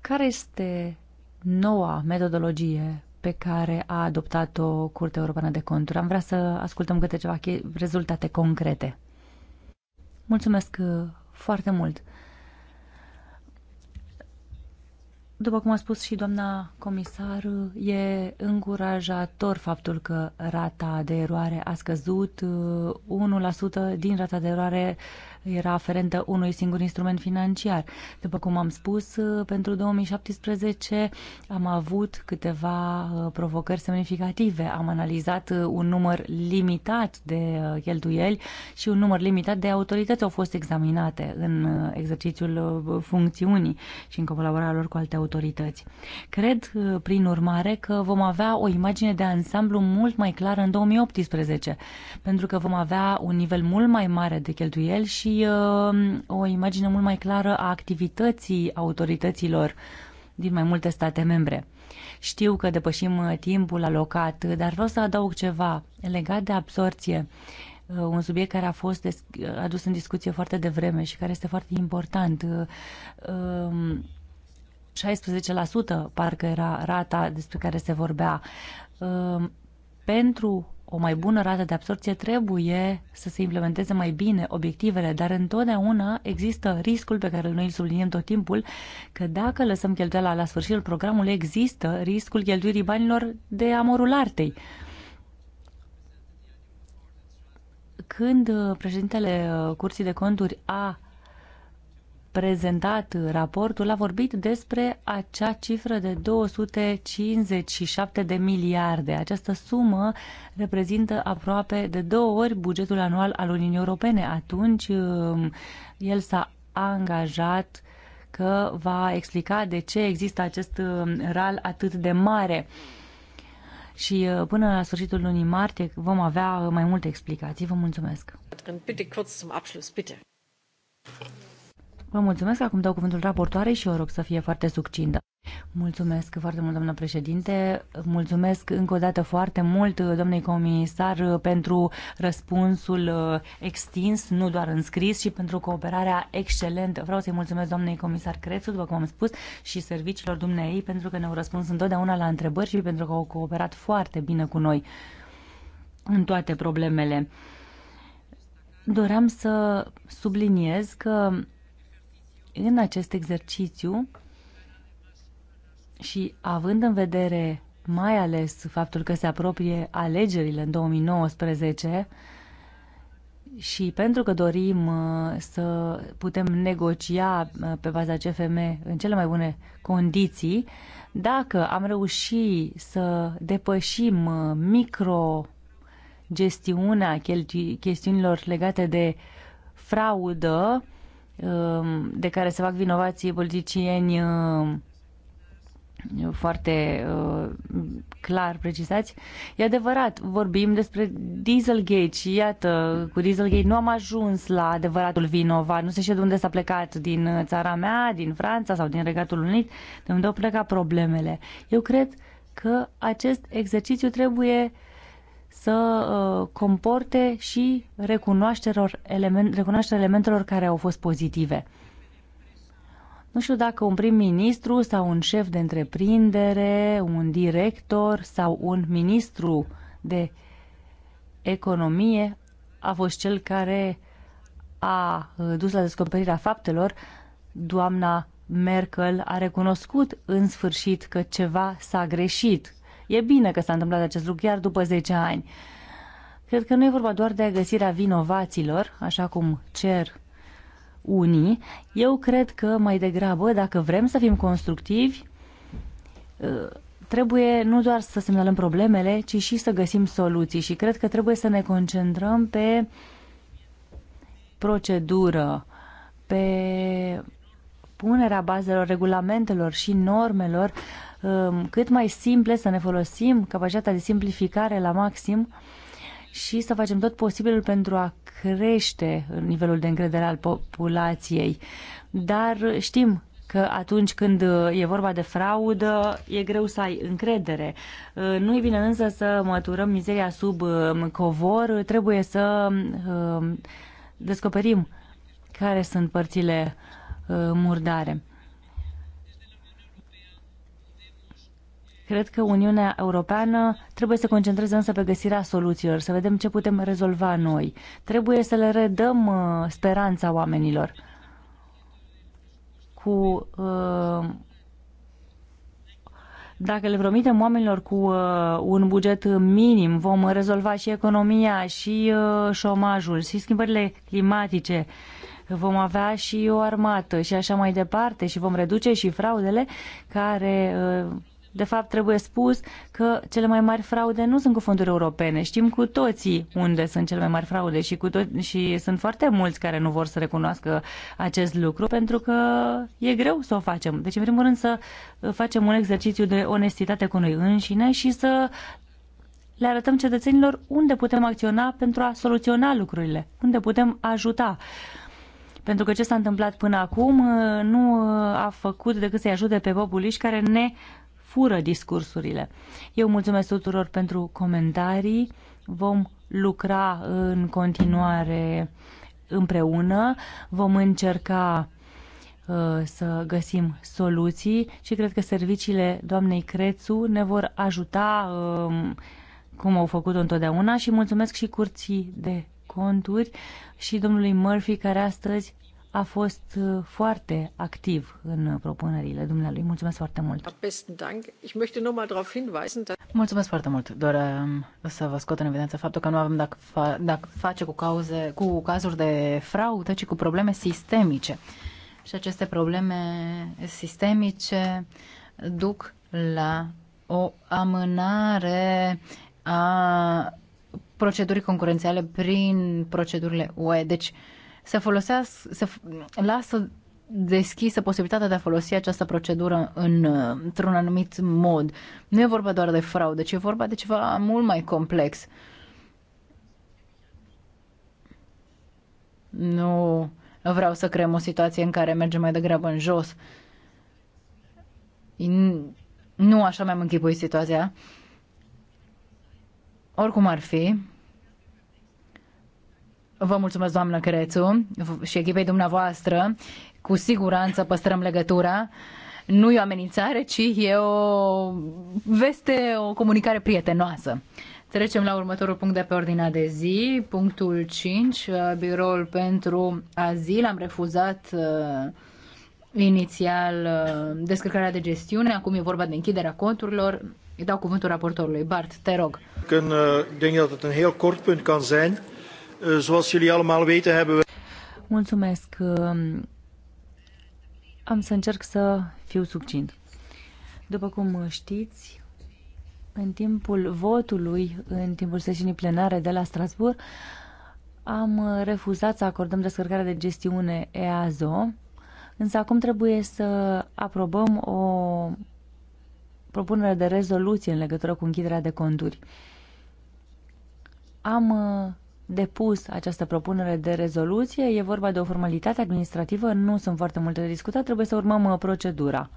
Care este noua metodologie pe care a adoptat-o Curtea Europeană de Conturi? Am vrea să ascultăm câte ceva rezultate concrete. Mulțumesc uh, foarte mult! După cum a spus și doamna comisar, e încurajator faptul că rata de eroare a scăzut uh, 1% din rata de eroare era aferentă unui singur instrument financiar. După cum am spus, uh, pentru 2017 am avut câteva uh, provocări semnificative. Am analizat uh, un număr limitat de cheltuieli și un număr limitat de autorități au fost examinate în exercițiul funcțiunii și în colaborarea lor cu alte autorități. Cred, prin urmare, că vom avea o imagine de ansamblu mult mai clară în 2018, pentru că vom avea un nivel mult mai mare de cheltuieli și și um, o imagine mult mai clară a activității autorităților din mai multe state membre. Știu că depășim uh, timpul alocat, dar vreau să adaug ceva legat de absorție, uh, un subiect care a fost uh, adus în discuție foarte devreme și care este foarte important. 16% um, parcă era rata despre care se vorbea. Um, pentru o mai bună rată de absorție, trebuie să se implementeze mai bine obiectivele, dar întotdeauna există riscul pe care noi îl subliniem tot timpul, că dacă lăsăm cheltuiala la sfârșitul programului, există riscul cheltuirii banilor de amorul artei. Când președintele Curții de Conturi a prezentat raportul a vorbit despre acea cifră de 257 de miliarde. Această sumă reprezintă aproape de două ori bugetul anual al Uniunii Europene. Atunci um, el s-a angajat că va explica de ce există acest um, ral atât de mare. Și uh, până la sfârșitul lunii martie vom avea uh, mai multe explicații. Vă mulțumesc. Bitte kurz zum Abschluss, bitte. Vă mulțumesc, acum dau cuvântul raportoarei și o rog să fie foarte succintă. Mulțumesc foarte mult, doamnă președinte. Mulțumesc încă o dată foarte mult, domnului comisar, pentru răspunsul uh, extins, nu doar în scris, și pentru cooperarea excelentă. Vreau să-i mulțumesc doamnei comisar Crețu, după cum am spus, și serviciilor dumneei, pentru că ne-au răspuns întotdeauna la întrebări și pentru că au cooperat foarte bine cu noi în toate problemele. Doream să subliniez că în acest exercițiu și având în vedere mai ales faptul că se apropie alegerile în 2019 și pentru că dorim uh, să putem negocia uh, pe baza CFM în cele mai bune condiții, dacă am reușit să depășim uh, micro gestiunea chestiunilor legate de fraudă, Um, de care se fac vinovații politicieni um, foarte uh, clar precisați. E adevărat, vorbim despre Dieselgate și iată, cu Dieselgate nu am ajuns la adevăratul vinovat. Nu se știe de unde s-a plecat, din țara mea, din Franța sau din Regatul Unit, de unde au plecat problemele. Eu cred că acest exercițiu trebuie uh, să uh, comporte și element, recunoașterea elementelor care au fost pozitive. Nu știu dacă un prim-ministru sau un șef de întreprindere, un director sau un ministru de economie a fost cel care a uh, dus la descoperirea faptelor. Doamna Merkel a recunoscut în sfârșit că ceva s-a greșit E bine că s-a întâmplat acest lucru chiar după 10 ani. Cred că nu e vorba doar de găsirea vinovaților, așa cum cer unii. Eu cred că mai degrabă, dacă vrem să fim constructivi, ă, trebuie nu doar să semnalăm problemele, ci și să găsim soluții și cred că trebuie să ne concentrăm pe procedură, pe punerea bazelor, regulamentelor și normelor Um, cât mai simple, să ne folosim capacitatea de simplificare la maxim și să facem tot posibilul pentru a crește nivelul de încredere al populației. Dar știm că atunci când e vorba de fraudă, e greu să ai încredere. Uh, nu-i bine însă să măturăm mizeria sub um, covor, trebuie să um, descoperim care sunt părțile uh, murdare. Cred că Uniunea Europeană trebuie să concentreze însă pe găsirea soluțiilor, să vedem ce putem rezolva noi. Trebuie să le redăm uh, speranța oamenilor cu uh, dacă le promitem oamenilor cu uh, un buget minim, vom rezolva și economia, și uh, șomajul, și schimbările climatice, vom avea și o armată și așa mai departe și vom reduce și fraudele care uh, de fapt, trebuie spus că cele mai mari fraude nu sunt cu fonduri europene. Știm cu toții unde sunt cele mai mari fraude și, cu to- și sunt foarte mulți care nu vor să recunoască acest lucru pentru că e greu să o facem. Deci, în primul rând, să facem un exercițiu de onestitate cu noi înșine și să le arătăm cetățenilor unde putem acționa pentru a soluționa lucrurile, unde putem ajuta pentru că ce s-a întâmplat până acum uh, nu uh, a făcut decât să-i ajute pe populiști care ne fură discursurile. Eu mulțumesc tuturor pentru comentarii. Vom lucra în continuare împreună. Vom încerca uh, să găsim soluții și cred că serviciile doamnei Crețu ne vor ajuta um, cum au făcut întotdeauna și mulțumesc și curții de conturi și domnului Murphy care astăzi a fost uh, foarte activ în propunerile dumnealui. Mulțumesc foarte mult! Mulțumesc foarte mult! Doream să vă scot în evidență faptul că nu avem dacă, fa- dacă face cu, cauze, cu cazuri de fraudă, ci cu probleme sistemice. Și aceste probleme sistemice duc la o amânare a procedurii concurențiale prin procedurile UE. Deci, uh, se folosească, se lasă deschisă posibilitatea de a folosi această procedură în, într-un anumit mod. Nu e vorba doar de fraudă, ci e vorba de ceva mult mai complex. Nu vreau să creăm o situație în care mergem mai degrabă în jos. Nu așa mi-am închipuit situația. Oricum ar fi, Vă mulțumesc, doamnă Crețu și echipei dumneavoastră. Cu siguranță păstrăm legătura. Nu e o amenințare, ci e o veste, o comunicare prietenoasă. Trecem la următorul punct de pe ordinea de zi, punctul 5, uh, biroul pentru azil. Am refuzat uh, inițial uh, descărcarea de gestiune, acum e vorba de închiderea conturilor. Îi dau cuvântul raportorului. Bart, te rog. Când uh, dat het un heel kort punct kan zijn. Eh, zoals jullie allemaal weten, hebben we... Mulțumesc. Ehm, am să încerc să fiu subțint. După cum știți, în timpul votului, în timpul sesiunii plenare de la Strasbourg, am refuzat să acordăm descărcarea de gestiune EASO, însă acum trebuie să aprobăm o propunere de rezoluție în legătură cu închiderea de conturi. Am depus această propunere de rezoluție. E vorba de o formalitate administrativă, nu sunt foarte multe de discutat, trebuie să urmăm uh, procedura.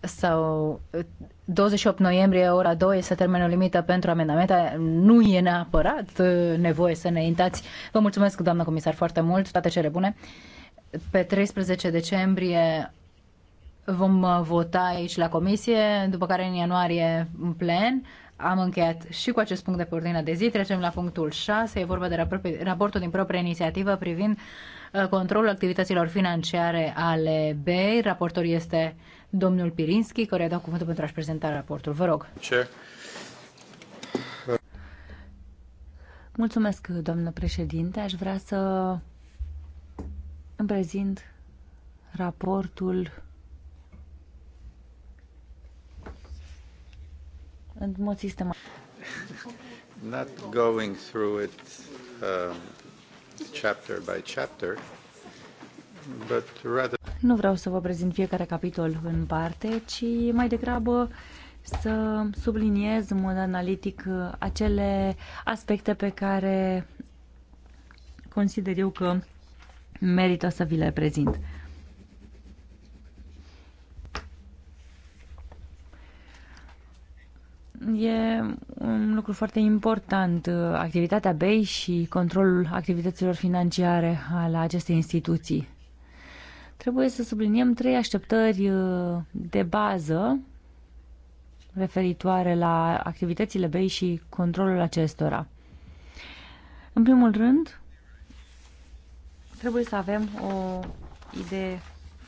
Sau 28 uh, noiembrie, ora 2, este termenul limită pentru amendamente. Nu e neapărat uh, nevoie să ne intați. Vă mulțumesc, doamnă comisar, foarte mult. Toate cele bune. Pe 13 decembrie vom vota aici la comisie, după care în ianuarie în plen. Am încheiat și cu acest punct de pe ordinea de zi. Trecem la punctul 6. E vorba de raportul din proprie inițiativă privind uh, controlul activităților financiare ale BEI. Raportor este domnul Pirinski, care dat cuvântul pentru a-și prezenta raportul. Vă rog. Ce? Mulțumesc, doamnă președinte. Aș vrea să îmi prezint raportul în mod sistematic. Not going through it um, chapter by chapter, but rather... Nu vreau să vă prezint fiecare capitol în parte, ci mai degrabă să subliniez în mod analitic uh, acele aspecte pe care consider eu că merită să vi le prezint. E un lucru foarte important, uh, activitatea BEI și controlul activităților financiare ale acestei instituții. Trebuie să subliniem trei așteptări uh, de bază referitoare la activitățile BEI și controlul acestora. În primul rând, trebuie să avem o idee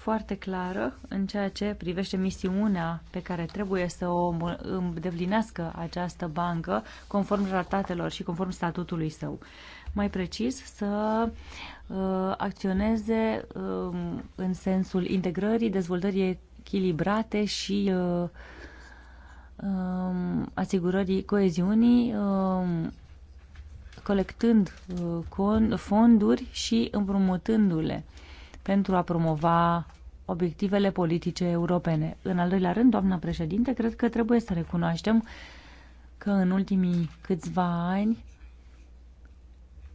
foarte clară în ceea ce privește misiunea pe care trebuie să o îndeplinească această bancă conform ratatelor și conform statutului său. Mai precis, să uh, acționeze uh, în sensul integrării, dezvoltării echilibrate și uh, uh, asigurării coeziunii um, uh, colectând fonduri și împrumutându-le pentru a promova obiectivele politice europene. În al doilea rând, doamna președinte, cred că trebuie să recunoaștem că în ultimii câțiva ani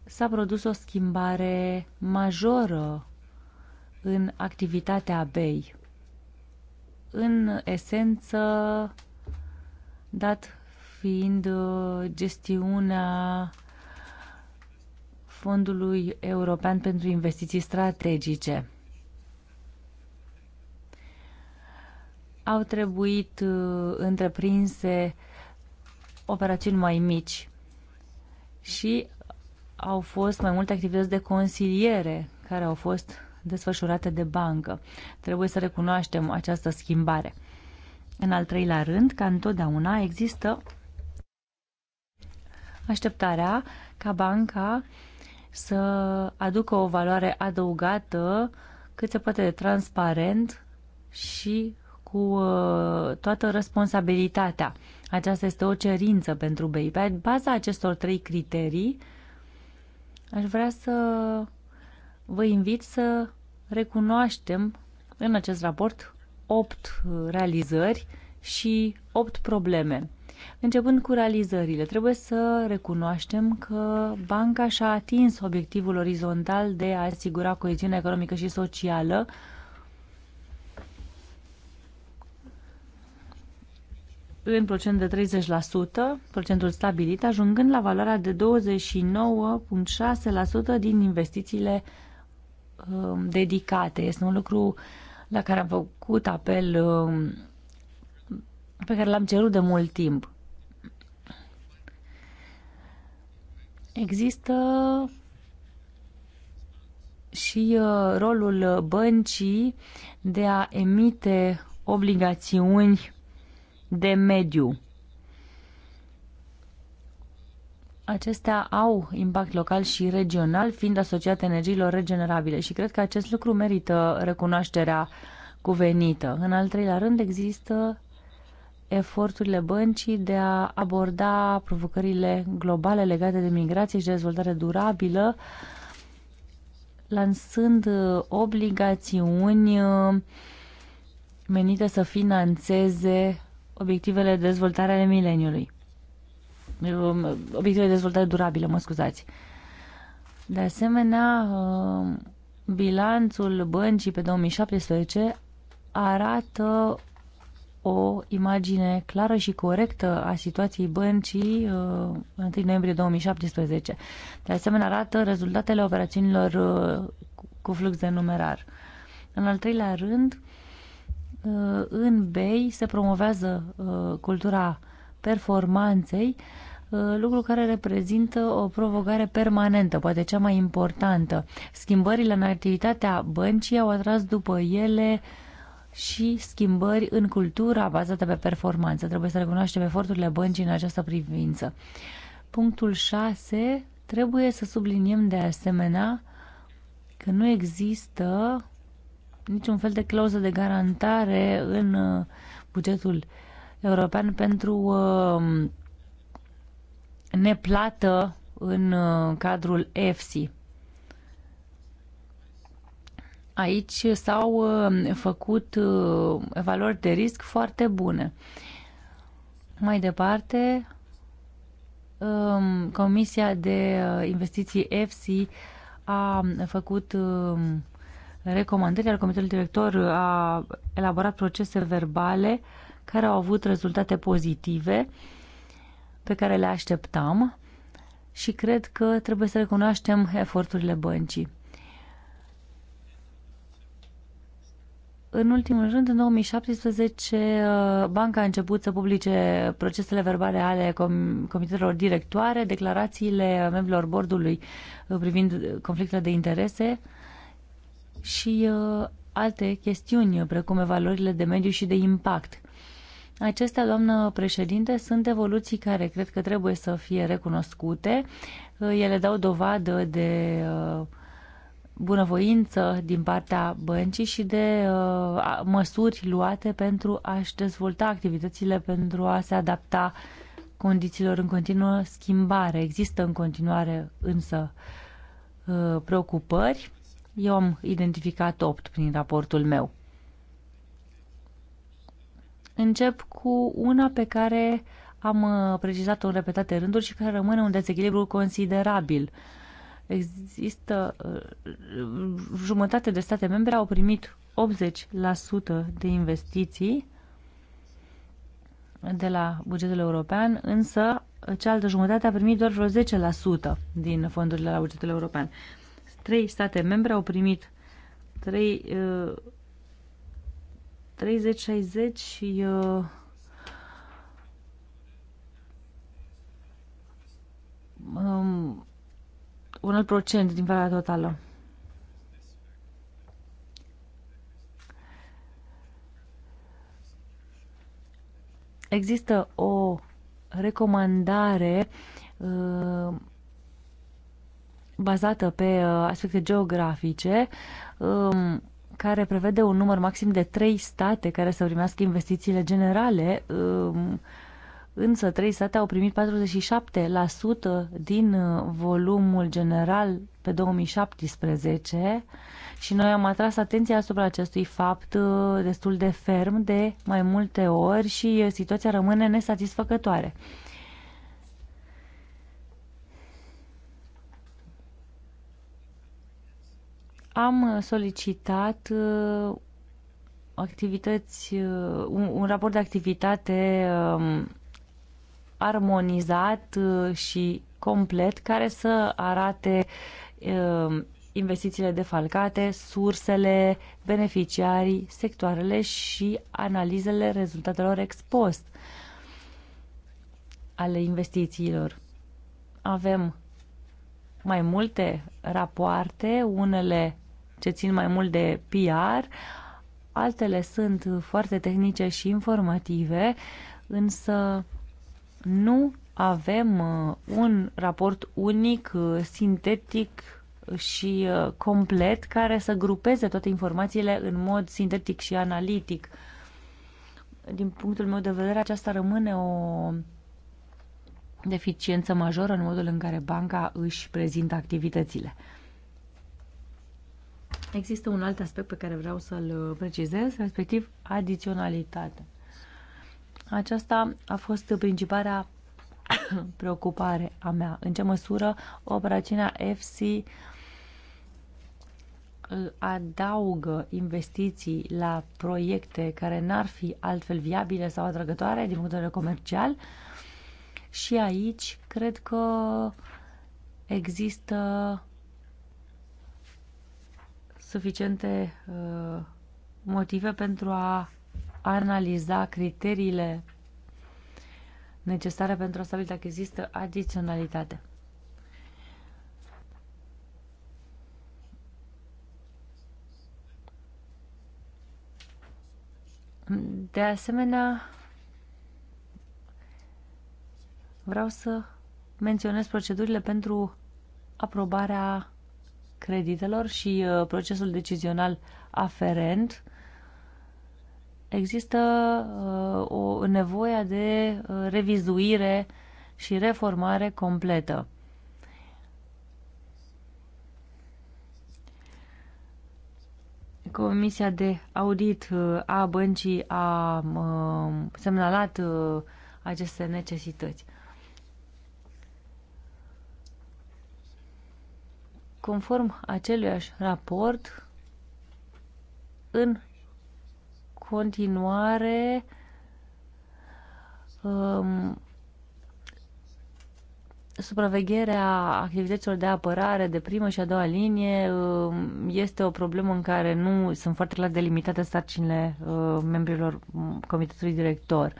s-a produs o schimbare majoră în activitatea BEI. În esență, dat fiind uh, gestiunea Fondului European pentru Investiții Strategice. au trebuit uh, întreprinse operațiuni mai mici și au fost mai multe activități de consiliere care au fost desfășurate de bancă. Trebuie să recunoaștem această schimbare. În al treilea rând, ca întotdeauna, există așteptarea ca banca să aducă o valoare adăugată cât se poate de transparent și cu uh, toată responsabilitatea. Aceasta este o cerință pentru BEI. Pe baza acestor trei criterii, aș vrea să vă invit să recunoaștem în acest raport 8 uh, realizări și 8 probleme. Începând cu realizările, trebuie să recunoaștem că banca și-a atins obiectivul orizontal de a asigura coeziunea economică și socială în procent de 30%, procentul stabilit, ajungând la valoarea de 29,6% din investițiile um, dedicate. Este un lucru la care am făcut apel, um, pe care l-am cerut de mult timp. Există și uh, rolul băncii de a emite obligațiuni de mediu. Acestea au impact local și regional, fiind asociate energiilor regenerabile și cred că acest lucru merită recunoașterea cuvenită. În al treilea rând există eforturile băncii de a aborda provocările globale legate de migrație și de dezvoltare durabilă, lansând obligațiuni uh, menite să financeze obiectivele de dezvoltare ale mileniului. Um, obiectivele de dezvoltare durabilă, mă scuzați. De asemenea, um, bilanțul băncii pe 2017 arată o imagine clară și corectă a situației băncii uh, în 1 noiembrie 2017. De asemenea, arată rezultatele operațiunilor uh, cu flux de numerar. În al treilea rând, Uh, în BEI se promovează uh, cultura performanței, uh, lucru care reprezintă o provocare permanentă, poate cea mai importantă. Schimbările în activitatea băncii au atras după ele și schimbări în cultura bazată pe performanță. Trebuie să recunoaștem eforturile băncii în această privință. Punctul 6. Trebuie să subliniem de asemenea că nu există niciun fel de clauză de garantare în uh, bugetul european pentru uh, neplată în uh, cadrul EFSI. Aici s-au făcut evaluări de risc foarte bune. Mai departe, um, Comisia de Investiții EFSI a făcut um, recomandări, iar Comitetul Director a elaborat procese verbale care au avut rezultate pozitive pe care le așteptam și cred că trebuie să recunoaștem eforturile băncii. În ultimul rând, în 2017, uh, banca a început să publice procesele verbale ale com comitetelor directoare, declarațiile membrilor bordului uh, privind conflictele de interese, și uh, alte chestiuni, precum evaluările de mediu și de impact. Acestea, doamnă președinte, sunt evoluții care cred că trebuie să fie recunoscute. Uh, ele dau dovadă de uh, bunăvoință din partea băncii și de măsuri luate pentru a-și dezvolta activitățile, pentru a se adapta condițiilor în continuă schimbare. Există în continuare însă preocupări eu am identificat 8 prin raportul meu. Încep cu una pe care am uh, precizat-o în repetate rânduri și care rămâne un dezechilibru considerabil. Există uh, jumătate de state membre au primit 80% de investiții de la bugetul european, însă cealaltă jumătate a primit doar vreo 10% din fondurile la bugetul european. Trei state membre au primit 30, 60 uh, și uh, um, un alt procent din valoarea totală. Există o recomandare uh, bazată pe uh, aspecte geografice um, care prevede un număr maxim de trei state care să primească investițiile generale, um, însă trei state au primit 47% din uh, volumul general pe 2017 și noi am atras atenția asupra acestui fapt uh, destul de ferm de mai multe ori și situația rămâne nesatisfăcătoare. am uh, solicitat uh, activități, uh, un, un raport de activitate um, armonizat și complet care să arate um, investițiile defalcate, sursele, beneficiarii, sectoarele și analizele rezultatelor expost ale investițiilor. Avem mai multe rapoarte, unele ce țin mai mult de PR, altele sunt foarte tehnice și informative, însă nu avem uh, un raport unic, uh, sintetic și uh, complet care să grupeze toate informațiile în mod sintetic și analitic. Din punctul meu de vedere, aceasta rămâne o deficiență majoră în modul în care banca își prezintă activitățile. Există un alt aspect pe care vreau să-l uh, precizez, respectiv adiționalitate. Aceasta a fost principala preocupare a mea. În ce măsură operațiunea FC uh, adaugă investiții la proiecte care n-ar fi altfel viabile sau atrăgătoare din punct de vedere comercial. Și aici cred că există suficiente uh, motive pentru a analiza criteriile necesare pentru a stabili dacă există adiționalitate. De asemenea, vreau să menționez procedurile pentru aprobarea creditelor și uh, procesul decizional aferent, există uh, o nevoie de uh, revizuire și reformare completă. Comisia de audit a băncii a semnalat aceste necesități. Conform aceluiași raport, în continuare um, supravegherea activităților de apărare de primă și a doua linie um, este o problemă în care nu sunt foarte clar delimitate sarcinile uh, membrilor um, comitetului director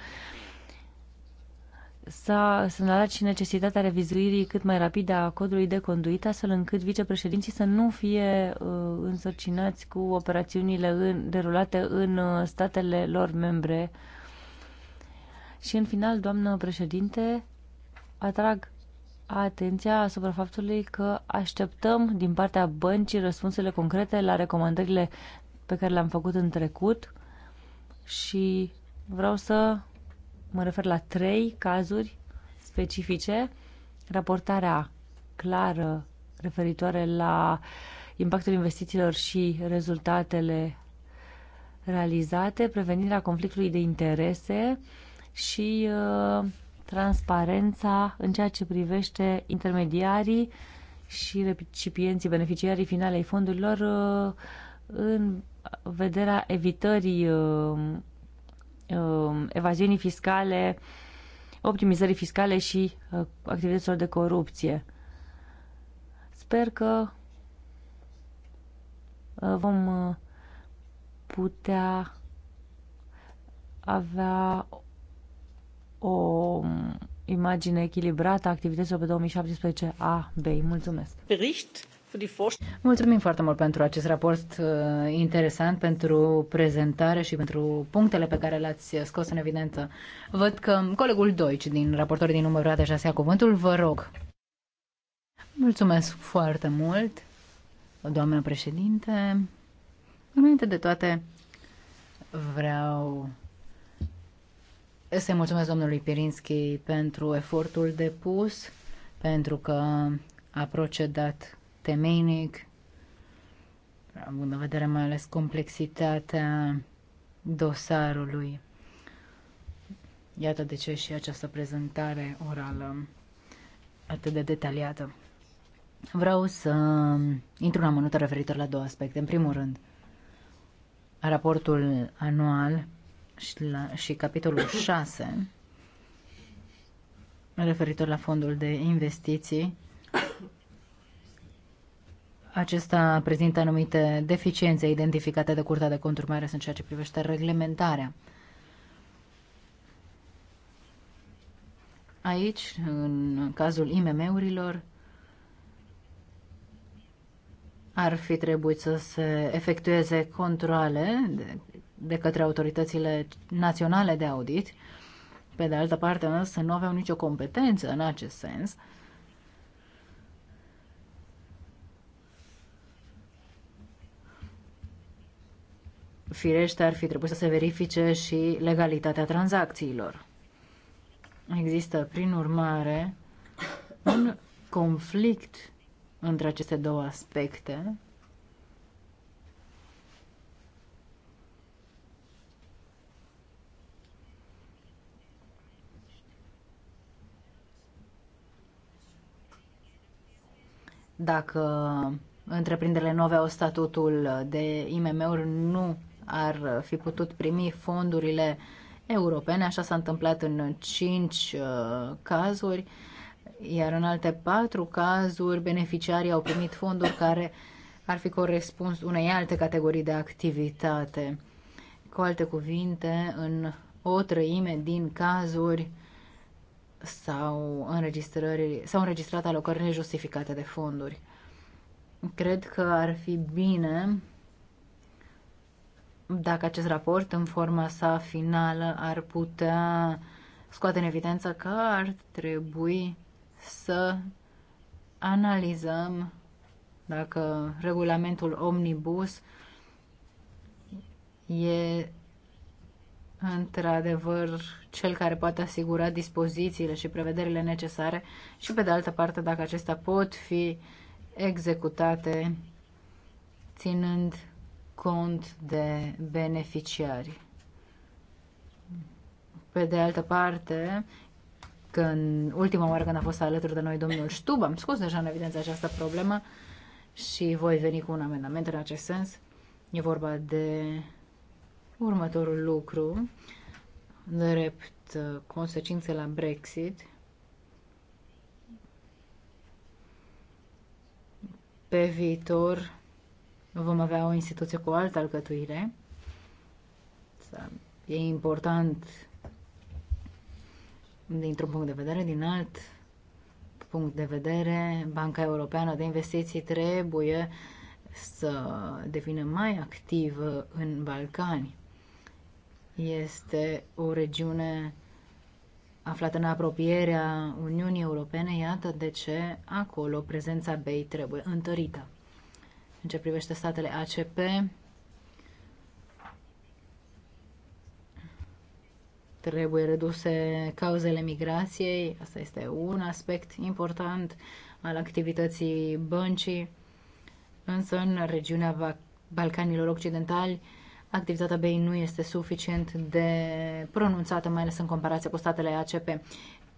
s-a semnalat și necesitatea revizuirii cât mai rapidă a codului de conduită, astfel încât vicepreședinții să nu fie uh, însărcinați cu operațiunile în, derulate în uh, statele lor membre. Și în final, doamnă președinte, atrag atenția asupra faptului că așteptăm din partea băncii răspunsurile concrete la recomandările pe care le-am făcut în trecut și vreau să Mă refer la trei cazuri specifice. Raportarea clară referitoare la impactul investițiilor și rezultatele realizate, prevenirea conflictului de interese și uh, transparența în ceea ce privește intermediarii și recipienții, beneficiarii finale ai fondurilor uh, în vederea evitării uh, Um, evaziunii fiscale, optimizării fiscale și uh, activităților de corupție. Sper că uh, vom uh, putea avea o um, imagine echilibrată a activităților pe 2017 a B. Mulțumesc! Bericht Mulțumim foarte mult pentru acest raport uh, interesant, pentru prezentare și pentru punctele pe care le-ați scos în evidență. Văd că colegul Deutsch din raportorii din numărul deja se ia cuvântul. Vă rog. Mulțumesc foarte mult, doamnă președinte. Înainte de toate, vreau să-i mulțumesc domnului Pirinski pentru efortul depus, pentru că a procedat temeinic, având în vedere mai ales complexitatea dosarului. Iată de ce și această prezentare orală atât de detaliată. Vreau să intru în amănuntă referitor la două aspecte. În primul rând, raportul anual și, la, și capitolul 6 referitor la fondul de investiții acesta prezintă anumite deficiențe identificate de Curtea de Conturi, mai ales în ceea ce privește reglementarea. Aici, în cazul IMM-urilor, ar fi trebuit să se efectueze controle de, de către autoritățile naționale de audit. Pe de altă parte, însă, nu aveau nicio competență în acest sens. Uh, Firește, ar fi trebuit să se verifice și legalitatea tranzacțiilor. Există, prin urmare, un conflict între aceste două aspecte dacă întreprinderile nu aveau statutul de IMM-uri, nu ar fi putut primi fondurile europene. Așa s-a întâmplat în 5 uh, cazuri, iar în alte 4 cazuri beneficiarii au primit fonduri care ar fi corespuns unei alte categorii de activitate. Cu alte cuvinte, în o trăime din cazuri sau înregistrări, s-au înregistrat alocări nejustificate de fonduri. Cred că ar fi bine dacă acest raport în forma sa finală ar putea scoate în evidență că ar trebui să analizăm dacă regulamentul omnibus e într-adevăr cel care poate asigura dispozițiile și prevederile necesare și pe de altă parte dacă acestea pot fi executate ținând cont de beneficiari. Pe de altă parte, când ultima oară când a fost alături de noi domnul Ștub, am scos deja în evidență această problemă și voi veni cu un amendament în acest sens. E vorba de următorul lucru, drept uh, consecințe la Brexit. Pe viitor, vom avea o instituție cu altă alcătuire. E important dintr-un punct de vedere, din alt punct de vedere, Banca Europeană de Investiții trebuie să devină mai activă în Balcani. Este o regiune aflată în apropierea Uniunii Europene, iată de ce acolo prezența BEI trebuie întărită în ce privește statele ACP. Trebuie reduse cauzele migrației, asta este un aspect important al activității băncii, însă în regiunea Balcanilor Occidentali activitatea BEI nu este suficient de pronunțată, mai ales în comparație cu statele ACP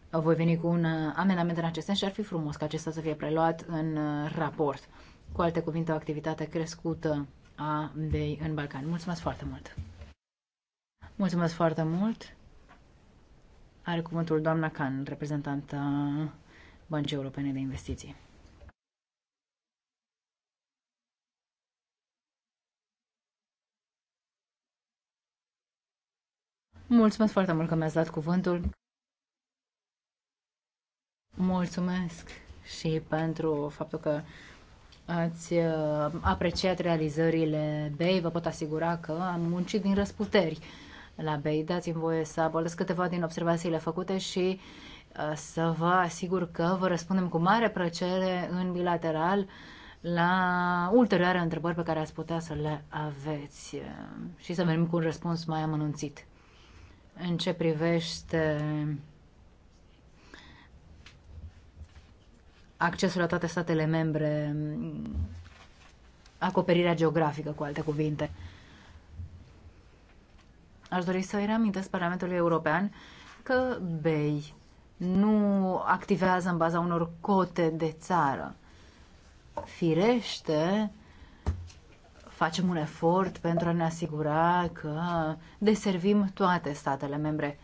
voi veni cu un amendament în acest sens și ar fi frumos ca acesta să fie preluat în raport cu alte cuvinte, o activitate crescută a BEI în Balcani. Mulțumesc foarte mult! Mulțumesc foarte mult! Are cuvântul doamna Can, reprezentanta Băncii Europene de Investiții. Mulțumesc foarte mult că mi-ați dat cuvântul. Mulțumesc și pentru faptul că ați uh, apreciat realizările BEI, vă pot asigura că am muncit din răsputeri la BEI. Dați-mi voie să abolesc câteva din observațiile făcute și uh, să vă asigur că vă răspundem cu mare plăcere în bilateral la ulterioare întrebări pe care ați putea să le aveți uh, și să venim cu un răspuns mai amănunțit. În ce privește accesul la toate statele membre, acoperirea geografică, cu alte cuvinte. Aș dori să îi reamintesc Parlamentului European că BEI nu activează în baza unor cote de țară. Firește, facem un efort pentru a ne asigura că deservim toate statele membre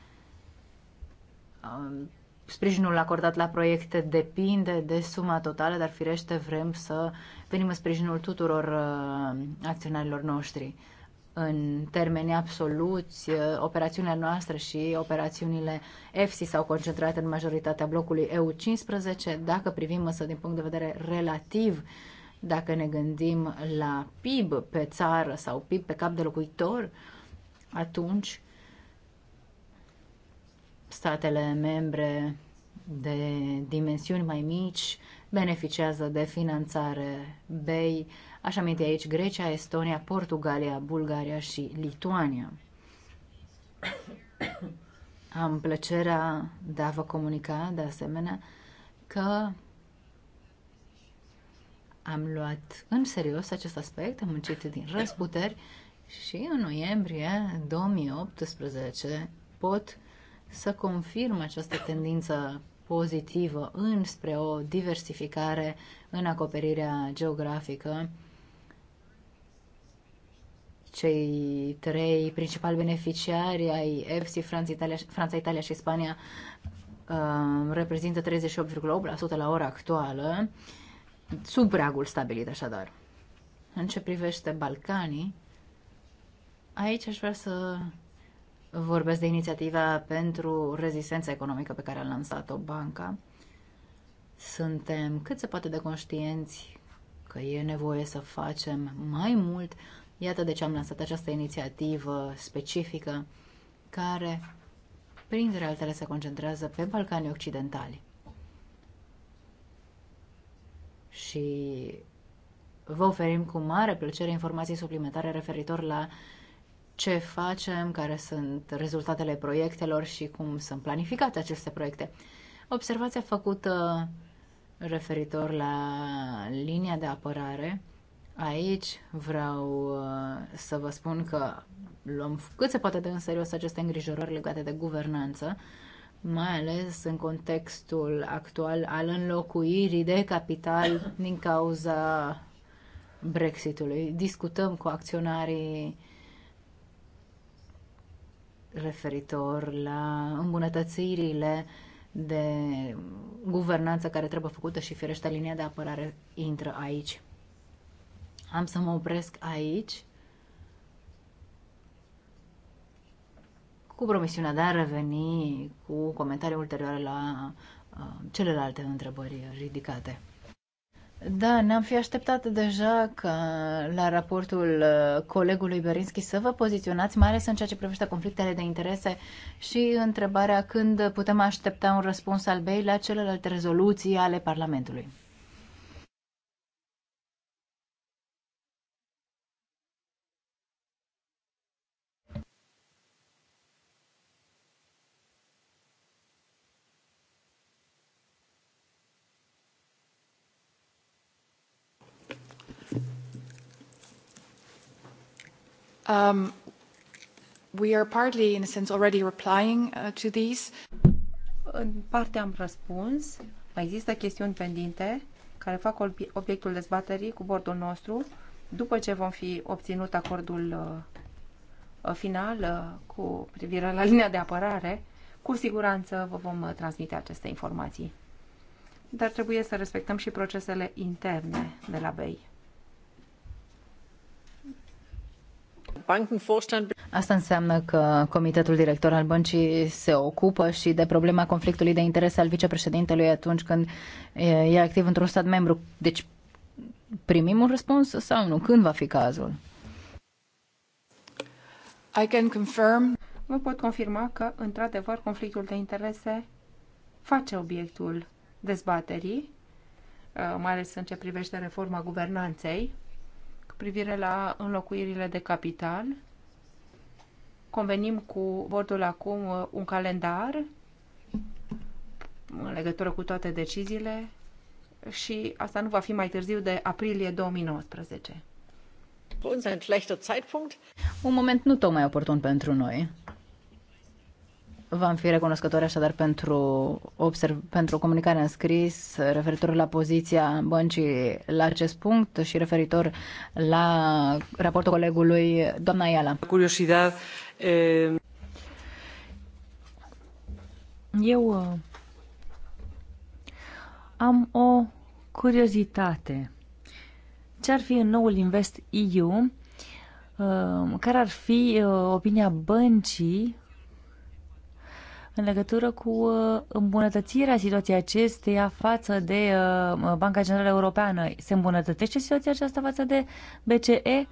Sprijinul acordat la proiecte depinde de suma totală, dar firește vrem să venim în sprijinul tuturor uh, acționarilor noștri. În termeni absoluți, uh, operațiunile noastre și operațiunile EFSI s-au concentrat în majoritatea blocului EU15. Dacă privim însă din punct de vedere relativ, dacă ne gândim la PIB pe țară sau PIB pe cap de locuitor, atunci statele membre de dimensiuni mai mici beneficiază de finanțare BEI. Aș aminti aici Grecia, Estonia, Portugalia, Bulgaria și Lituania. Am plăcerea de a vă comunica, de asemenea, că am luat în serios acest aspect, am muncit din răsputeri și în noiembrie 2018 pot să confirme această tendință pozitivă înspre o diversificare în acoperirea geografică. Cei trei principali beneficiari ai EPSI, Franța, Italia, Franța, Italia și Spania, uh, reprezintă 38,8% la ora actuală, sub pragul stabilit așadar. În ce privește Balcanii, aici aș vrea să Vorbesc de inițiativa pentru rezistența economică pe care a lansat-o banca. Suntem cât se poate de conștienți că e nevoie să facem mai mult. Iată de ce am lansat această inițiativă specifică care, printre altele, se concentrează pe Balcanii Occidentali. Și vă oferim cu mare plăcere informații suplimentare referitor la uh, ce facem, care sunt rezultatele proiectelor și cum sunt planificate aceste proiecte. Observația făcută referitor la linia de apărare, aici vreau uh, să vă spun că luăm cât se poate de în serios aceste îngrijorări legate de guvernanță, mai ales în contextul actual al înlocuirii de capital din cauza Brexitului. Discutăm cu acționarii referitor la îmbunătățirile de guvernanță care trebuie făcută și firește linia de apărare intră aici. Am să mă opresc aici cu promisiunea de a reveni cu comentarii ulterioare la uh, celelalte întrebări ridicate. Da, ne-am fi așteptat deja ca la raportul uh, colegului Berinski să vă poziționați, mai ales în ceea ce privește conflictele de interese și întrebarea când putem aștepta un răspuns al BEI la celelalte rezoluții ale Parlamentului. Um, we are partly, in a sense, already replying uh, to these. În parte am răspuns. Mai există chestiuni pendinte care fac obiectul dezbaterii cu bordul nostru după ce vom fi obținut acordul uh, uh, final uh, cu privire la linia de apărare. Cu siguranță vă vom uh, transmite aceste informații. Dar trebuie să respectăm și procesele interne de la BEI. Asta înseamnă că comitetul director al băncii se ocupă și de problema conflictului de interese al vicepreședintelui atunci când e activ într-un stat membru. Deci primim un răspuns sau nu? Când va fi cazul? I can confirm. Vă pot confirma că, într-adevăr, conflictul de interese face obiectul dezbaterii, uh, mai ales în ce privește reforma guvernanței privire la înlocuirile de capital. Convenim cu bordul acum uh, un calendar în legătură cu toate deciziile și asta nu va fi mai târziu de aprilie 2019. Un moment nu tocmai oportun pentru noi. V-am fi recunoscători așadar pentru, observ, pentru comunicarea în scris referitor la poziția băncii la acest punct și referitor la raportul colegului doamna Iala. Curiositate. E... Eu uh, am o curiozitate. Ce ar fi în noul Invest EU? Uh, care ar fi uh, opinia băncii în legătură cu uh, îmbunătățirea situației acesteia față de uh, uh, Banca Centrală Europeană. Se îmbunătățește situația aceasta față de BCE?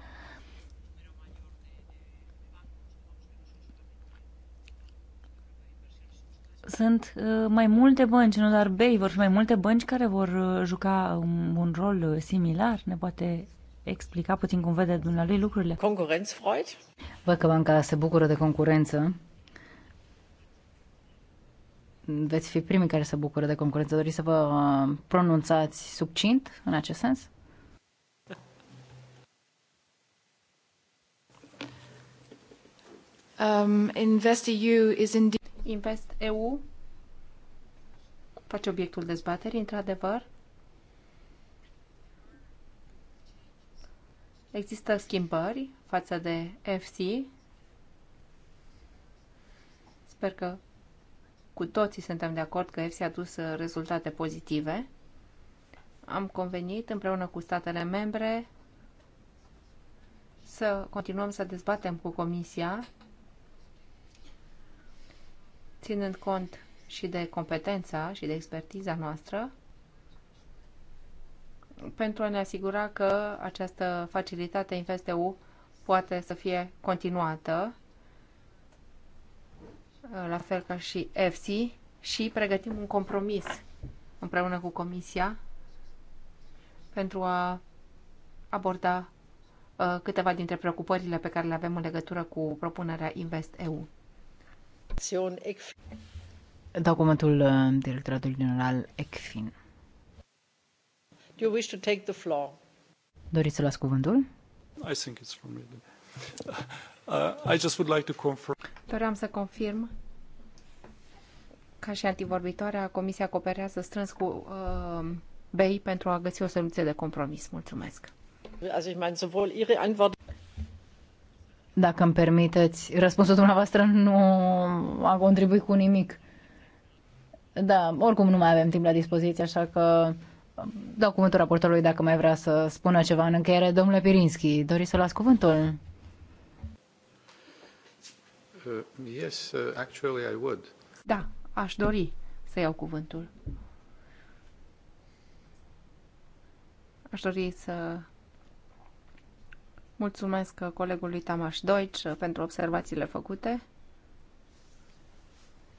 Sunt mai multe bănci, nu doar BEI, vor fi mai multe bănci care vor juca un rol similar? Ne poate explica puțin cum vede dumnealui lucrurile? Concurenț Freud? Văd că banca se bucură de concurență veți fi primii care se bucură de concurență. Doriți să vă uh, pronunțați succint în acest sens? Um, EU is in Invest EU face obiectul dezbaterii, într-adevăr. Există schimbări față de FC. Sper că cu toții suntem de acord că EFSI a dus uh, rezultate pozitive. Am convenit împreună cu statele membre să continuăm să dezbatem cu Comisia, ținând cont și de competența și de expertiza noastră, pentru a ne asigura că această facilitate InvestEU poate să fie continuată Uh, la fel ca și EFSI, și pregătim un compromis împreună cu Comisia pentru a aborda uh, câteva dintre preocupările pe care le avem în legătură cu propunerea Invest EU. Documentul uh, directoratului general ECFIN. Do you wish to take the floor? Doriți să luați cuvântul? I think it's uh, I just would like to confirm. Doream să confirm ca și antivorbitoarea, Comisia cooperează strâns cu uh, BEI pentru a găsi o soluție de compromis. Mulțumesc! Dacă îmi permiteți, răspunsul dumneavoastră nu a contribuit cu nimic. Da, oricum nu mai avem timp la dispoziție, așa că um, dau cuvântul raportorului dacă mai vrea să spună ceva în încheiere. Domnule Pirinski, doriți să luați cuvântul? Uh, yes, uh, actually I would. Da, aș dori să iau cuvântul. Aș dori să mulțumesc colegului Tamaș Deutsch pentru observațiile făcute,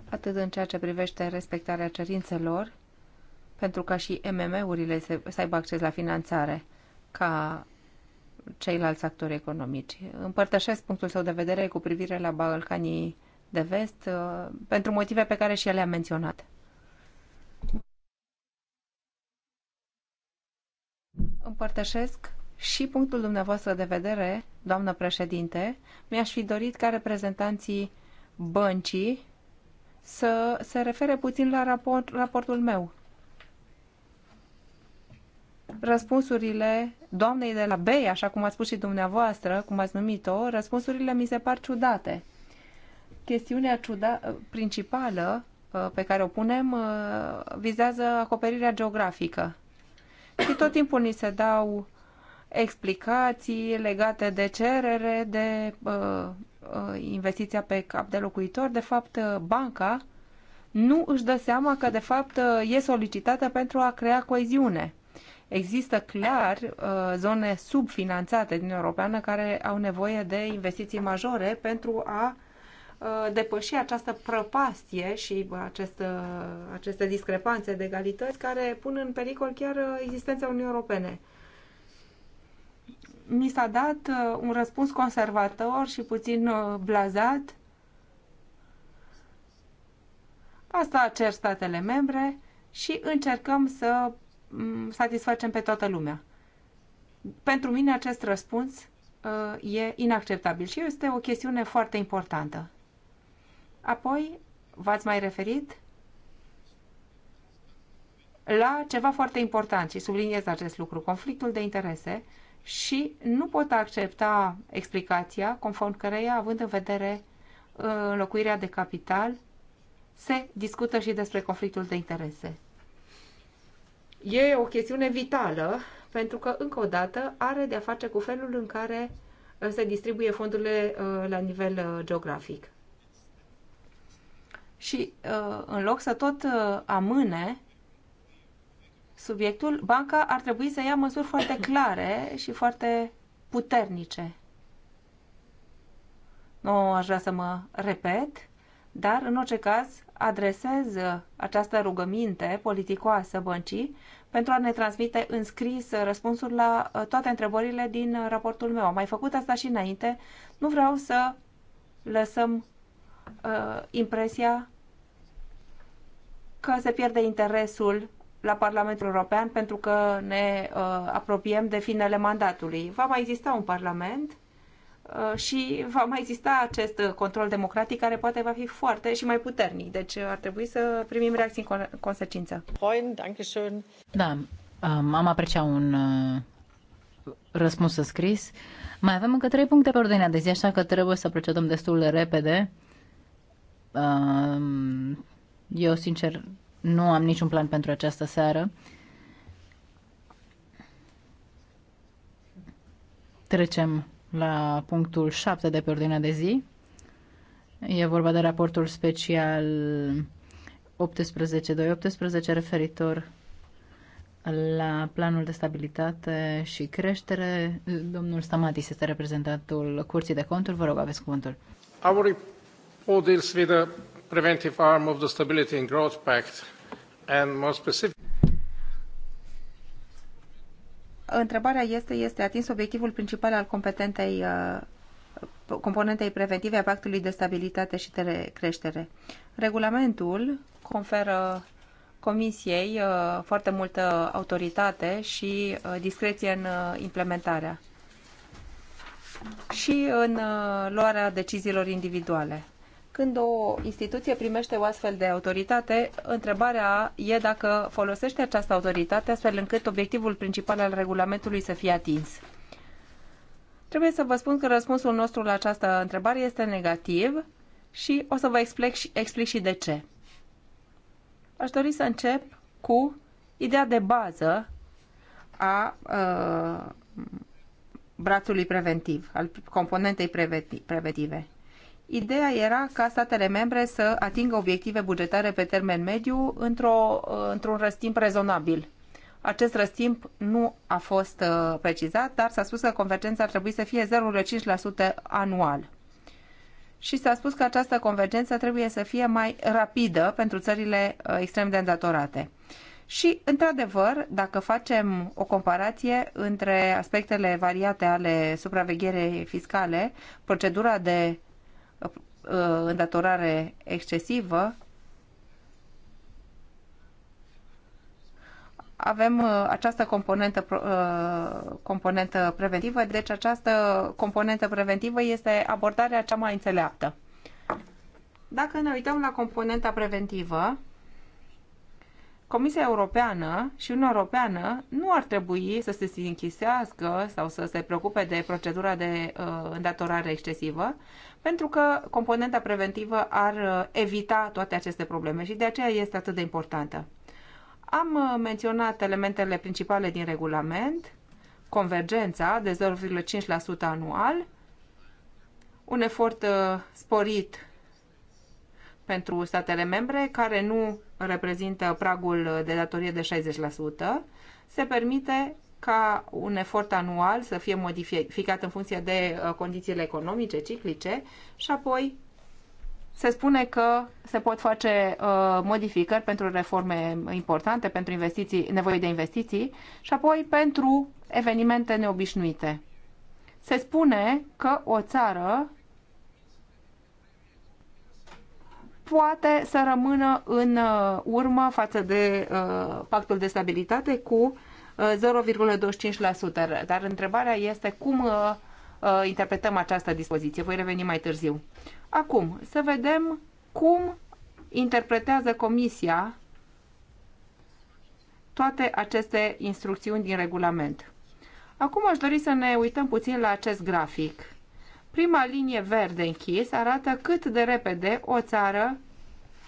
atât în ceea ce privește respectarea cerințelor, pentru ca și MMM-urile să aibă acces la finanțare, ca ceilalți actori economici. Împărtășesc punctul său de vedere cu privire la Balcanii de vest uh, pentru motive pe care și ele am menționat. Împărtășesc și punctul dumneavoastră de vedere, doamnă președinte. Mi-aș fi dorit ca reprezentanții băncii să se refere puțin la raport, raportul meu. Răspunsurile doamnei de la BEI, așa cum ați spus și dumneavoastră, cum ați numit-o, răspunsurile mi se par ciudate chestiunea ciuda, principală uh, pe care o punem uh, vizează acoperirea geografică. Și tot timpul ni se dau explicații legate de cerere, de uh, uh investiția pe cap de locuitor. De fapt, banca nu își dă seama că, de fapt, e solicitată pentru a crea coeziune. Există clar uh, zone subfinanțate din Europeană care au nevoie de investiții majore pentru a uh, Uh, depăși această prăpastie și uh, aceste uh, aceste discrepanțe de egalități care pun în pericol chiar existența Uniunii Europene. Mi s-a dat un răspuns conservator și puțin blazat. Asta cer statele membre și încercăm să mm, satisfacem pe toată lumea. Pentru mine acest răspuns e inacceptabil și este o chestiune foarte importantă. Apoi v-ați mai referit la ceva foarte important și subliniez acest lucru, conflictul de interese și nu pot accepta explicația conform căreia, având în vedere uh, înlocuirea de capital, se discută și despre conflictul de interese. E o chestiune vitală pentru că, încă o dată, are de-a face cu felul în care uh, se distribuie fondurile uh, la nivel geografic și uh, în loc să tot uh, amâne subiectul, banca ar trebui să ia măsuri foarte clare și foarte puternice. Nu aș vrea să mă repet, dar în orice caz adresez uh, această rugăminte politicoasă băncii pentru a ne transmite în scris răspunsuri la toate întrebările din raportul meu. Am mai făcut asta și înainte. Nu vreau să lăsăm uh, impresia că se pierde interesul la Parlamentul European pentru că ne uh, apropiem de finele mandatului. Va mai exista un Parlament uh, și va mai exista acest control democratic care poate va fi foarte și mai puternic. Deci uh, ar trebui să primim reacții în consecință. Da, um, am apreciat un uh, răspuns scris. Mai avem încă trei puncte pe ordinea de zi, așa că trebuie să procedăm destul de repede. Um, eu, sincer, nu am niciun plan pentru această seară. Trecem la punctul 7 de pe ordinea de zi. E vorba de raportul special 18.2.18 referitor la planul de stabilitate și creștere. Domnul Stamatis este reprezentantul Curții de Conturi. Vă rog, aveți cuvântul. Our report deals preventive arm of the Stability and Growth Pact and more specific Întrebarea este, este atins obiectivul principal al competentei uh, componentei preventive a Pactului de Stabilitate și de Creștere. Regulamentul conferă Comisiei uh, foarte multă autoritate și uh, discreție în implementarea și în luarea deciziilor individuale. Când o instituție primește o astfel de autoritate, întrebarea e dacă folosește această autoritate astfel încât obiectivul principal al regulamentului să fie atins. Trebuie să vă spun că răspunsul nostru la această întrebare este negativ și o să vă explic și, explic și de ce. Aș dori să încep cu ideea de bază a uh, brațului preventiv, al componentei preventive. Ideea era ca statele membre să atingă obiective bugetare pe termen mediu într-o, într-un răstimp rezonabil. Acest răstimp nu a fost uh, precizat, dar s-a spus că convergența ar trebui să fie 0,5% anual. Și s-a spus că această convergență trebuie să fie mai rapidă pentru țările uh, extrem de îndatorate. Și, într-adevăr, dacă facem o comparație între aspectele variate ale supravegherei fiscale, procedura de Uh, îndatorare excesivă, avem uh, această componentă, uh, componentă preventivă, deci această componentă preventivă este abordarea cea mai înțeleaptă. Dacă ne uităm la componenta preventivă, Comisia Europeană și Uniunea Europeană nu ar trebui să se închisească sau să se preocupe de procedura de uh, îndatorare excesivă, pentru că componenta preventivă ar uh, evita toate aceste probleme și de aceea este atât de importantă. Am uh, menționat elementele principale din regulament, convergența de 0,5% anual, un efort uh, sporit pentru statele membre care nu reprezintă pragul de datorie de 60%, se permite ca un efort anual să fie modificat în funcție de uh, condițiile economice, ciclice și apoi se spune că se pot face uh, modificări pentru reforme importante, pentru investiții, nevoie de investiții și apoi pentru evenimente neobișnuite. Se spune că o țară poate să rămână în uh, urmă față de uh, pactul de stabilitate cu 0,25%. Uh, Dar întrebarea este cum interpretăm această dispoziție. Voi reveni mai târziu. Acum, să vedem cum interpretează Comisia toate aceste instrucțiuni din regulament. Acum aș dori să ne uităm puțin la acest grafic. Prima linie verde închis arată cât de repede o țară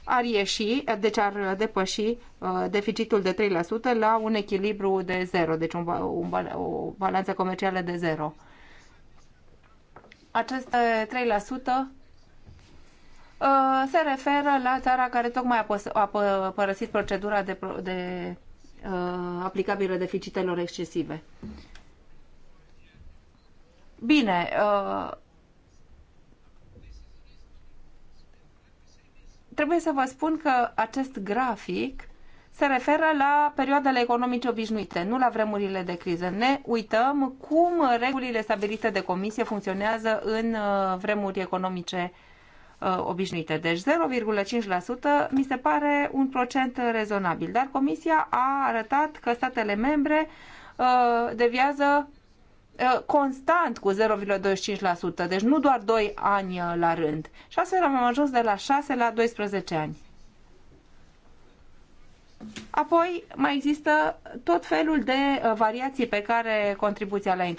ar ieși, deci ar depăși uh, deficitul de 3% la un echilibru de 0, deci un, un, o balanță comercială de 0. Aceste 3% uh, se referă la țara care tocmai a părăsit procedura de, de uh, aplicabilă deficitelor excesive. Bine, trebuie să vă spun că acest grafic se referă la perioadele economice obișnuite, nu la vremurile de criză. Ne uităm cum regulile stabilite de comisie funcționează în uh, vremuri economice uh, obișnuite. Deci 0,5% mi se pare un procent rezonabil, dar comisia a arătat că statele membre uh, deviază Uh, constant cu 0,25%, deci nu doar 2 ani uh, la rând. Și astfel am ajuns de la 6 la 12 ani. Apoi mai există tot felul de uh, variații pe care contribuția le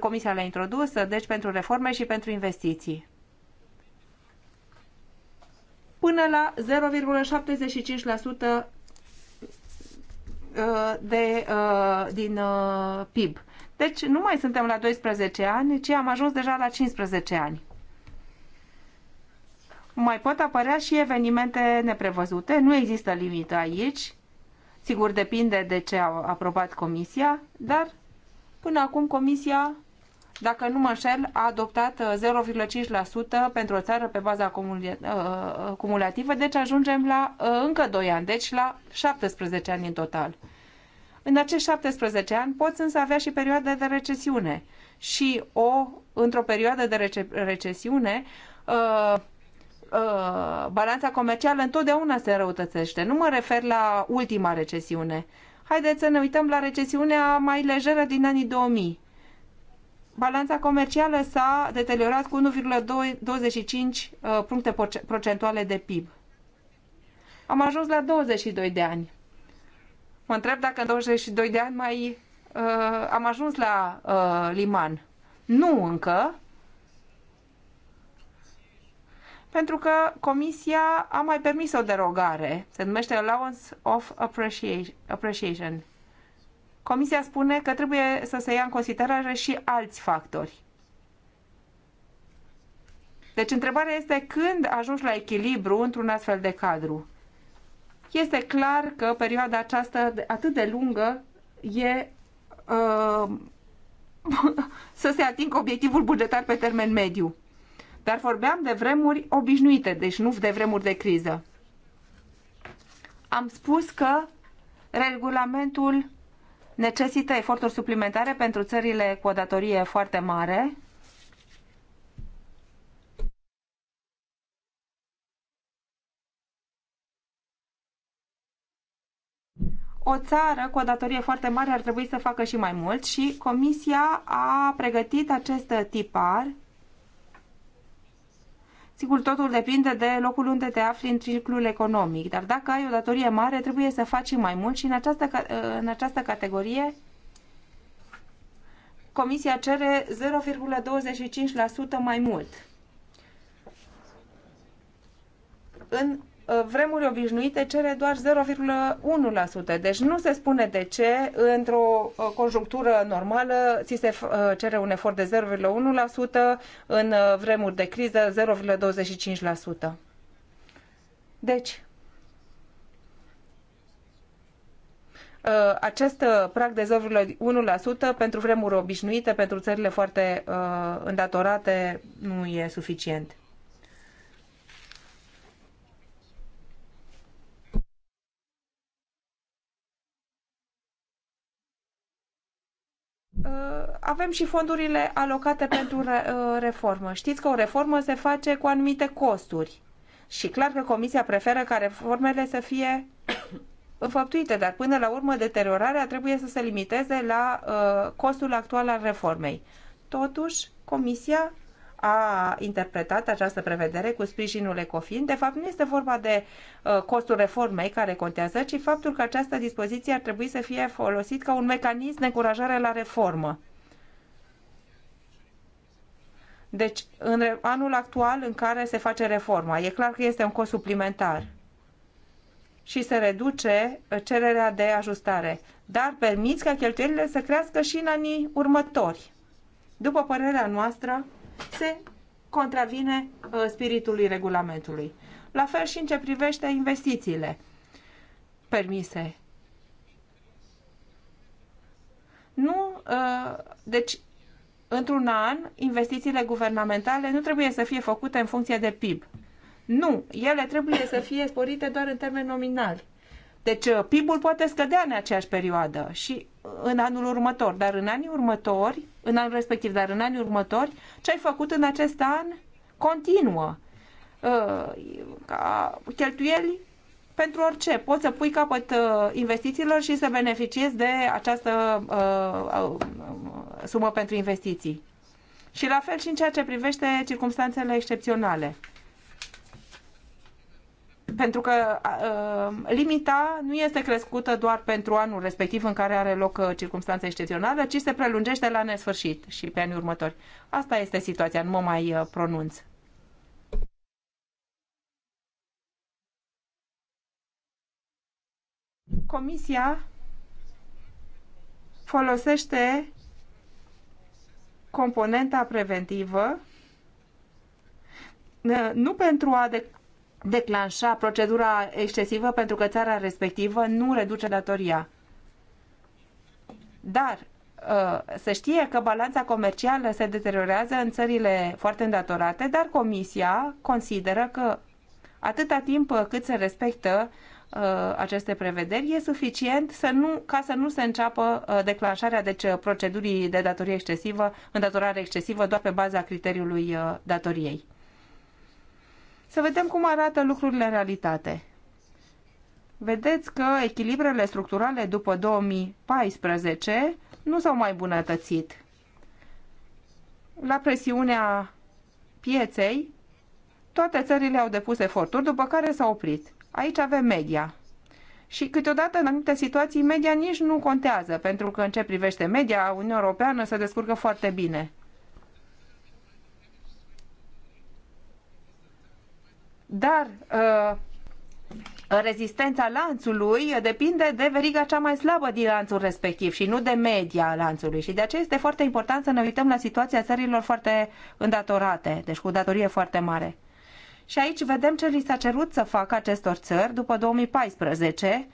Comisia le-a introdus, deci pentru reforme și pentru investiții. Până la 0,75% de, din PIB. Deci nu mai suntem la 12 ani, ci am ajuns deja la 15 ani. Mai pot apărea și evenimente neprevăzute, nu există limită aici, sigur depinde de ce a aprobat Comisia, dar până acum Comisia, dacă nu mă înșel, a adoptat 0,5% uh, pentru o țară pe baza uh, uh, cumulativă, deci ajungem la încă 2 ani, deci la 17 ani în total. În acești 17 ani poți însă avea și perioade de recesiune și o, într-o perioadă de rece- recesiune, uh, uh, balanța comercială întotdeauna se răutățește. Nu mă refer la ultima recesiune. Haideți să ne uităm la recesiunea mai lejeră din anii 2000. Balanța comercială s-a deteriorat cu 1,25 uh, puncte procentuale de PIB. Am ajuns la 22 de ani. Mă întreb dacă în 22 de ani mai uh, am ajuns la uh, liman. Nu încă, pentru că Comisia a mai permis o derogare. Se numește Allowance of Appreciation. Comisia spune că trebuie să se ia în considerare și alți factori. Deci întrebarea este când ajungi la echilibru într-un astfel de cadru. Este clar că perioada aceasta atât de lungă e uh, să se atingă obiectivul bugetar pe termen mediu. Dar vorbeam de vremuri obișnuite, deci nu de vremuri de criză. Am spus că regulamentul necesită eforturi suplimentare pentru țările cu o datorie foarte mare, o țară cu o datorie foarte mare ar trebui să facă și mai mult și Comisia a pregătit acest tipar. Sigur, totul depinde de locul unde te afli în ciclul economic, dar dacă ai o datorie mare, trebuie să faci și mai mult și în această, în această categorie Comisia cere 0,25% mai mult. În Uh, vremuri obișnuite cere doar 0,1%. Deci nu se spune de ce într-o uh, conjunctură normală ți se uh, cere un efort de 0,1%, în vremuri de criză 0,25%. Deci, acest prag de 0,1% pentru vremuri obișnuite, pentru țările foarte îndatorate, nu e suficient. avem și fondurile alocate pentru uh, reformă. Știți că o reformă se face cu anumite costuri. Și clar că Comisia preferă ca reformele să fie înfăptuite, dar până la urmă deteriorarea trebuie să se limiteze la uh, costul actual al reformei. Totuși, Comisia a interpretat această prevedere cu sprijinul ECOFIN. De fapt, nu este vorba de uh, costul reformei care contează, ci faptul că această dispoziție ar trebui să fie folosit ca un mecanism de încurajare la reformă deci, în anul actual în care se face reforma, e clar că este un cost suplimentar și se reduce uh, cererea de ajustare, dar permiți ca cheltuielile să crească și în anii următori. După părerea noastră, se contravine uh, spiritului regulamentului. La fel și în ce privește investițiile permise. Nu, uh, deci într-un an, investițiile guvernamentale nu trebuie să fie făcute în funcție de PIB. Nu, ele trebuie să fie sporite doar în termeni nominali. Deci uh, PIB-ul poate scădea în aceeași perioadă și uh, în anul următor, dar în anii următori, în anul respectiv, dar în anii următori, ce ai făcut în acest an continuă uh, ca cheltuieli pentru orice. Poți să pui capăt uh, investițiilor și să beneficiezi de această uh, uh, sumă pentru investiții. Și la fel și în ceea ce privește circumstanțele excepționale. Pentru că uh, limita nu este crescută doar pentru anul respectiv în care are loc uh, circumstanța excepțională, ci se prelungește la nesfârșit și pe anii următori. Asta este situația, nu mă mai pronunț Comisia folosește componenta preventivă nu pentru a de declanșa procedura excesivă pentru că țara respectivă nu reduce datoria. Dar uh, se știe că balanța comercială se deteriorează în țările foarte îndatorate, dar Comisia consideră că atâta timp cât se respectă Uh, aceste prevederi, e suficient să nu, ca să nu se înceapă uh, declanșarea deci, uh, procedurii de datorie excesivă, îndatorare excesivă, doar pe baza criteriului datoriei. Să vedem cum arată lucrurile în realitate. Vedeți că echilibrele structurale după 2014 nu s-au mai bunătățit. La presiunea pieței, toate țările au depus eforturi, după care s-au oprit. Aici avem media. Și câteodată, în anumite situații, media nici nu contează, pentru că în ce privește media, Uniunea Europeană se descurcă foarte bine. Dar uh, rezistența lanțului depinde de veriga cea mai slabă din lanțul respectiv și nu de media lanțului. Și de aceea este foarte important să ne uităm la situația țărilor foarte îndatorate, deci cu datorie foarte mare. Și aici vedem ce li s-a cerut să facă acestor țări după 2014,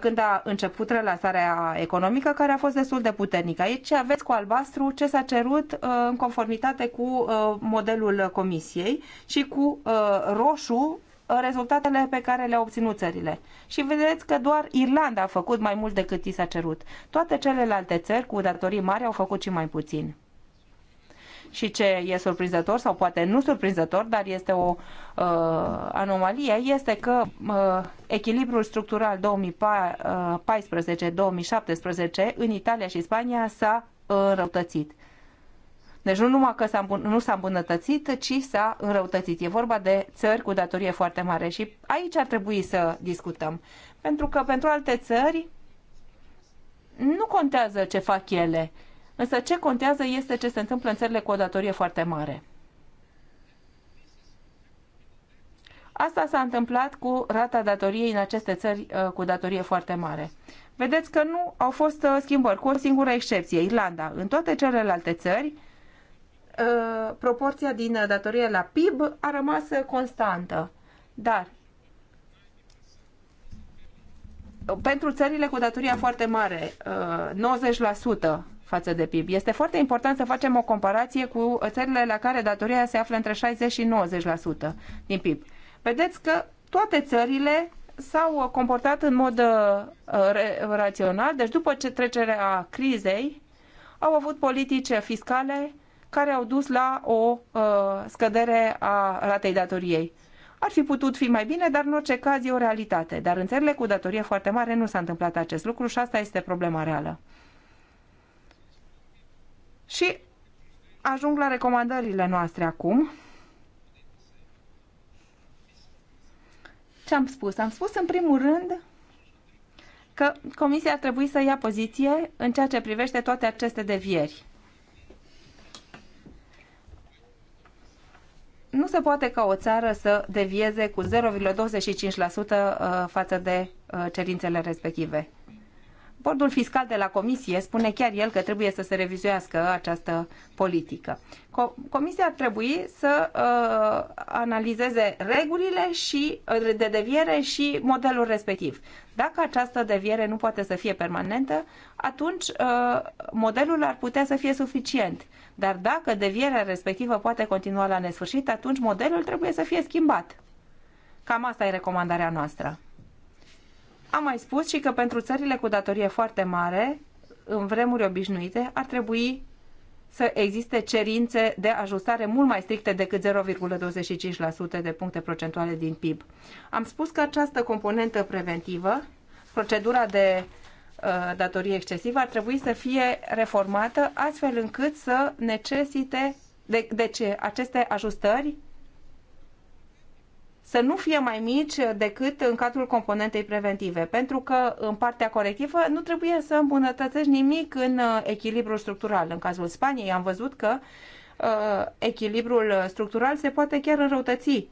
când a început relansarea economică, care a fost destul de puternică. Aici aveți cu albastru ce s-a cerut uh, în conformitate cu uh, modelul Comisiei și cu uh, roșu rezultatele pe care le-au obținut țările. Și vedeți că doar Irlanda a făcut mai mult decât i s-a cerut. Toate celelalte țări cu datorii mari au făcut și mai puțin. Și ce e surprinzător sau poate nu surprinzător, dar este o Uh, anomalie este că uh, echilibrul structural 2014-2017 în Italia și Spania s-a înrăutățit. Deci nu numai că s-a, nu s-a îmbunătățit, ci s-a înrăutățit. E vorba de țări cu datorie foarte mare și aici ar trebui să discutăm. Pentru că pentru alte țări nu contează ce fac ele, însă ce contează este ce se întâmplă în țările cu o datorie foarte mare. Asta s-a întâmplat cu rata datoriei în aceste țări uh, cu datorie foarte mare. Vedeți că nu au fost uh, schimbări, cu o singură excepție, Irlanda. În toate celelalte țări, uh, proporția din datorie la PIB a rămas constantă. Dar pentru țările cu datoria foarte mare, 90% față de PIB, este foarte important să facem o comparație cu țările la care datoria se află între 60 și 90% din PIB vedeți că toate țările s-au uh, comportat în mod uh, rațional, deci după ce trecerea crizei au avut politice fiscale care au dus la o uh, scădere a ratei datoriei. Ar fi putut fi mai bine, dar în orice caz e o realitate. Dar în țările cu datorie foarte mare nu s-a întâmplat acest lucru și asta este problema reală. Și ajung la recomandările noastre acum. ce am spus? Am spus în primul rând că Comisia ar trebui să ia poziție în ceea ce privește toate aceste devieri. Nu se poate ca o țară să devieze cu 0,25% uh, față de uh, cerințele respective. Bordul fiscal de la Comisie spune chiar el că trebuie să se revizuiască această politică. Comisia ar trebui să uh, analizeze regulile și uh, de deviere și modelul respectiv. Dacă această deviere nu poate să fie permanentă, atunci uh, modelul ar putea să fie suficient. Dar dacă devierea respectivă poate continua la nesfârșit, atunci modelul trebuie să fie schimbat. Cam asta e recomandarea noastră. Am mai spus și că pentru țările cu datorie foarte mare, în vremuri obișnuite, ar trebui să existe cerințe de ajustare mult mai stricte decât 0,25% de puncte procentuale din PIB. Am spus că această componentă preventivă, procedura de uh, datorie excesivă, ar trebui să fie reformată astfel încât să necesite de, ce aceste ajustări să nu fie mai mici decât în cadrul componentei preventive, pentru că în partea corectivă nu trebuie să îmbunătățești nimic în uh, echilibrul structural. În cazul Spaniei am văzut că uh, echilibrul structural se poate chiar înrăutăți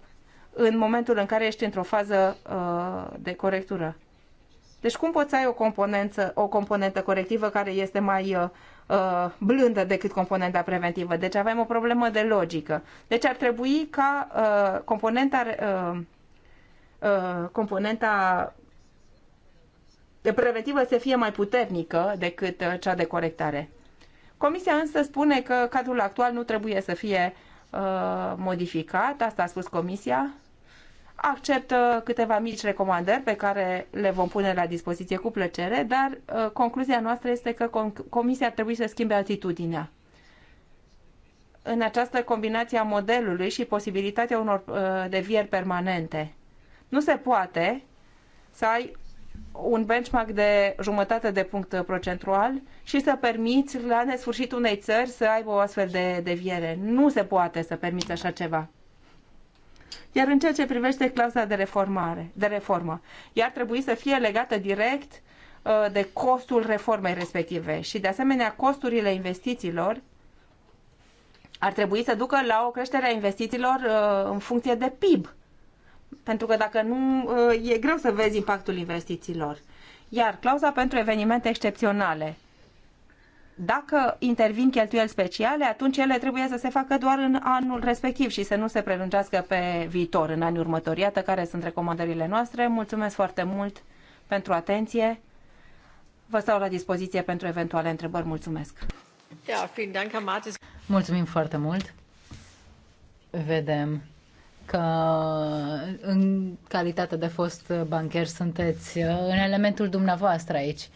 în momentul în care ești într-o fază uh, de corectură. Deci cum poți să ai o componentă, o componentă corectivă care este mai uh, uh, blândă decât componenta preventivă? Deci avem o problemă de logică. Deci ar trebui ca uh, componenta, uh, uh, componenta preventivă să fie mai puternică decât uh, cea de corectare. Comisia însă spune că cadrul actual nu trebuie să fie uh, modificat, asta a spus Comisia, acceptă uh, câteva mici recomandări pe care le vom pune la dispoziție cu plăcere, dar uh, concluzia noastră este că Comisia ar trebui să schimbe atitudinea în această combinație a modelului și posibilitatea unor uh, devieri permanente. Nu se poate să ai un benchmark de jumătate de punct procentual și să permiți la nesfârșit unei țări să aibă o astfel de deviere. Nu se poate să permiți așa ceva. Iar în ceea ce privește clauza de, reformare, de reformă, ea ar trebui să fie legată direct uh, de costul reformei respective și, de asemenea, costurile investițiilor ar trebui să ducă la o creștere a investițiilor uh, în funcție de PIB. Pentru că dacă nu, uh, e greu să vezi impactul investițiilor. Iar clauza pentru evenimente excepționale – dacă intervin cheltuieli speciale, atunci ele trebuie să se facă doar în anul respectiv și să nu se prelungească pe viitor, în anii următori. Iată care sunt recomandările noastre. Mulțumesc foarte mult pentru atenție. Vă stau la dispoziție pentru eventuale întrebări. Mulțumesc! Mulțumim foarte mult! Vedem că în calitate de fost bancher sunteți în elementul dumneavoastră aici.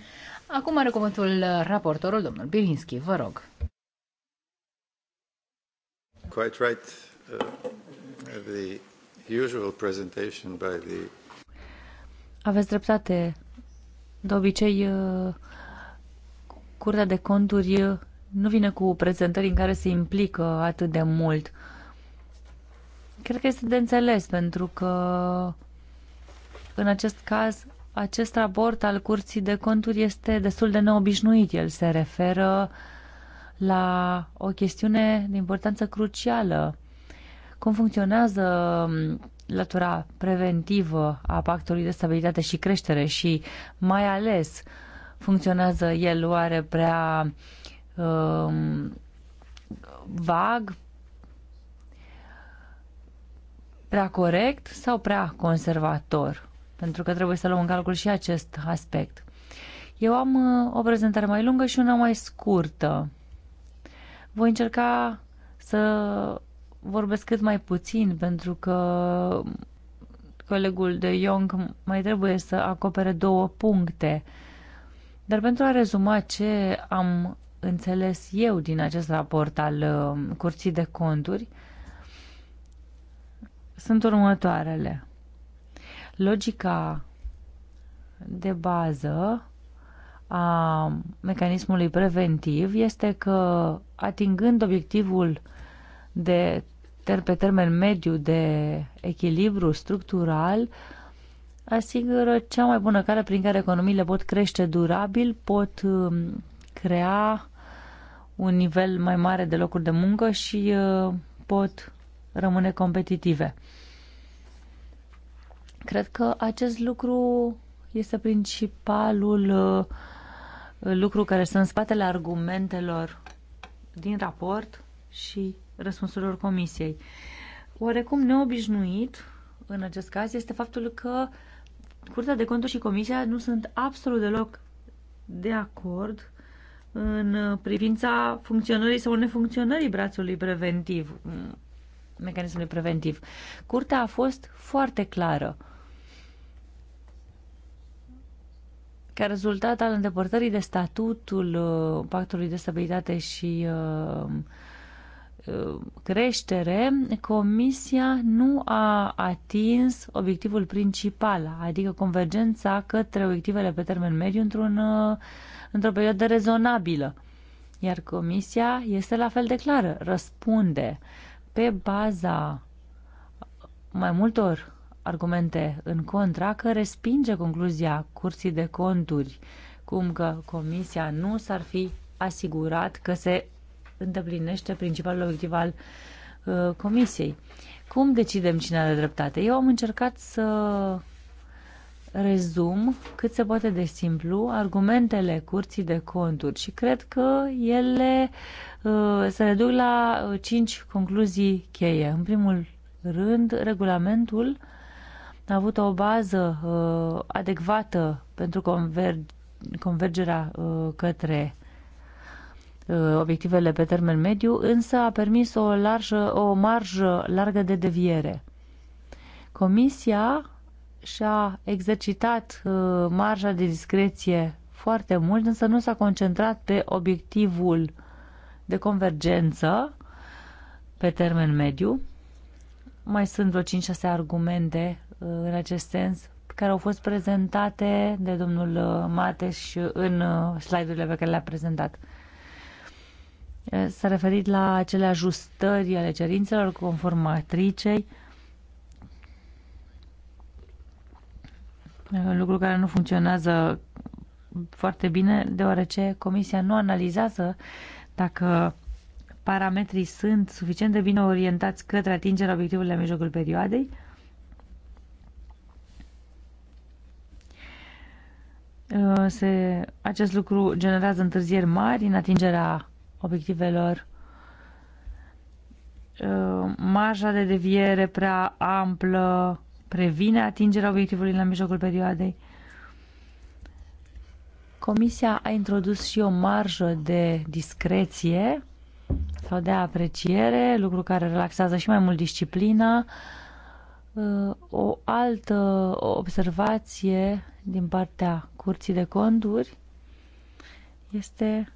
Acum are cuvântul uh, raportorul, domnul Bilinski, vă rog. Quite right. Uh, the usual presentation by the... Aveți dreptate. De obicei, uh, Curtea de Conturi uh, nu vine cu prezentări în care se implică atât de mult. Cred că este de înțeles, pentru că în acest caz acest raport al Curții de Conturi este destul de neobișnuit. El se referă la o chestiune de importanță crucială. Cum funcționează um, latura preventivă a Pactului de Stabilitate și Creștere și mai ales funcționează el oare prea um, vag, prea corect sau prea conservator? pentru că trebuie să luăm în calcul și acest aspect. Eu am uh, o prezentare mai lungă și una mai scurtă. Voi încerca să vorbesc cât mai puțin, pentru că colegul de Young mai trebuie să acopere două puncte. Dar pentru a rezuma ce am înțeles eu din acest raport al uh, Curții de Conturi, sunt următoarele. Logica de bază a mecanismului preventiv este că atingând obiectivul de ter pe termen mediu de echilibru structural, asigură cea mai bună cale prin care economiile pot crește durabil, pot um, crea un nivel mai mare de locuri de muncă și uh, pot rămâne competitive. Cred că acest lucru este principalul uh, lucru care sunt în spatele argumentelor din raport și răspunsurilor comisiei. Oarecum neobișnuit în acest caz este faptul că Curtea de Conturi și Comisia nu sunt absolut deloc de acord în uh, privința funcționării sau nefuncționării brațului preventiv, mm, mecanismului preventiv. Curtea a fost foarte clară. ca rezultat al îndepărtării de statutul uh, Pactului de Stabilitate și uh, uh, creștere, Comisia nu a atins obiectivul principal, adică convergența către obiectivele pe termen mediu într-un, într-o perioadă rezonabilă. Iar Comisia este la fel de clară, răspunde pe baza mai multor argumente în contra că respinge concluzia Curții de Conturi, cum că Comisia nu s-ar fi asigurat că se îndeplinește principalul obiectiv al uh, Comisiei. Cum decidem cine are dreptate? Eu am încercat să rezum cât se poate de simplu argumentele curții de conturi și cred că ele uh, se reduc la uh, cinci concluzii cheie. În primul rând, regulamentul a avut o bază uh, adecvată pentru converg- convergerea uh, către uh, obiectivele pe termen mediu, însă a permis o, larjă, o marjă largă de deviere. Comisia și-a exercitat uh, marja de discreție foarte mult, însă nu s-a concentrat pe obiectivul de convergență pe termen mediu. Mai sunt vreo 5-6 argumente în acest sens care au fost prezentate de domnul uh, Mateș în uh, slide-urile pe care le-a prezentat. Uh, s-a referit la acele ajustări ale cerințelor conform matricei, lucru care nu funcționează foarte bine, deoarece Comisia nu analizează dacă parametrii sunt suficient de bine orientați către atingerea obiectivului la mijlocul perioadei, Uh, se, acest lucru generează întârzieri mari în atingerea obiectivelor. Uh, marja de deviere prea amplă previne atingerea obiectivului la mijlocul perioadei. Comisia a introdus și o marjă de discreție sau de apreciere, lucru care relaxează și mai mult disciplina. Uh, Uh, o altă observație din partea Curții de Conturi este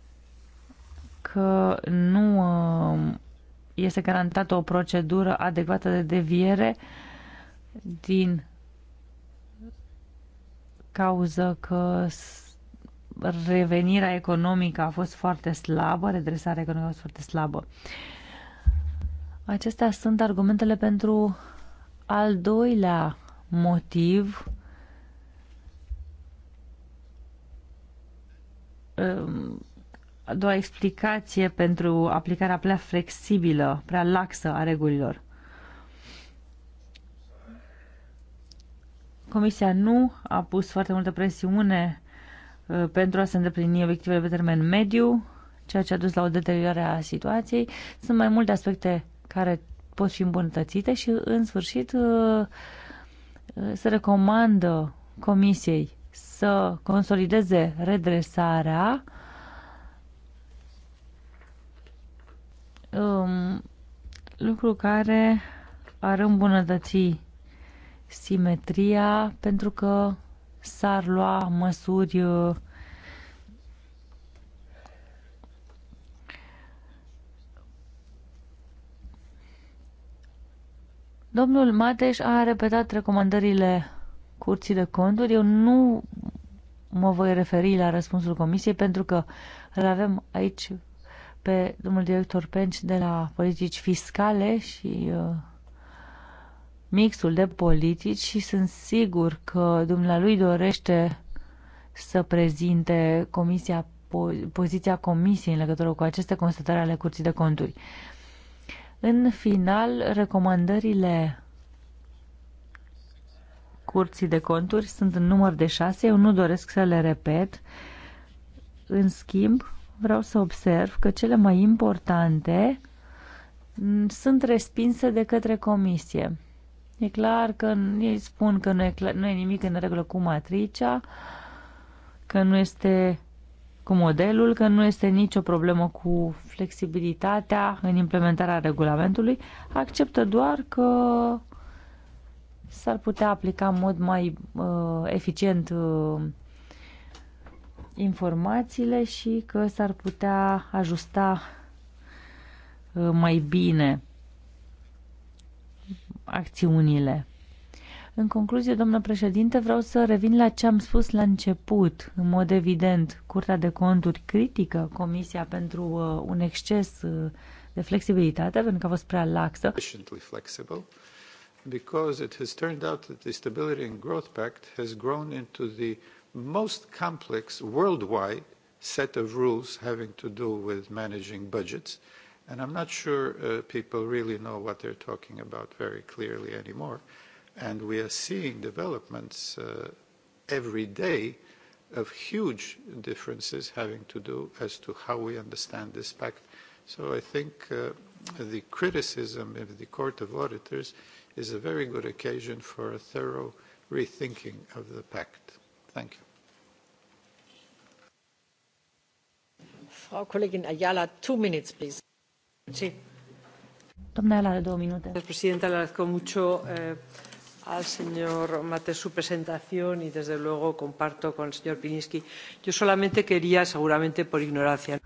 că nu um, este garantată o procedură adecvată de deviere din cauză că revenirea economică a fost foarte slabă, redresarea economică a fost foarte slabă. Acestea sunt argumentele pentru al doilea motiv um, a doua explicație pentru aplicarea prea flexibilă, prea laxă a regulilor. Comisia nu a pus foarte multă presiune uh, pentru a se îndeplini obiectivele pe termen mediu, ceea ce a dus la o deteriorare a situației. Sunt mai multe aspecte care pot fi îmbunătățite și, în sfârșit, uh, uh, se recomandă Comisiei să consolideze redresarea um, lucru care ar îmbunătăți simetria pentru că s-ar lua măsuri uh, Domnul Mateș a repetat recomandările Curții de Conturi. Eu nu mă voi referi la răspunsul Comisiei pentru că îl avem aici pe domnul director Penci de la politici fiscale și uh, mixul de politici și sunt sigur că dumnealui dorește să prezinte comisia, poziția comisiei în legătură cu aceste constatări ale Curții de Conturi. În final, recomandările curții de conturi sunt în număr de șase, eu nu doresc să le repet. În schimb, vreau să observ că cele mai importante sunt respinse de către comisie. E clar că ei spun că nu e, clar, nu e nimic în regulă cu matricea, că nu este cu modelul, că nu este nicio problemă cu flexibilitatea în implementarea regulamentului, acceptă doar că s-ar putea aplica în mod mai uh, eficient uh, informațiile și că s-ar putea ajusta uh, mai bine acțiunile. În concluzie, domnule președinte, vreau să revin la ce am spus la început. În mod evident, Curtea de Conturi critică Comisia pentru uh, un exces uh, de flexibilitate, pentru că a fost prea laxă. Because it has turned out that the Stability and Growth Pact has grown into the most complex worldwide set of rules having to do with managing budgets. And I'm not sure uh, people really know what they're talking about very clearly anymore and we are seeing developments uh, every day of huge differences having to do as to how we understand this pact. So I think uh, the criticism of the Court of Auditors is a very good occasion for a thorough rethinking of the pact. Thank you. Frau Kollegin Ayala, two minutes, please. Sí. Doamna Ayala, două minute. Presidenta, le agradezco mucho. Eh, al señor Mate su presentación y desde luego comparto con el señor Pirinski. Yo solamente quería, seguramente por ignorancia.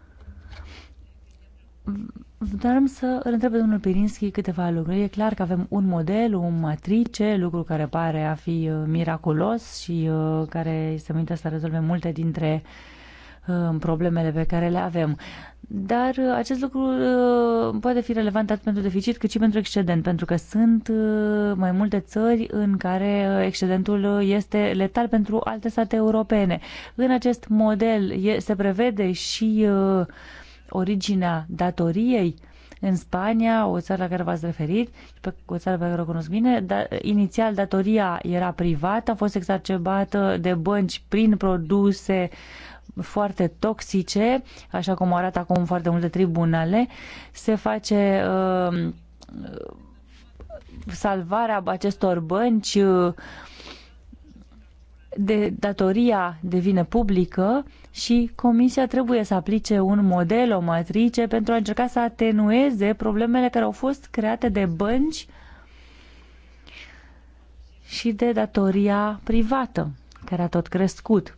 Dar să îl întreb domnul Pirinski câteva lucruri. E clar că avem un model, o matrice, lucru care pare a fi uh, miraculos și uh, care se minte să rezolve multe dintre uh, Uh, problemele pe care le avem. Dar uh, acest lucru uh, poate fi relevant atât pentru deficit cât și pentru excedent, pentru că sunt mai multe țări în care excedentul este letal pentru alte state europene. În acest model se prevede și originea datoriei în Spania, o țară la care v-ați referit, pe o țară pe care o cunosc bine, dar inițial datoria era privată, a fost exacerbată de bănci prin produse uh, foarte toxice, așa cum arată acum foarte multe tribunale, se face uh, salvarea acestor bănci, uh, de datoria devine publică și comisia trebuie să aplice un model, o matrice pentru a încerca să atenueze problemele care au fost create de bănci și de datoria privată, care a tot crescut.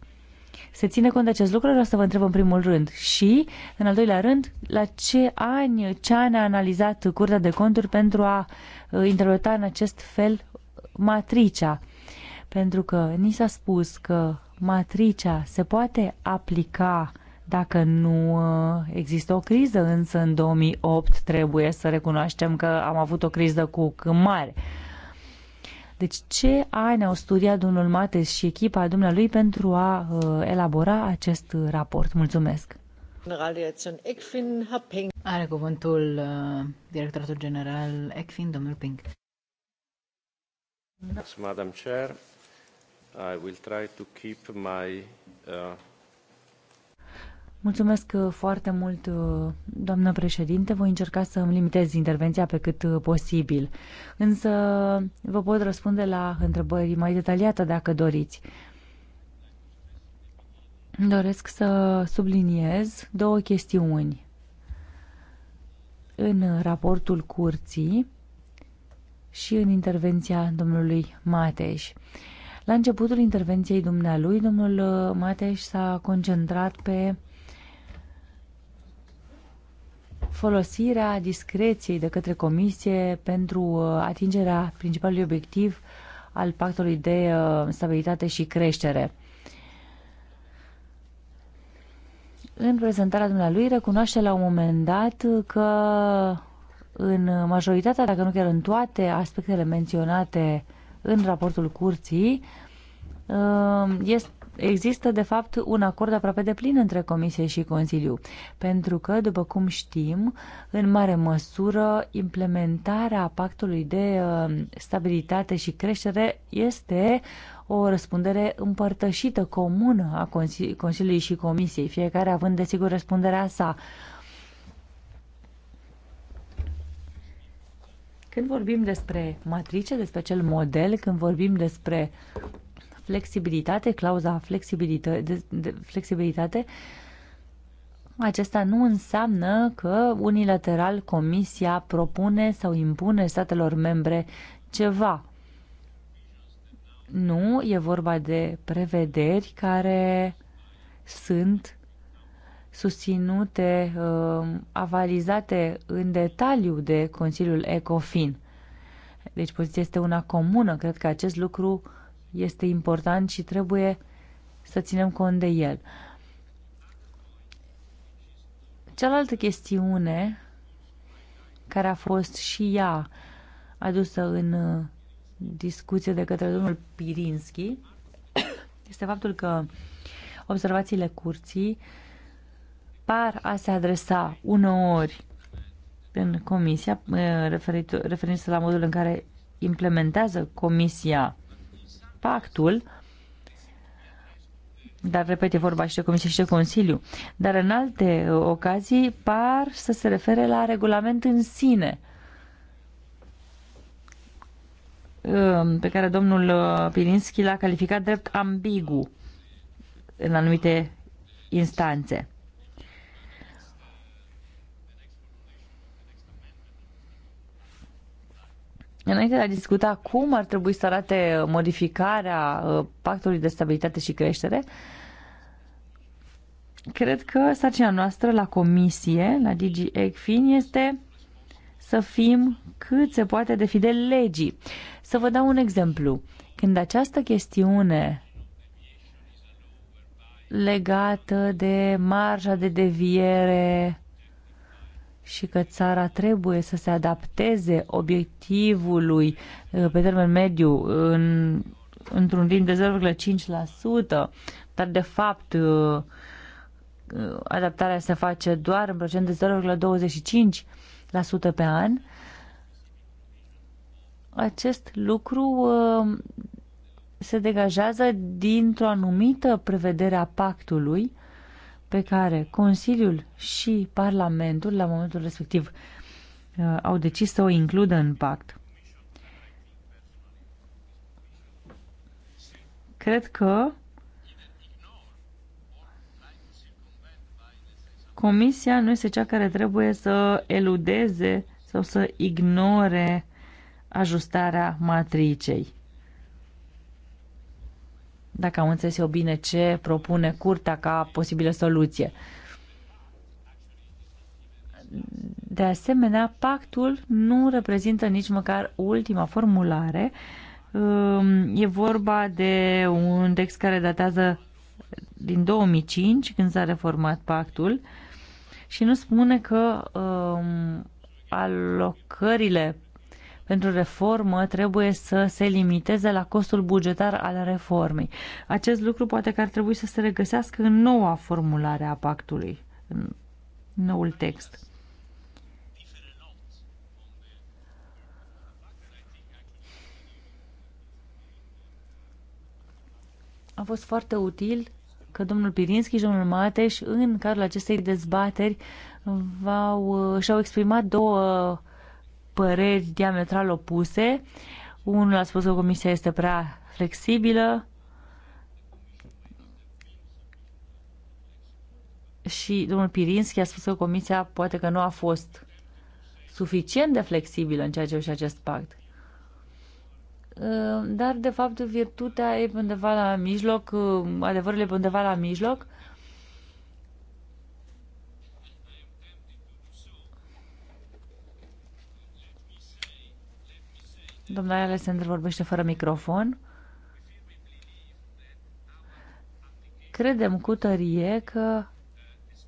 Se ține cont de acest lucru? O să vă întreb în primul rând. Și, în al doilea rând, la ce ani, ce ani a analizat Curtea de Conturi pentru a uh, interpreta în acest fel matricea? Pentru că ni s-a spus că matricea se poate aplica dacă nu uh, există o criză, însă în 2008 trebuie să recunoaștem că am avut o criză cu mare. Deci ce ani au studiat domnul Mates și echipa dumnealui pentru a uh, elabora acest raport? Mulțumesc! Are cuvântul uh, directorul general ECFIN, domnul Pink. Yes, Madam Chair, I will try to keep my uh, Mulțumesc uh, foarte mult, uh, doamnă președinte. Voi încerca să îmi limitez intervenția pe cât uh, posibil. Însă vă pot răspunde la întrebări mai detaliate dacă doriți. Doresc să subliniez două chestiuni. În raportul curții și în intervenția domnului Mateș. La începutul intervenției dumnealui, domnul Mateș s-a concentrat pe folosirea discreției de către Comisie pentru uh, atingerea principalului obiectiv al Pactului de uh, Stabilitate și Creștere. În prezentarea dumnealui recunoaște la un moment dat că în majoritatea, dacă nu chiar în toate aspectele menționate în raportul curții, uh, este există de fapt un acord aproape de plin între Comisie și Consiliu, pentru că, după cum știm, în mare măsură implementarea pactului de uh, stabilitate și creștere este o răspundere împărtășită, comună a Consiliului și Comisiei, fiecare având desigur răspunderea sa. Când vorbim despre matrice, despre acel model, când vorbim despre flexibilitate, clauza flexibilitate, de, flexibilitate, acesta nu înseamnă că unilateral Comisia propune sau impune statelor membre ceva. Nu, e vorba de prevederi care sunt susținute, uh, avalizate în detaliu de Consiliul ECOFIN. Deci poziția este una comună. Cred că acest lucru este important și trebuie să ținem cont de el. Cealaltă chestiune care a fost și ea adusă în uh, discuție de către domnul Pirinski este faptul că observațiile curții par a se adresa uneori în comisia uh, referindu-se la modul în care implementează comisia pactul, dar, repet, e vorba și de Comisie și de Consiliu, dar în alte ocazii par să se refere la regulament în sine um, pe care domnul uh, Pirinski l-a calificat drept ambigu în anumite instanțe. Înainte de a discuta cum ar trebui să arate modificarea uh, pactului de stabilitate și creștere, cred că sarcina noastră la comisie, la DG ECFIN, este să fim cât se poate de fidel legii. Să vă dau un exemplu. Când această chestiune legată de marja de deviere și că țara trebuie să se adapteze obiectivului uh, pe termen mediu în, într-un timp de 0,5%, dar de fapt uh, uh, adaptarea se face doar în procent de 0,25% pe an, acest lucru se degajează dintr-o anumită prevedere a pactului pe care Consiliul și Parlamentul, la momentul respectiv, uh, au decis să o includă în pact. Cred că Comisia nu este cea care trebuie să eludeze sau să ignore ajustarea matricei dacă am înțeles eu bine ce propune curtea ca posibilă soluție. De asemenea, pactul nu reprezintă nici măcar ultima formulare. Um, e vorba de un text care datează din 2005, când s-a reformat pactul, și nu spune că um, alocările pentru reformă trebuie să se limiteze la costul bugetar al reformei. Acest lucru poate că ar trebui să se regăsească în noua formulare a pactului, în noul text. A fost foarte util că domnul Pirinski și domnul Mateș, în cadrul acestei dezbateri, uh, și-au exprimat două uh, păreri diametral opuse. Unul a spus că comisia este prea flexibilă și domnul Pirinski a spus că comisia poate că nu a fost suficient de flexibilă în ceea ce și acest pact. Dar, de fapt, virtutea e undeva la mijloc, adevărul e undeva la mijloc Domnul Alexander vorbește fără microfon. Credem cu tărie că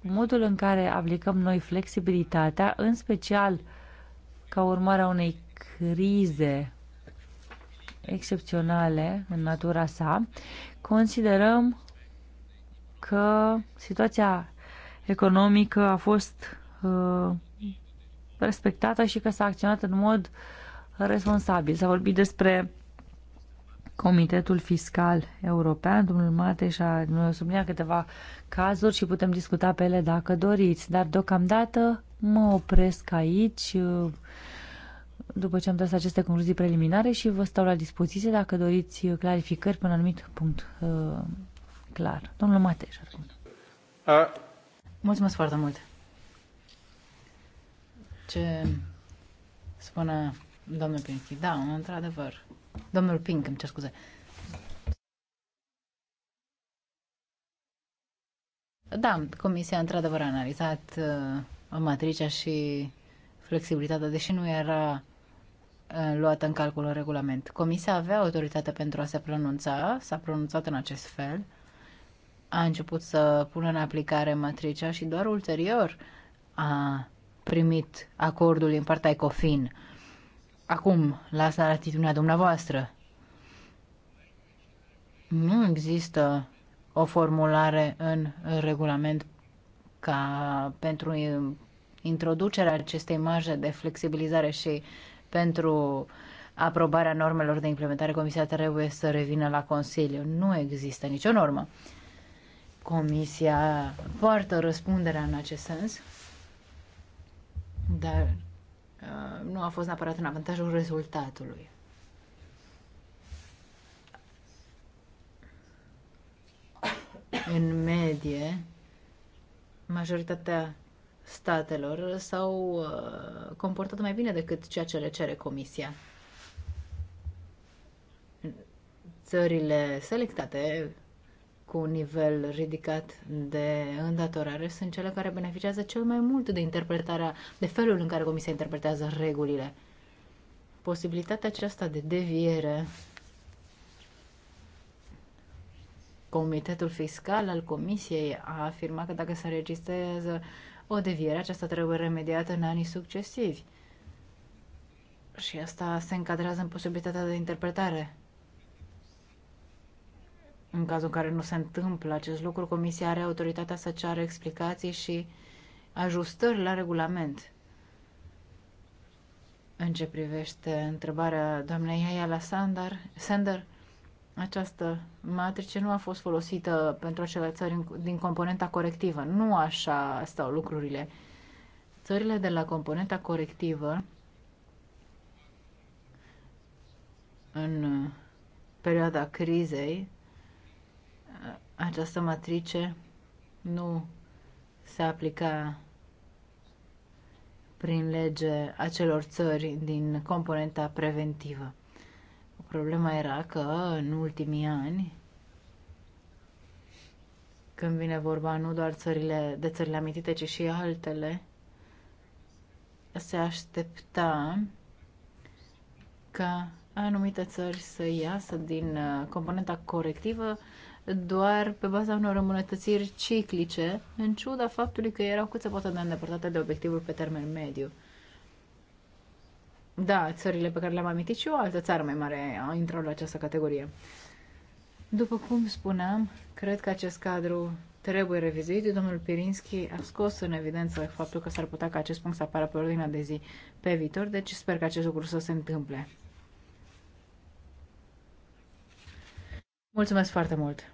modul în care aplicăm noi flexibilitatea, în special ca urmare a unei crize excepționale în natura sa, considerăm că situația economică a fost uh, respectată și că s-a acționat în mod uh, responsabil. S-a vorbit despre Comitetul Fiscal European. Domnul Mateș a subliniat câteva cazuri și putem discuta pe ele dacă doriți, dar deocamdată mă opresc aici după ce am tras aceste concluzii preliminare și vă stau la dispoziție dacă doriți clarificări pe un anumit punct uh, clar. Domnul Mateș, uh. Mulțumesc foarte mult. Ce spune Domnul Pinky, da, într-adevăr. Domnul Pink, îmi cer scuze. Da, comisia într-adevăr a analizat uh, matricea și flexibilitatea, deși nu era uh, luată în calcul în regulament. Comisia avea autoritate pentru a se pronunța, s-a pronunțat în acest fel, a început să pună în aplicare matricea și doar ulterior a primit acordul din partea ECOFIN. Acum, asta la atitudinea dumneavoastră. Nu există o formulare în regulament ca pentru introducerea acestei marje de flexibilizare și pentru aprobarea normelor de implementare, Comisia trebuie să revină la Consiliu. Nu există nicio normă. Comisia poartă răspunderea în acest sens, dar Uh, nu a fost neapărat în avantajul rezultatului. În medie, majoritatea statelor s-au uh, comportat mai bine decât ceea ce le cere Comisia. Țările selectate cu un nivel ridicat de îndatorare sunt cele care beneficiază cel mai mult de interpretarea, de felul în care Comisia interpretează regulile. Posibilitatea aceasta de deviere Comitetul Fiscal al Comisiei a afirmat că dacă se înregistrează o deviere, aceasta trebuie remediată în anii succesivi. Și asta se încadrează în posibilitatea de interpretare. În cazul în care nu se întâmplă acest lucru, Comisia are autoritatea să ceară explicații și ajustări la regulament. În ce privește întrebarea doamnei la Sander. Sander, această matrice nu a fost folosită pentru acele țări din componenta corectivă. Nu așa stau lucrurile. Țările de la componenta corectivă în perioada crizei această matrice nu se aplica prin lege acelor țări din componenta preventivă. Problema era că în ultimii ani, când vine vorba nu doar țările, de țările amintite, ci și altele, se aștepta ca anumite țări să iasă din uh, componenta corectivă doar pe baza unor îmbunătățiri ciclice, în ciuda faptului că erau cât se poate de îndepărtate de obiectivul pe termen mediu. Da, țările pe care le-am amintit și o altă țară mai mare a intrat la această categorie. După cum spuneam, cred că acest cadru trebuie revizuit. Domnul Pirinski a scos în evidență faptul că s-ar putea ca acest punct să apară pe ordinea de zi pe viitor, deci sper că acest lucru să se întâmple. Mulțumesc foarte mult!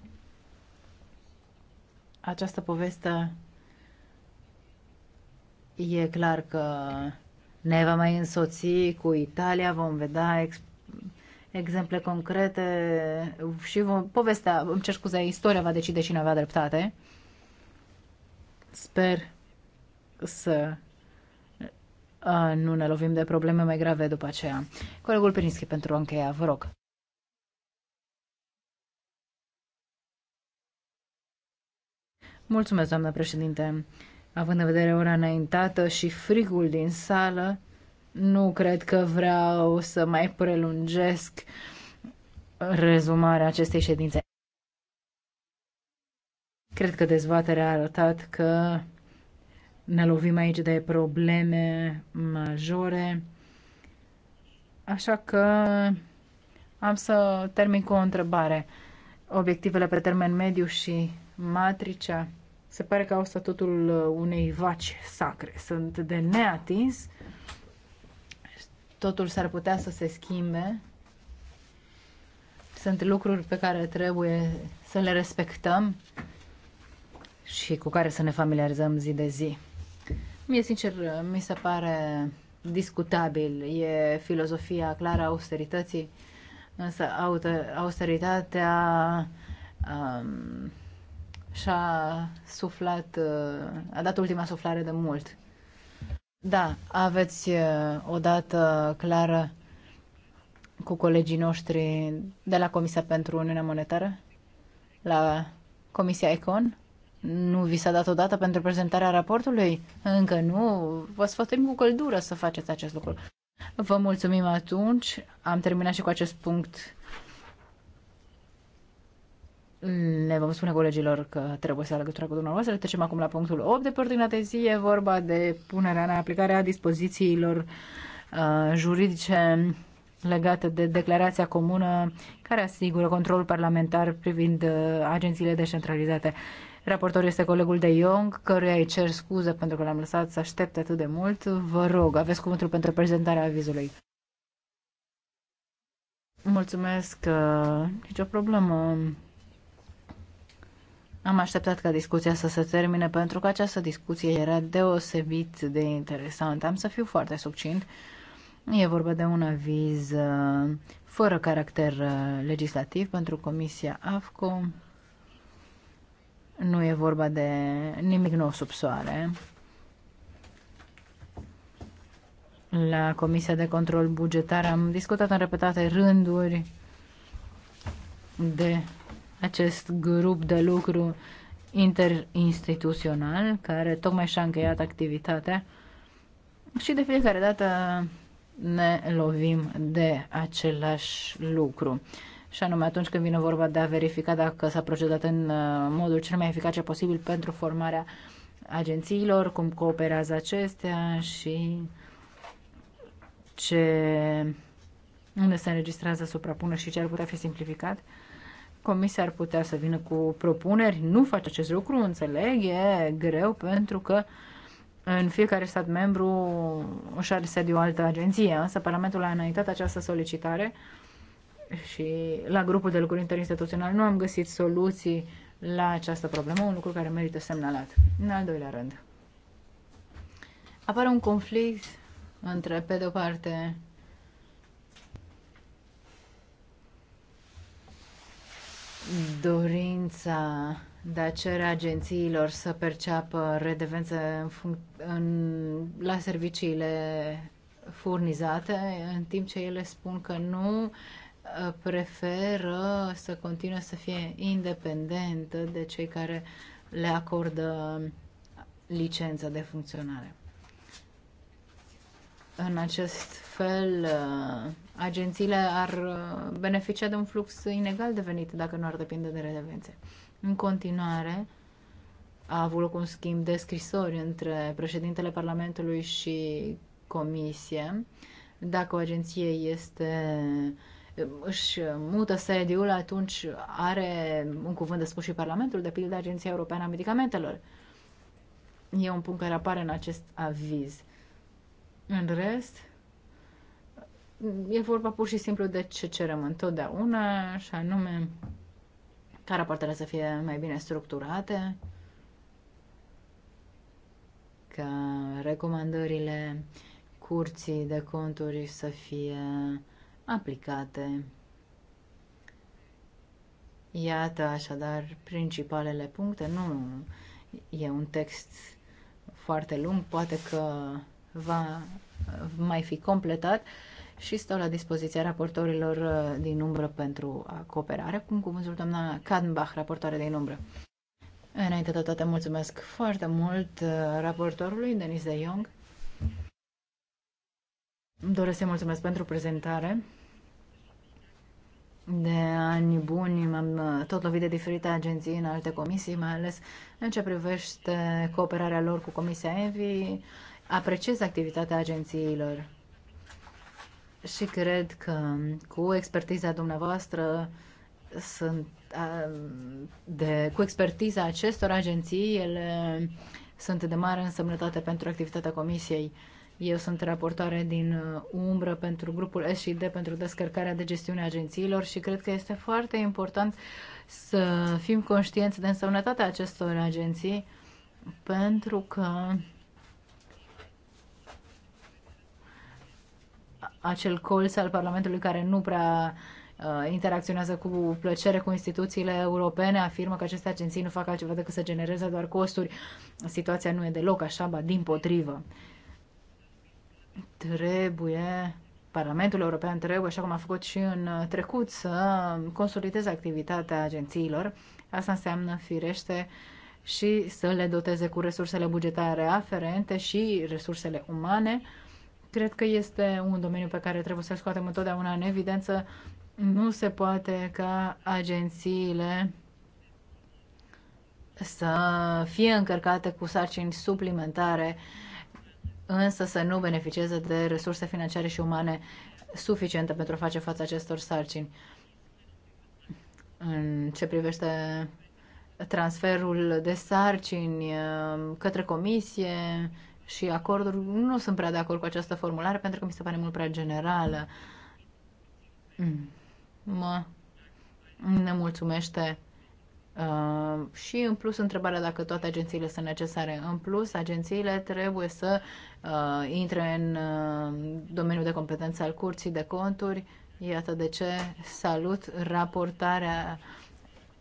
această poveste e clar că ne va mai însoți cu Italia, vom vedea ex- exemple concrete și vom povestea, îmi cer scuze, istoria va decide cine avea dreptate. Sper să uh, nu ne lovim de probleme mai grave după aceea. Colegul Pirinski pentru încheia, vă rog. Mulțumesc, doamnă președinte. Având în vedere ora înaintată și frigul din sală, nu cred că vreau să mai prelungesc rezumarea acestei ședințe. Cred că dezbaterea a arătat că ne lovim aici de probleme majore, așa că am să termin cu o întrebare. Obiectivele pe termen mediu și matricea se pare că au statutul uh, unei vaci sacre. Sunt de neatins. Totul s-ar putea să se schimbe. Sunt lucruri pe care trebuie să le respectăm și cu care să ne familiarizăm zi de zi. Mie, sincer, mi se pare discutabil. E filozofia clară a austerității, însă austeritatea um, și-a suflat, uh, a dat ultima suflare de mult. Da, aveți uh, o dată clară cu colegii noștri de la Comisia pentru Uniunea Monetară, la Comisia Econ. Nu vi s-a dat o dată pentru prezentarea raportului? Încă nu. Vă sfătuim cu căldură să faceți acest lucru. Vă mulțumim atunci. Am terminat și cu acest punct le vom spune colegilor că trebuie să ia legătura cu dumneavoastră. Trecem acum la punctul 8 de pe ordinea de zi. E vorba de punerea în aplicare a dispozițiilor uh, juridice legate de declarația comună care asigură controlul parlamentar privind uh, agențiile descentralizate. Raportor este colegul de Young, căruia îi cer scuze pentru că l-am lăsat să aștepte atât de mult. Vă rog, aveți cuvântul pentru prezentarea avizului. Mulțumesc, uh, nicio problemă. Am așteptat ca discuția să se termine pentru că această discuție era deosebit de interesantă. Am să fiu foarte succint. E vorba de un aviz uh, fără caracter uh, legislativ pentru Comisia AFCO. Nu e vorba de nimic nou sub soare. La Comisia de Control Bugetar am discutat în repetate rânduri de acest grup de lucru interinstituțional care tocmai și-a încheiat activitatea și de fiecare dată ne lovim de același lucru. Și anume atunci când vine vorba de a verifica dacă s-a procedat în uh, modul cel mai eficace posibil pentru formarea agențiilor, cum cooperează acestea și ce unde se înregistrează suprapună și ce ar putea fi simplificat. Comisia ar putea să vină cu propuneri, nu face acest lucru, înțeleg, e greu pentru că în fiecare stat membru își are sediu o altă agenție, însă Parlamentul a înaintat această solicitare și la grupul de lucruri interinstituțional nu am găsit soluții la această problemă, un lucru care merită semnalat. În al doilea rând, apare un conflict între, pe de o parte, dorința de a cere agențiilor să perceapă redevențe în func- în, la serviciile furnizate, în timp ce ele spun că nu ă, preferă să continue să fie independentă de cei care le acordă licența de funcționare. În acest fel, uh, agențiile ar uh, beneficia de un flux inegal de venit dacă nu ar depinde de redevențe. În continuare, a avut loc un schimb de scrisori între președintele Parlamentului și Comisie. Dacă o agenție este își mută sediul, atunci are un cuvânt de spus și Parlamentul, de pildă Agenția Europeană a Medicamentelor. E un punct care apare în acest aviz. În rest, e vorba pur și simplu de ce cerem întotdeauna, și anume ca rapoartele să fie mai bine structurate, ca recomandările curții de conturi să fie aplicate. Iată așadar principalele puncte. Nu e un text foarte lung, poate că va mai fi completat și stau la dispoziția raportorilor uh, din umbră pentru cooperare. Cum cuvântul doamna Kadenbach, raportoare din umbră. Înainte de toate, mulțumesc foarte mult uh, raportorului Denis de Jong. Îmi doresc să mulțumesc pentru prezentare. De ani buni m-am uh, tot lovit de diferite agenții în alte comisii, mai ales în ce privește cooperarea lor cu Comisia ENVI, apreciez activitatea agențiilor și cred că cu expertiza dumneavoastră sunt de, cu expertiza acestor agenții, ele sunt de mare însemnătate pentru activitatea comisiei. Eu sunt raportoare din umbră pentru grupul S și D pentru descărcarea de gestiune a agențiilor și cred că este foarte important să fim conștienți de însemnătatea acestor agenții pentru că acel colț al Parlamentului care nu prea uh, interacționează cu plăcere cu instituțiile europene, afirmă că aceste agenții nu fac altceva decât să genereze doar costuri. Situația nu e deloc așa, ba din potrivă. Trebuie, Parlamentul European trebuie, așa cum a făcut și în trecut, să consolideze activitatea agențiilor. Asta înseamnă, firește, și să le doteze cu resursele bugetare aferente și resursele umane, Cred că este un domeniu pe care trebuie să-l scoatem întotdeauna în evidență. Nu se poate ca agențiile să fie încărcate cu sarcini suplimentare, însă să nu beneficieze de resurse financiare și umane suficiente pentru a face față acestor sarcini. În ce privește transferul de sarcini uh, către comisie și acorduri, nu sunt prea de acord cu această formulare pentru că mi se pare mult prea generală. Mm. Mă nemulțumește Uh, și în plus întrebarea dacă toate agențiile sunt necesare. În plus, agențiile trebuie să uh, intre în uh, domeniul de competență al curții de conturi. Iată de ce salut raportarea uh,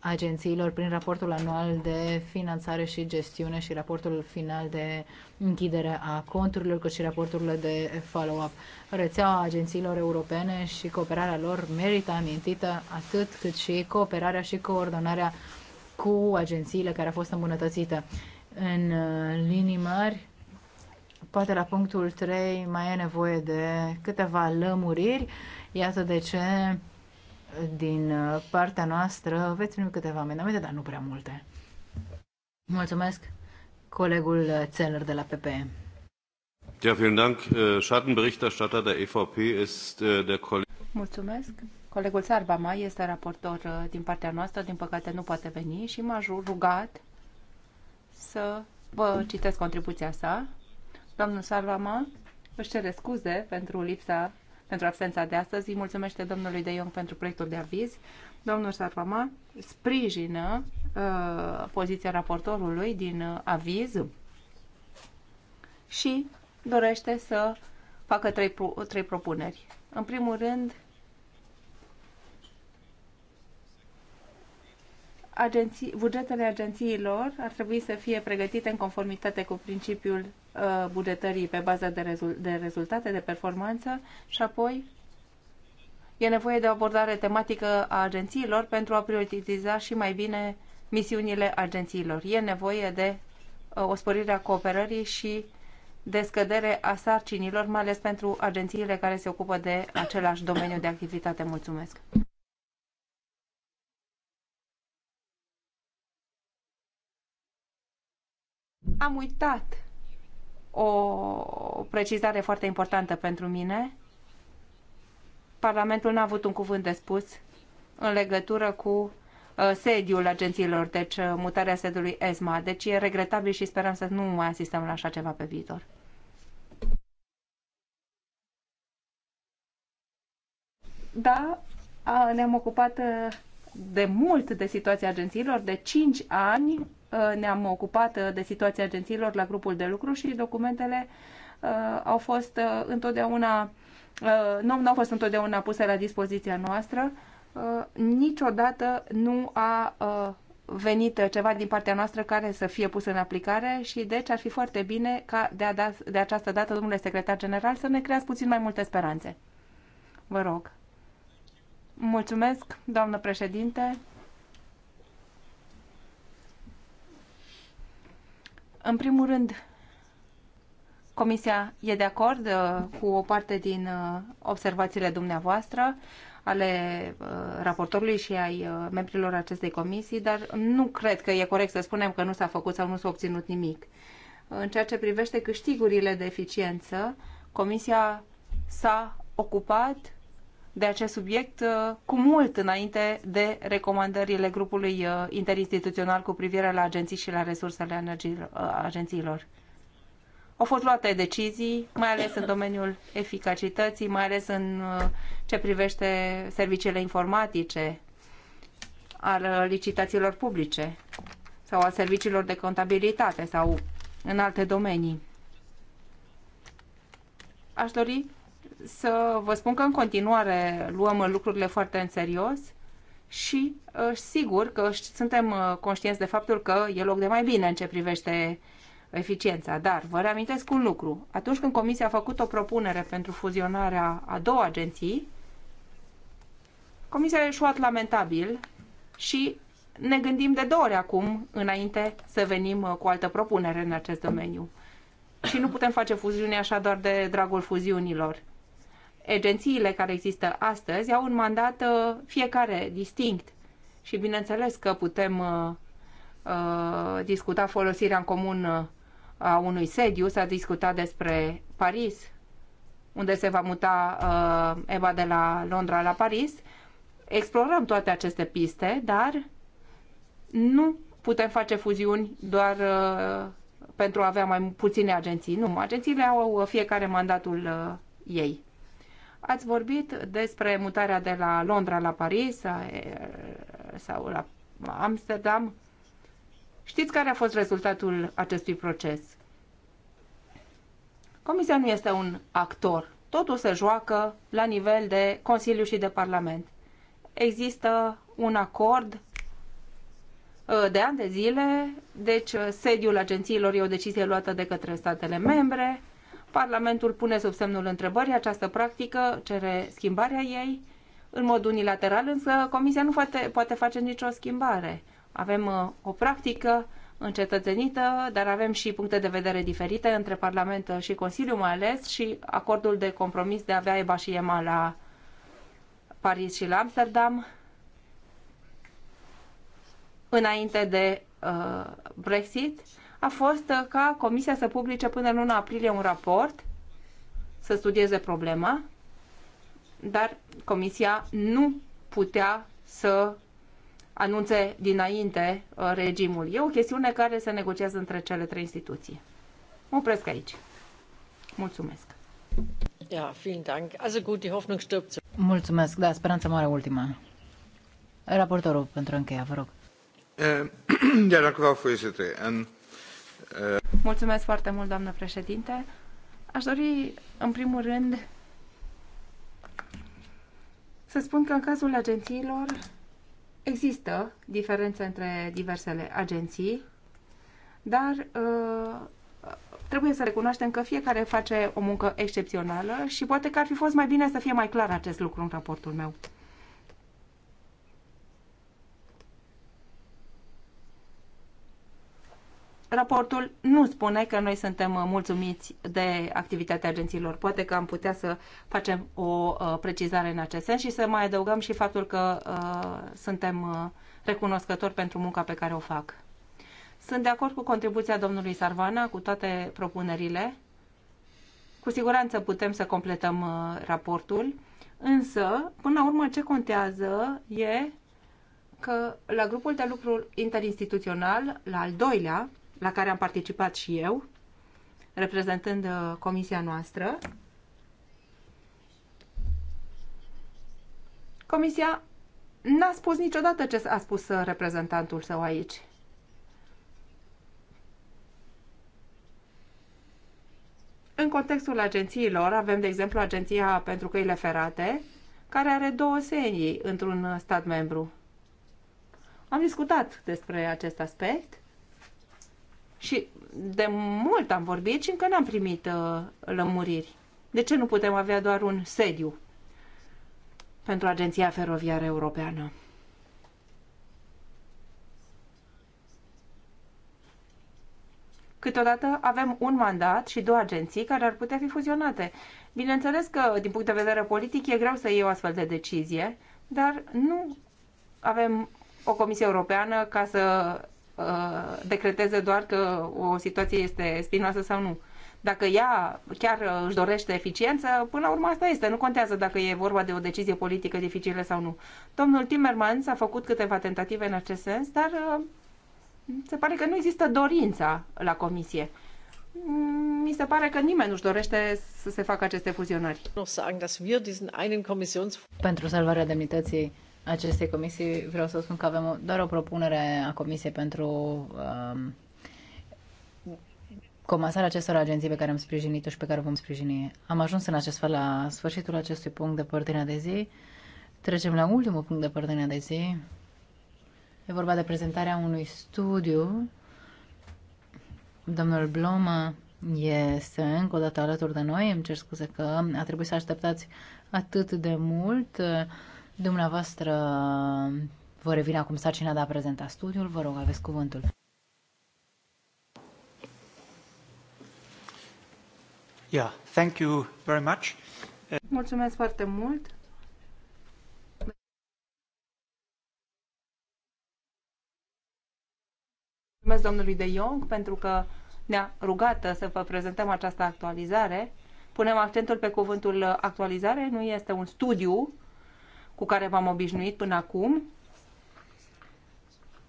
agențiilor prin raportul anual de finanțare și gestiune și raportul final de închidere a conturilor, cât și raporturile de follow-up. Rețeaua agențiilor europene și cooperarea lor merită amintită atât cât și cooperarea și coordonarea cu agențiile care a fost îmbunătățită. În uh, linii mari, poate la punctul 3 mai e nevoie de câteva lămuriri. Iată de ce din uh, partea noastră veți primi câteva amendamente, dar nu prea multe. Mulțumesc, colegul Țeller de la PPE. Ja, vielen Dank. Äh, Schattenberichterstatter der EVP ist äh, der Kollege. Mulțumesc. Colegul Sarbama este raportor äh, din partea noastră, din păcate nu poate veni și m-a rugat să vă citesc contribuția sa. Domnul Sarvama își cere scuze pentru lipsa pentru absența de astăzi. Îi mulțumește domnului De Jong pentru proiectul de aviz. Domnul Sarvama sprijină uh, poziția raportorului din uh, aviz și dorește să facă trei, pro trei propuneri. În primul rând, agenții, bugetele agențiilor ar trebui să fie pregătite în conformitate cu principiul uh, bugetării pe bază de, rezul, de rezultate, de performanță și apoi e nevoie de o abordare tematică a agențiilor pentru a prioritiza și mai bine misiunile agențiilor. E nevoie de uh, o sporire a cooperării și de scădere a sarcinilor, mai ales pentru agențiile care se ocupă de același domeniu de activitate. Mulțumesc! Am uitat o precizare foarte importantă pentru mine. Parlamentul n-a avut un cuvânt de spus în legătură cu uh, sediul agențiilor, deci uh, mutarea sediului ESMA. Deci e regretabil și sperăm să nu mai asistăm la așa ceva pe viitor. Da, ne-am ocupat uh, de mult de situația agențiilor. De 5 ani uh, ne-am ocupat uh, de situația agențiilor la grupul de lucru și documentele uh, au fost întotdeauna nu, nu au fost întotdeauna puse la dispoziția noastră. Niciodată nu a venit ceva din partea noastră care să fie pus în aplicare și deci ar fi foarte bine ca de, a da, de această dată, domnule secretar general, să ne creați puțin mai multe speranțe. Vă rog. Mulțumesc, doamnă președinte. În primul rând, Comisia e de acord uh, cu o parte din uh, observațiile dumneavoastră ale uh, raportorului și ai membrilor acestei comisii, dar nu cred că e corect să spunem că nu s-a făcut sau nu s-a obținut nimic. În ceea ce privește câștigurile de eficiență, Comisia s-a ocupat de acest subiect uh, cu mult înainte de recomandările grupului uh, interinstituțional cu privire la agenții și la resursele uh, agențiilor. Au fost luate decizii, mai ales în domeniul eficacității, mai ales în ce privește serviciile informatice, al licitațiilor publice sau al serviciilor de contabilitate sau în alte domenii. Aș dori să vă spun că în continuare luăm lucrurile foarte în serios și uh, sigur că suntem uh, conștienți de faptul că e loc de mai bine în ce privește eficiența. Dar vă reamintesc un lucru. Atunci când Comisia a făcut o propunere pentru fuzionarea a două agenții, Comisia a ieșuat lamentabil și ne gândim de două ori acum înainte să venim uh, cu altă propunere în acest domeniu. Și nu putem face fuziunea așa doar de dragul fuziunilor agențiile care există astăzi au un mandat uh, fiecare distinct și bineînțeles că putem uh, uh, discuta folosirea în comun a unui sediu, s-a discutat despre Paris, unde se va muta uh, Eva de la Londra la Paris. Explorăm toate aceste piste, dar nu putem face fuziuni doar uh, pentru a avea mai puține agenții. Nu, agențiile au fiecare mandatul uh, ei. Ați vorbit despre mutarea de la Londra la Paris sau la Amsterdam. Știți care a fost rezultatul acestui proces? Comisia nu este un actor. Totul se joacă la nivel de Consiliu și de Parlament. Există un acord ă, de ani de zile, deci sediul agențiilor e o decizie luată de către statele membre, Parlamentul pune sub semnul întrebării această practică, cere schimbarea ei în mod unilateral, însă Comisia nu poate, poate face nicio schimbare. Avem uh, o practică încetățenită, dar avem și puncte de vedere diferite între Parlament și Consiliu mai ales și acordul de compromis de a avea EBA și EMA la Paris și la Amsterdam înainte de uh, Brexit a fost uh, ca Comisia să publice până în luna aprilie un raport, să studieze problema, dar Comisia nu putea să anunțe dinainte uh, regimul. E o chestiune care se negociază între cele trei instituții. Mă opresc aici. Mulțumesc. Ja, vielen Dank. Also gut, die Hoffnung stirbt. Mulțumesc, da, speranța mare ultima. Raportorul pentru încheia, vă rog. Eh, ja, dank u wel, voorzitter. En Mulțumesc foarte mult, doamnă președinte. Aș dori, în primul rând, să spun că în cazul agențiilor există diferențe între diversele agenții, dar uh, trebuie să recunoaștem că fiecare face o muncă excepțională și poate că ar fi fost mai bine să fie mai clar acest lucru în raportul meu. Raportul nu spune că noi suntem uh, mulțumiți de activitatea agențiilor. Poate că am putea să facem o uh, precizare în acest sens și să mai adăugăm și faptul că uh, suntem recunoscători pentru munca pe care o fac. Sunt de acord cu contribuția domnului Sarvana, cu toate propunerile. Cu siguranță putem să completăm raportul, însă, până la urmă, ce contează e că la grupul de lucru interinstituțional, la al doilea, la care am participat și eu, reprezentând uh, comisia noastră. Comisia n-a spus niciodată ce a spus uh, reprezentantul său aici. În contextul agențiilor, avem, de exemplu, Agenția pentru Căile Ferate, care are două senii într-un uh, stat membru. Am discutat despre acest aspect și de mult am vorbit și încă n-am primit uh, lămuriri. De ce nu putem avea doar un sediu pentru Agenția Feroviară Europeană? Câteodată avem un mandat și două agenții care ar putea fi fuzionate. Bineînțeles că, din punct de vedere politic, e greu să iei o astfel de decizie, dar nu avem o Comisie Europeană ca să Uh, decreteze doar că o situație este spinoasă sau nu. Dacă ea chiar uh, își dorește eficiență, până la urmă asta este. Nu contează dacă e vorba de o decizie politică dificilă sau nu. Domnul Timmermans a făcut câteva tentative în acest sens, dar uh, se pare că nu există dorința la comisie. Mm, mi se pare că nimeni nu-și dorește să se facă aceste fuzionări. Pentru salvarea demnității acestei comisii, vreau să spun că avem doar o propunere a comisiei pentru um, comasarea acestor agenții pe care am sprijinit-o și pe care vom sprijini. Am ajuns în acest fel la sfârșitul acestui punct de părtinea de zi. Trecem la ultimul punct de părtinea de zi. E vorba de prezentarea unui studiu. Domnul Bloma este încă o dată alături de noi. Îmi cer scuze că a trebuit să așteptați atât de mult. Dumneavoastră vă revine acum sarcina de a prezenta studiul. Vă rog, aveți cuvântul. Yeah, thank you very much. Mulțumesc foarte mult. Mulțumesc domnului De Jong pentru că ne-a rugat să vă prezentăm această actualizare. Punem accentul pe cuvântul actualizare, nu este un studiu, cu care v-am obișnuit până acum.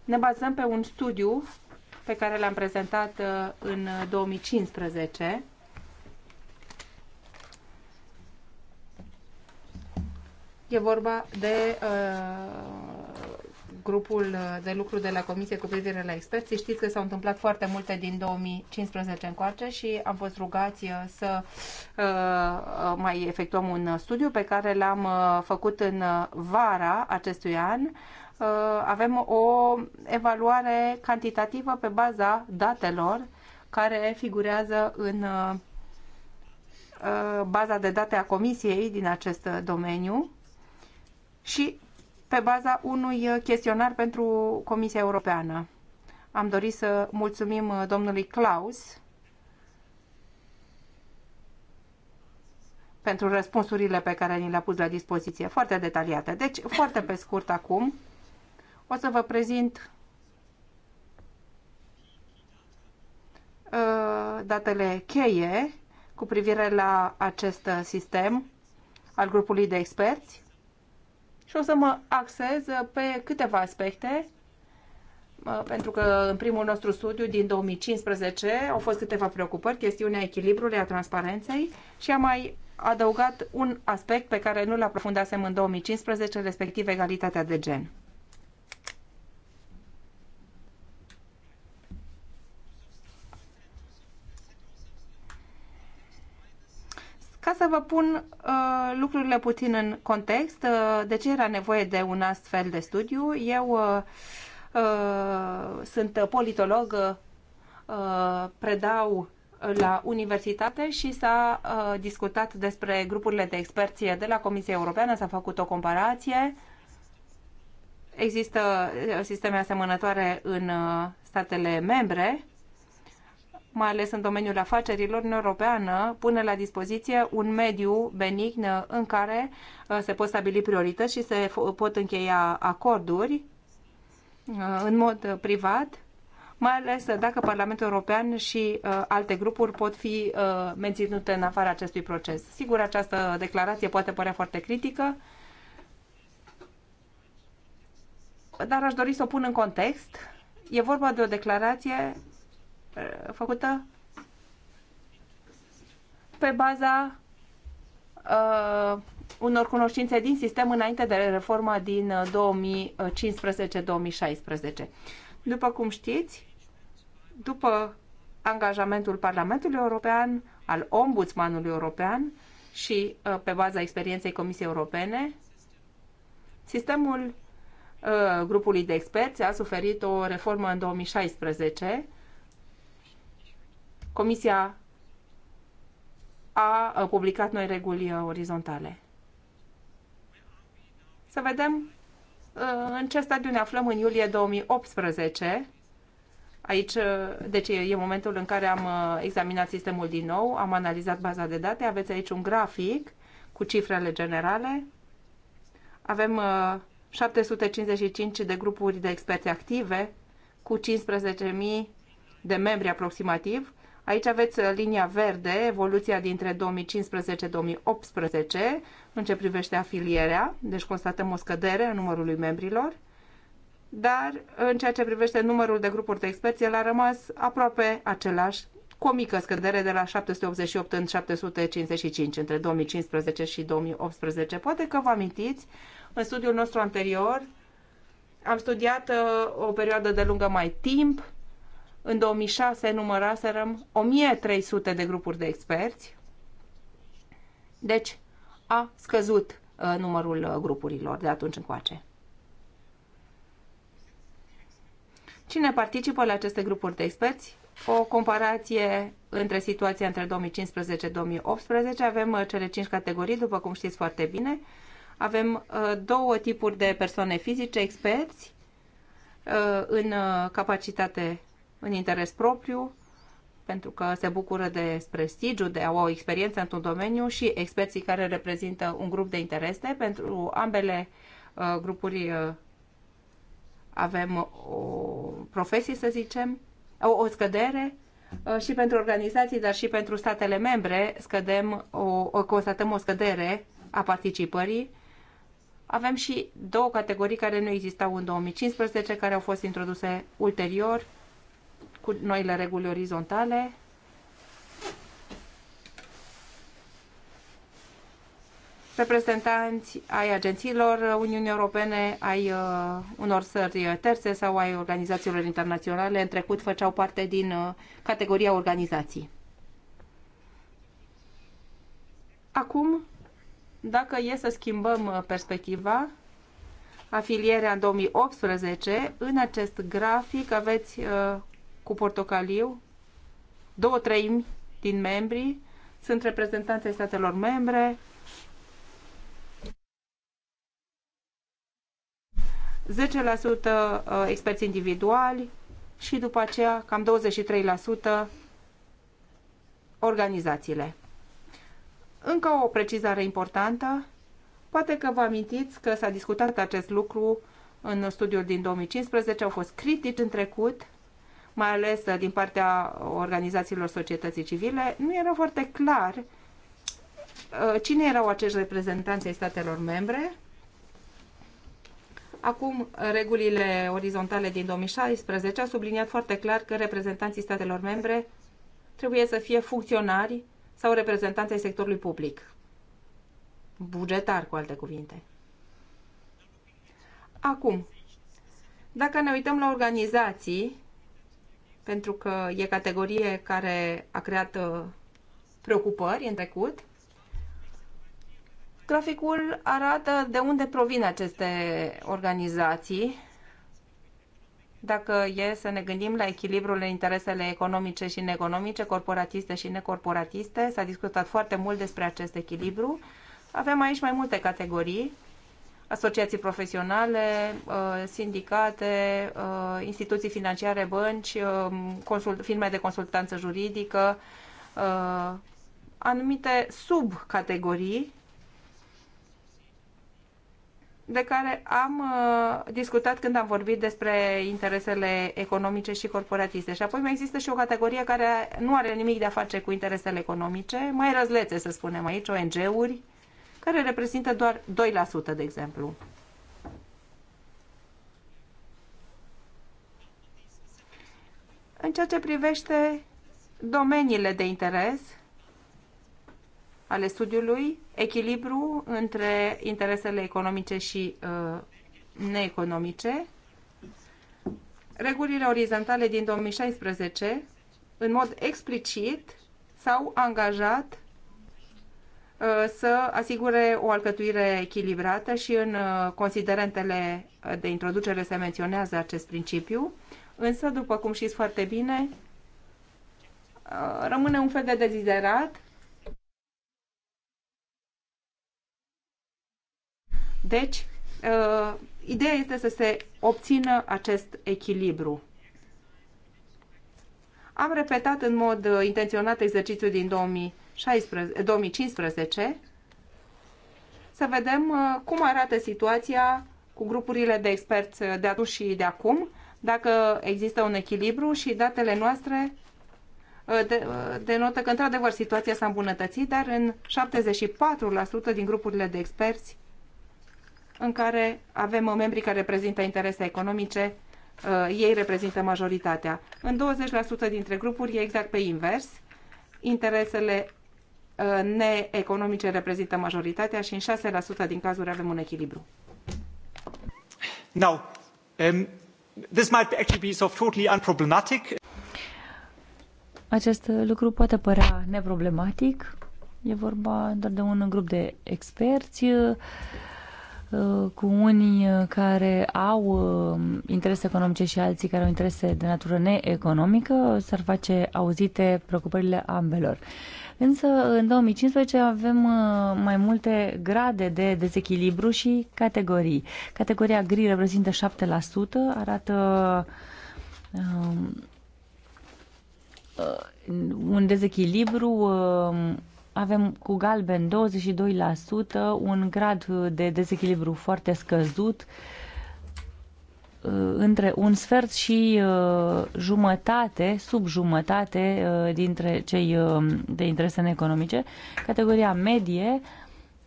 Ne bazăm pe un studiu pe care l-am prezentat uh, în 2015 E vorba de uh, grupul uh, de lucru de la Comisie cu privire la experți. Știți că s-au întâmplat foarte multe din 2015 încoace și am fost rugați uh, să uh, mai efectuăm un studiu pe care l-am făcut în vara acestui an avem o evaluare cantitativă pe baza datelor care figurează în baza de date a Comisiei din acest domeniu și pe baza unui uh, chestionar pentru Comisia Europeană. Am dorit să mulțumim uh, domnului Klaus pentru răspunsurile pe care ni le-a pus la dispoziție, foarte detaliate. Deci, foarte pe scurt acum, o să vă prezint uh, datele cheie cu privire la acest sistem al grupului de experți și o să mă axez uh, pe câteva aspecte uh, pentru că în primul nostru studiu din 2015 au fost câteva preocupări, chestiunea echilibrului, a transparenței și am mai adăugat un aspect pe care nu l aprofundasem în 2015, respectiv egalitatea de gen. să vă pun uh, lucrurile puțin în context, uh, de ce era nevoie de un astfel de studiu, eu uh, uh, sunt politolog, uh, predau la universitate și s-a uh, discutat despre grupurile de experție de la Comisia Europeană, s-a făcut o comparație. Există uh, sisteme asemănătoare în uh, statele membre mai ales în domeniul afacerilor, în Europeană pune la dispoziție un mediu benign în care uh, se pot stabili priorități și se pot încheia acorduri uh, în mod privat, mai ales dacă Parlamentul European și uh, alte grupuri pot fi menținute în afara acestui proces. Sigur, această declarație poate părea foarte critică, dar aș dori să o pun în context. E vorba de o declarație Uh, făcută pe baza uh, unor cunoștințe din sistem înainte de reforma din 2015-2016. Uh, după cum știți, după angajamentul Parlamentului European, al Ombudsmanului European și uh, pe baza experienței Comisiei Europene, sistemul uh, grupului de experți a suferit o reformă în 2016 Comisia a publicat noi reguli uh, orizontale. Să vedem uh, în ce stadiu ne aflăm în iulie 2018. Aici, uh, deci e momentul în care am examinat sistemul din nou, am analizat baza de date, aveți aici un grafic cu cifrele generale. Avem 755 de grupuri de experți active cu 15.000 de membri aproximativ Aici aveți uh, linia verde, evoluția dintre 2015-2018 în ce privește afilierea, deci constatăm o scădere a numărului membrilor, dar în ceea ce privește numărul de grupuri de experți, el a rămas aproape același, cu o mică scădere de la 788 în 755 între 2015 și 2018. Poate că vă amintiți, în studiul nostru anterior am studiat uh, o perioadă de lungă mai timp, în 2006 număraserăm 1300 de grupuri de experți, deci a scăzut uh, numărul uh, grupurilor de atunci încoace. Cine participă la aceste grupuri de experți? O comparație între situația între 2015-2018. Avem uh, cele 5 categorii, după cum știți foarte bine. Avem două tipuri de persoane fizice, experți, în capacitate în interes propriu, pentru că se bucură de prestigiu, de au o experiență într-un domeniu și experții care reprezintă un grup de interese. Pentru ambele uh, grupuri uh, avem o profesie, să zicem, o, o scădere uh, și pentru organizații, dar și pentru statele membre scădem o, o, constatăm o scădere a participării. Avem și două categorii care nu existau în 2015, care au fost introduse ulterior cu noile reguli orizontale, reprezentanți ai agențiilor Uniunii Europene, ai uh, unor țări terțe sau ai organizațiilor internaționale, în trecut făceau parte din uh, categoria organizații. Acum, dacă e să schimbăm uh, perspectiva, afilierea în 2018, în acest grafic aveți uh, cu portocaliu, două treimi din membrii sunt reprezentanții statelor membre, zece la sută uh, experți individuali și după aceea cam 23% organizațiile. Încă o precizare importantă, poate că vă amintiți că s-a discutat acest lucru în studiul din 2015, au fost critici în trecut mai ales uh, din partea organizațiilor societății civile, nu era foarte clar uh, cine erau acești reprezentanți ai statelor membre. Acum, regulile orizontale din 2016 a subliniat foarte clar că reprezentanții statelor membre trebuie să fie funcționari sau reprezentanți ai sectorului public. Bugetar, cu alte cuvinte. Acum, dacă ne uităm la organizații pentru că e categorie care a creat uh, preocupări în trecut. Graficul arată de unde provin aceste organizații. Dacă e să ne gândim la echilibrul în interesele economice și neeconomice, corporatiste și necorporatiste, s-a discutat foarte mult despre acest echilibru. Avem aici mai multe categorii asociații profesionale, uh, sindicate, uh, instituții financiare, bănci, uh, firme de consultanță juridică, anumite subcategorii de care am uh, discutat când am vorbit despre interesele economice și corporatiste. Și apoi mai există și o categorie care nu are nimic de a face cu interesele economice, mai răzlețe, să spunem aici, ONG-uri, care reprezintă doar 2%, de exemplu. În ceea ce privește domeniile de interes ale studiului, echilibru între interesele economice și uh, neeconomice, regulile orizontale din 2016, în mod explicit, s-au angajat să asigure o alcătuire echilibrată și în uh, considerentele de introducere se menționează acest principiu, însă, după cum știți foarte bine, uh, rămâne un fel de deziderat. Deci, uh, ideea este să se obțină acest echilibru. Am repetat în mod intenționat exercițiul din 2000 16, 2015 să vedem uh, cum arată situația cu grupurile de experți de atunci și de acum, dacă există un echilibru și datele noastre uh, uh, denotă că, într-adevăr, situația s-a îmbunătățit, dar în 74% din grupurile de experți în care avem membrii care reprezintă interese economice, ei reprezintă majoritatea. În 20% dintre grupuri e exact pe invers. Interesele neeconomice reprezintă majoritatea și în 6% din cazuri avem un echilibru. Now, um, this might actually be so totally unproblematic. Acest lucru poate părea neproblematic. E vorba doar de un grup de experți uh, cu unii care au uh, interese economice și alții care au interese de natură neeconomică, s-ar face auzite preocupările ambelor. Însă, în 2015 avem uh, mai multe grade de dezechilibru și categorii. Categoria gri reprezintă 7%, arată um, uh, un dezechilibru um, avem cu galben 22%, un grad de dezechilibru foarte scăzut, uh, Uh, între un sfert și uh, jumătate, sub jumătate uh, dintre cei de interese economice. Categoria medie,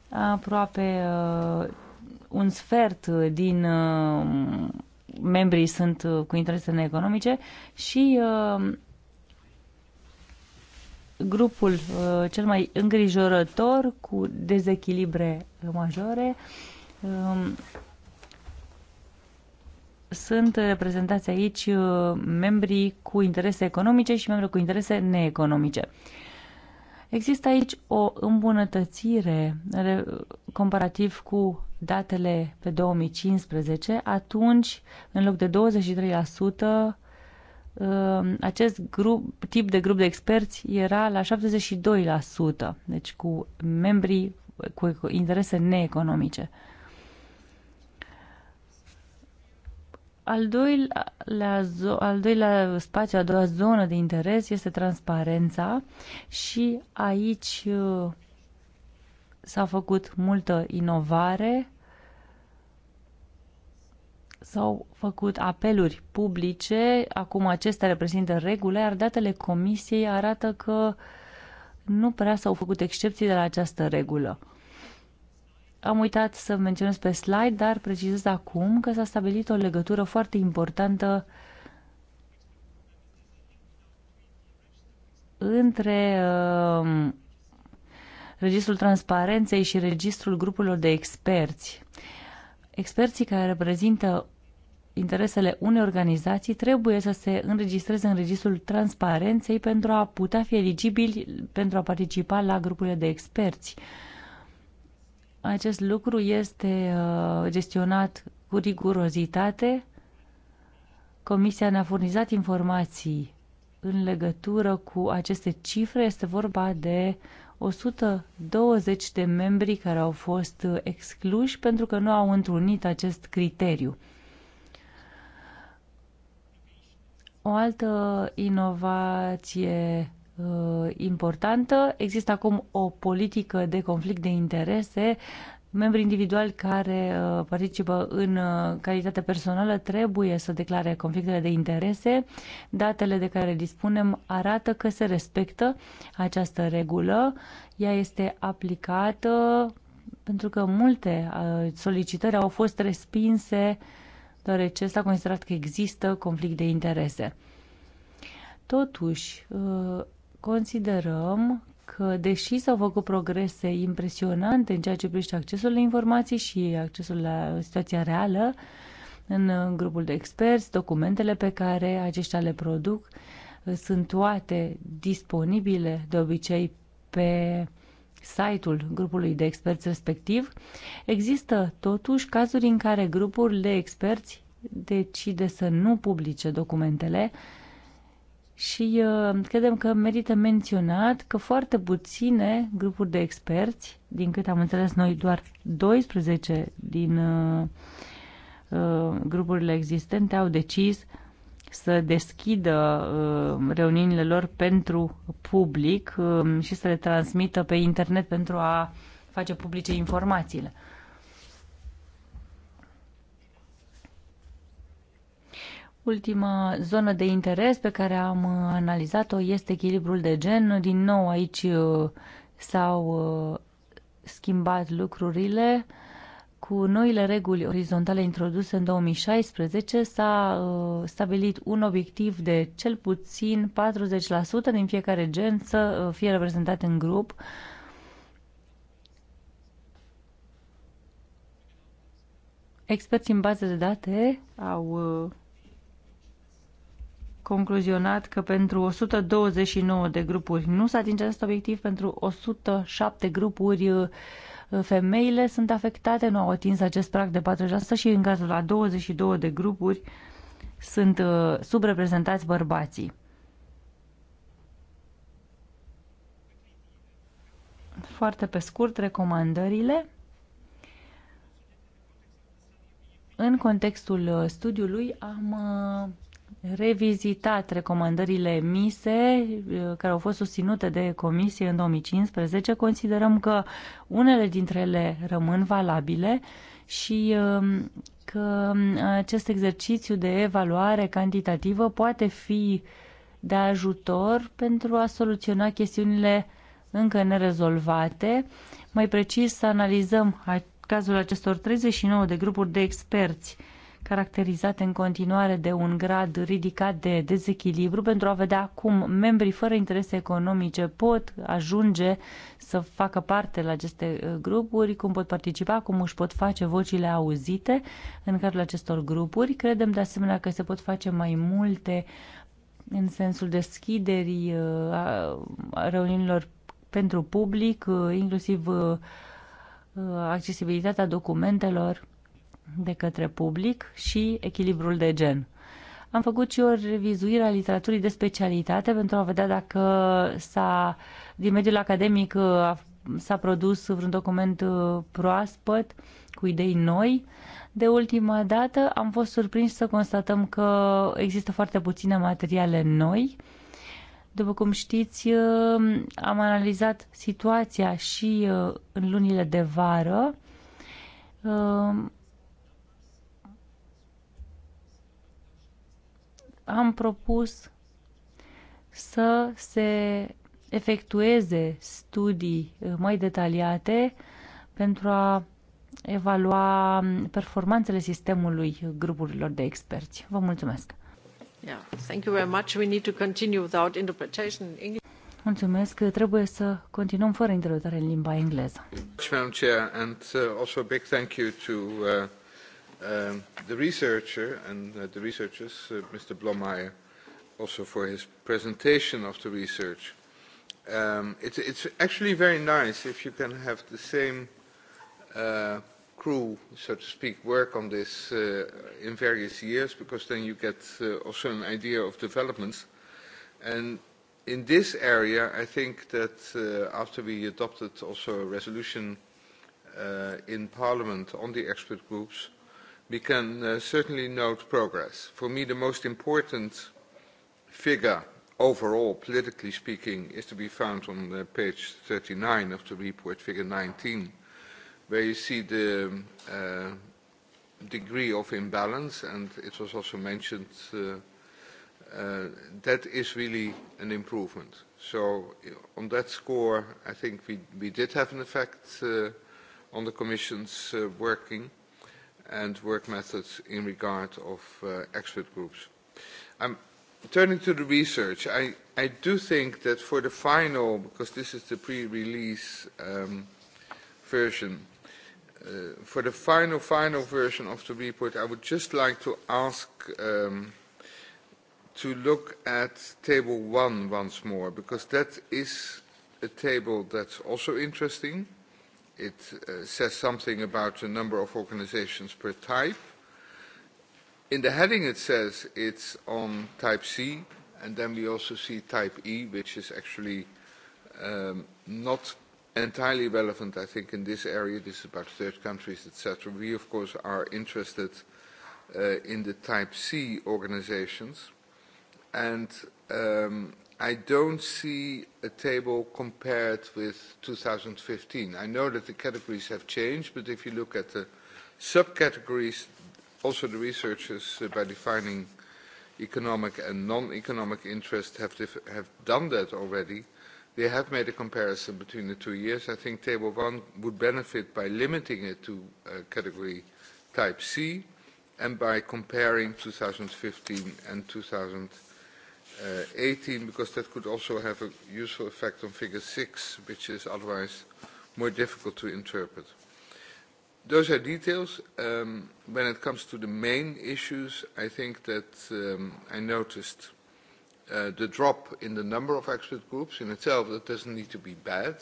aproape un sfert din membrii sunt cu interese economice și grupul cel mai îngrijorător cu dezechilibre majore sunt reprezentați aici uh, membrii cu interese economice și membrii cu interese neeconomice. Există aici o îmbunătățire comparativ cu datele pe 2015. Atunci, în loc de 23%, uh, acest grup, tip de grup de experți era la 72%, deci cu membrii cu interese neeconomice. Al doilea, al doilea spațiu, a doua zonă de interes este transparența și aici uh, s-a făcut multă inovare, s-au făcut apeluri publice, acum acestea reprezintă regulă, iar datele comisiei arată că nu prea s-au făcut excepții de la această regulă. Am uitat să menționez pe slide, dar precizez acum că s-a stabilit o legătură foarte importantă între uh, Registrul Transparenței și Registrul Grupurilor de Experți. Experții care reprezintă interesele unei organizații trebuie să se înregistreze în Registrul Transparenței pentru a putea fi eligibili pentru a participa la grupurile de experți. Uh, acest lucru este uh, gestionat cu rigurozitate. Comisia ne-a furnizat informații în legătură cu aceste cifre. Este vorba de 120 de membri care au fost uh, excluși pentru că nu au întrunit acest criteriu. O altă inovație Uh, importantă. Există acum o politică de conflict de interese. Membrii individuali care uh, participă în uh, calitate personală trebuie să declare conflictele de interese. Datele de care dispunem arată că se respectă această regulă. Ea este aplicată pentru că multe solicitări au fost respinse deoarece s-a considerat că există conflict de interese. Totuși, considerăm că, deși s-au făcut progrese impresionante în ceea ce privește accesul la informații și accesul la situația reală, în grupul de experți, documentele pe care aceștia le produc uh, sunt toate disponibile de obicei pe site-ul grupului de experți respectiv. Există totuși cazuri în care grupul de experți decide să nu publice documentele și uh, credem că merită menționat că foarte puține grupuri de experți, din cât am înțeles noi doar 12 din uh, uh, grupurile existente au decis să deschidă reuniunile lor pentru public um, și să le transmită pe internet pentru a face publice informațiile. Ultima zonă de interes pe care am uh, analizat-o este echilibrul de gen. Din nou aici uh, s-au uh, schimbat lucrurile. Cu noile reguli orizontale introduse în 2016 s-a stabilit un obiectiv de cel puțin 40% din fiecare gen să fie reprezentat în grup. Experții în bază de date au concluzionat că pentru 129 de grupuri nu s-a atins acest obiectiv, pentru 107 grupuri uh, femeile sunt afectate, nu au atins acest prag de 40% și în cazul la 22 de grupuri sunt uh, subreprezentați bărbații. Foarte pe scurt, recomandările. În contextul uh, studiului am revizitat recomandările emise eh, care au fost susținute de comisie în 2015. Considerăm că unele dintre ele rămân valabile și eh, că mm, acest exercițiu de evaluare cantitativă poate fi de ajutor pentru a soluționa chestiunile încă nerezolvate. Mai precis, să analizăm cazul acestor 39 de grupuri de experți caracterizate în continuare de un grad ridicat de dezechilibru pentru a vedea cum membrii fără interese economice pot ajunge să facă parte la aceste uh, grupuri, cum pot participa, cum își pot face vocile auzite în cadrul acestor grupuri. Credem de asemenea că se pot face mai multe în sensul deschiderii uh, reuniunilor pentru public, uh, inclusiv accesibilitatea documentelor de către public și echilibrul de gen. Am făcut și o revizuire a literaturii de specialitate pentru a vedea dacă s-a, din mediul academic uh, s-a produs vreun document uh, proaspăt cu idei noi. De ultima dată am fost surprins să constatăm că există foarte puține materiale noi. După cum știți, uh, am analizat situația și în lunile de vară am propus să se efectueze studii uh, mai detaliate pentru a evalua um, performanțele sistemului grupurilor de experți. Vă mulțumesc! Mulțumesc. Trebuie să continuăm fără interpretare în limba engleză. Madam Chair, and uh, also a big thank you to uh, Um, the researcher and uh, the researchers, uh, Mr. Blomeyer, also for his presentation of the research. Um, it's, it's actually very nice if you can have the same uh, crew, so to speak, work on this uh, in various years, because then you get uh, also an idea of developments. And in this area, I think that uh, after we adopted also a resolution uh, in Parliament on the expert groups, we can uh, certainly note progress. For me, the most important figure overall, politically speaking, is to be found on uh, page 39 of the report, figure 19, where you see the um, uh, degree of imbalance, and it was also mentioned uh, uh, that is really an improvement. So on that score, I think we, we did have an effect uh, on the Commission's uh, working and work methods in regard of uh, expert groups. I'm turning to the research. I, I do think that for the final, because this is the pre-release um, version, uh, for the final, final version of the report, I would just like to ask um, to look at table one once more, because that is a table that's also interesting It uh, says something about the number of organizations per type. In the heading it says it's on type C, and then we also see type E, which is actually um, not entirely relevant, I think, in this area. This is about third countries, etc. We, of course, are interested uh, in the type C organizations. And um, I don't see a table compared with 2015. I know that the categories have changed, but if you look at the subcategories, also the researchers, uh, by defining economic and non-economic interest, have, have done that already. They have made a comparison between the two years. I think Table 1 would benefit by limiting it to uh, category Type C and by comparing 2015 and 2015 uh, 18 because that could also have a useful effect on figure 6 which is otherwise more difficult to interpret. Those are details. Um, when it comes to the main issues, I think that um, I noticed uh, the drop in the number of expert groups in itself. That doesn't need to be bad.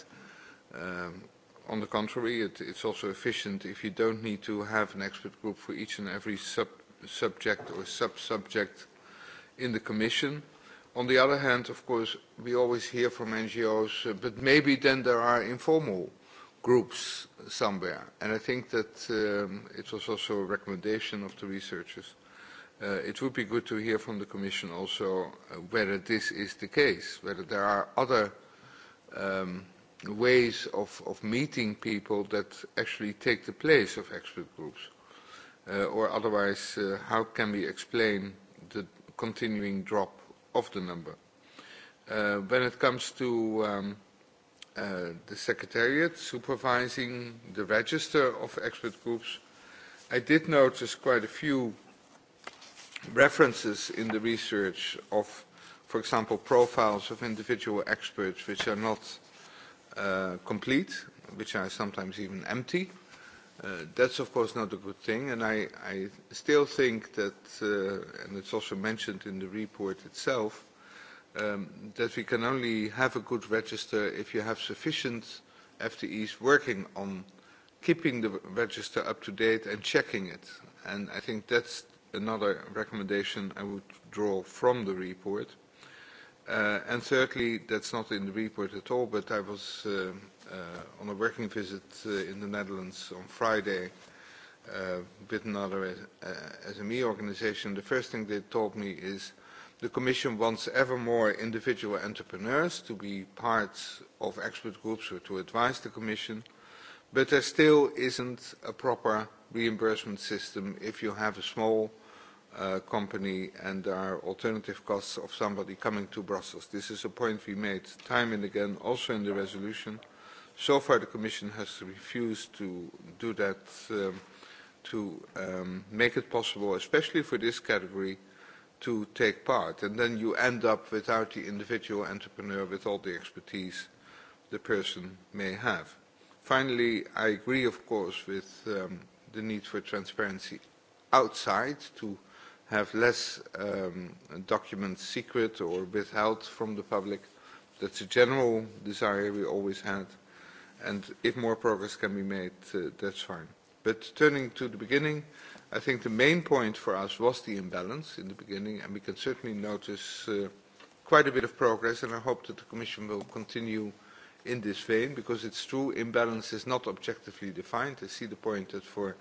Um, on the contrary, it, it's also efficient if you don't need to have an expert group for each and every sub subject or sub-subject in the Commission. On the other hand, of course, we always hear from NGOs, uh, but maybe then there are informal groups somewhere. And I think that um, it was also a recommendation of the researchers. Uh, it would be good to hear from the Commission also uh, whether this is the case, whether there are other um, ways of, of meeting people that actually take the place of expert groups. Uh, or otherwise, uh, how can we explain the continuing drop of the number. Uh, when it comes to um, uh, the Secretariat supervising the register of expert groups, I did notice quite a few references in the research of, for example, profiles of individual experts which are not uh, complete, which are sometimes even empty. Uh, Uh, that's of course not a good thing, and I, I still think that, uh, and it's also mentioned in the report itself, um, that we can only have a good register if you have sufficient FTEs working on keeping the register up to date and checking it. And I think that's another recommendation I would draw from the report. Uh, and thirdly, that's not in the report at all, but I was uh, uh, eh, on a working visit uh, in the Netherlands on Friday uh, with another uh, SME organization, the first thing they told me is the Commission wants ever more individual entrepreneurs to be part of expert groups or to advise the Commission, but there still isn't a proper reimbursement system if you have a small uh, company and there are alternative costs of somebody coming to Brussels. This is a point we made time and again, also in the resolution. Uh, So far, the Commission has refused to do that, um, to um, make it possible, especially for this category, to take part. And then you end up without the individual entrepreneur with all the expertise the person may have. Finally, I agree, of course, with um, the need for transparency outside to have less um, documents secret or withheld from the public. That's a general desire we always had. And if more progress can be made, uh, that's fine. But turning to the beginning, I think the main point for us was the imbalance in the beginning, and we can certainly notice uh, quite a bit of progress, and I hope that the Commission will continue in this vein, because it's true, imbalance is not objectively defined. I see the point that for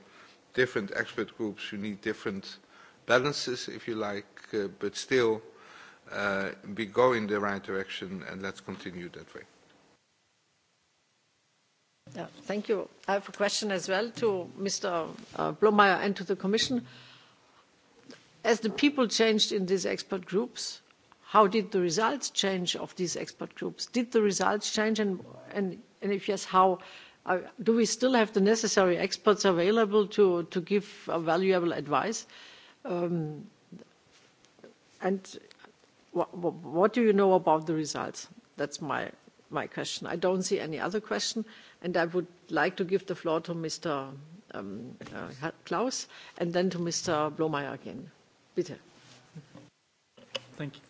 different expert groups you need different balances, if you like, uh, but still uh, we go in the right direction, and let's continue that way thank you. I have a question as well to Mr. Uh, Blomeyer and to the Commission. As the people changed in these expert groups, how did the results change of these expert groups? Did the results change, and, if yes, how? Uh, do we still have the necessary experts available to, to give valuable advice? Um, and what do you know about the results? That's my, my question. I don't see any other question. And I would like to give the floor to Mr. Um, uh, Klaus and then to Mr. Blomeyer again. Bitte. Thank you.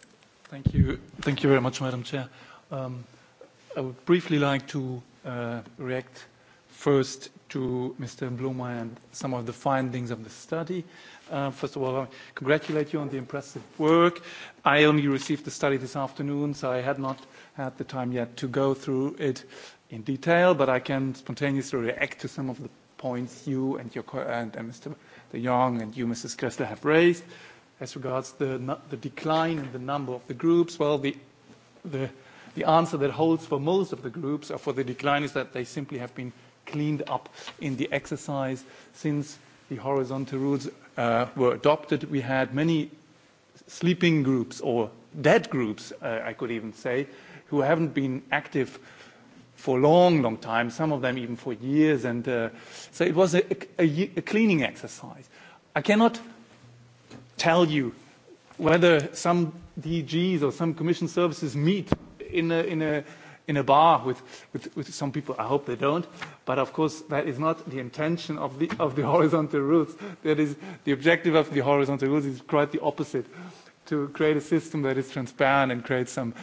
Thank you. Thank you very much, Madam Chair. Um, I would briefly like to uh, react first to Mr. Blumer and some of the findings of the study. Uh, first of all, I congratulate you on the impressive work. I only received the study this afternoon, so I had not had the time yet to go through it in detail, but I can spontaneously react to some of the points you and your co and, and Mr. De Jong and you, Mrs. Kressler, have raised. As regards the, the decline in the number of the groups, well, the, the, the answer that holds for most of the groups or for the decline is that they simply have been cleaned up in the exercise since the horizontal rules uh, were adopted. We had many sleeping groups or dead groups, uh, I could even say, who haven't been active for a long, long time, some of them even for years. And uh, so it was a, a, a cleaning exercise. I cannot tell you whether some DGs or some commission services meet in a, in a, in a bar with, with, with some people. I hope they don't. But of course, that is not the intention of the, of the horizontal rules. That is the objective of the horizontal rules is quite the opposite, to create a system that is transparent and create some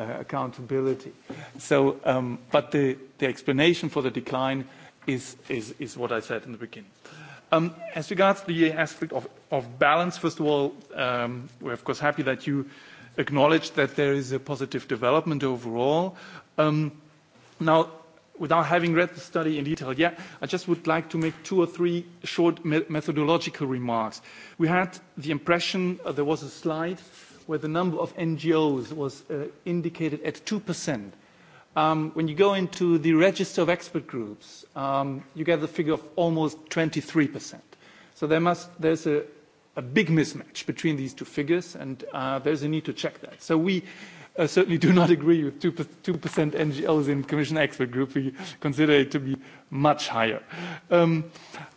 Uh, accountability. So, um, but the, the explanation for the decline is, is, is what I said in the beginning. Um, as regards the aspect of, of balance, first of all, um, we're of course happy that you acknowledged that there is a positive development overall. now, without having read the study in detail yet, yeah, I just would like to make two or three short methodological remarks. We had the impression uh, there was a slide where the number of NGOs was uh, indicated at 2%. Um, when you go into the register of expert groups, um, you get the figure of almost 23%. So there must, there's a, a big mismatch between these two figures, and uh, there's a need to check that. So we uh, certainly do not agree with 2%, 2 in Commission Expert Group. We consider it to be much higher. Um,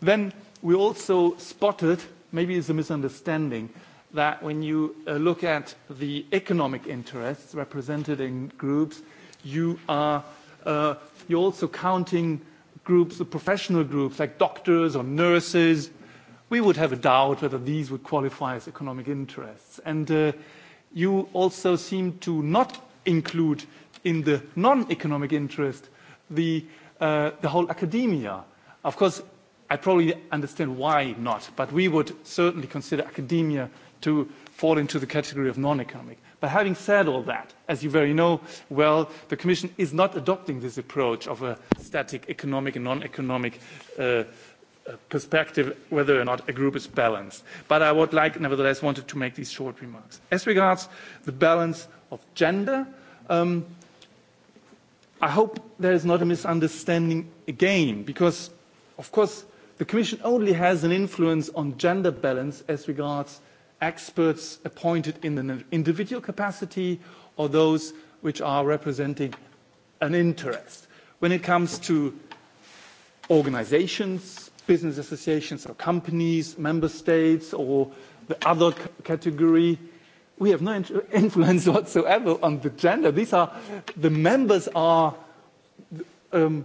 then we also spotted, maybe it's a misunderstanding, that when you uh, look at the economic interests represented in groups, you are uh, you're also counting groups, the professional groups like doctors or nurses. We would have a doubt whether these would qualify as economic interests. And uh, you also seem to not include in the non-economic interest the, uh, the whole academia. Of course, I probably understand why not, but we would certainly consider academia to fall into the category of non-economic. But having said all that, as you very know well, the Commission is not adopting this approach of a static economic and non-economic uh, uh, perspective whether or not a group is balanced. But I would like, nevertheless, wanted to make these short remarks. As regards the balance of gender, um, I hope there is not a misunderstanding again, because, of course, the Commission only has an influence on gender balance as regards experts appointed in an individual capacity or those which are representing an interest. When it comes to organizations, business associations or companies, member states or the other category, we have no influence whatsoever on the gender. These are, the members are, um,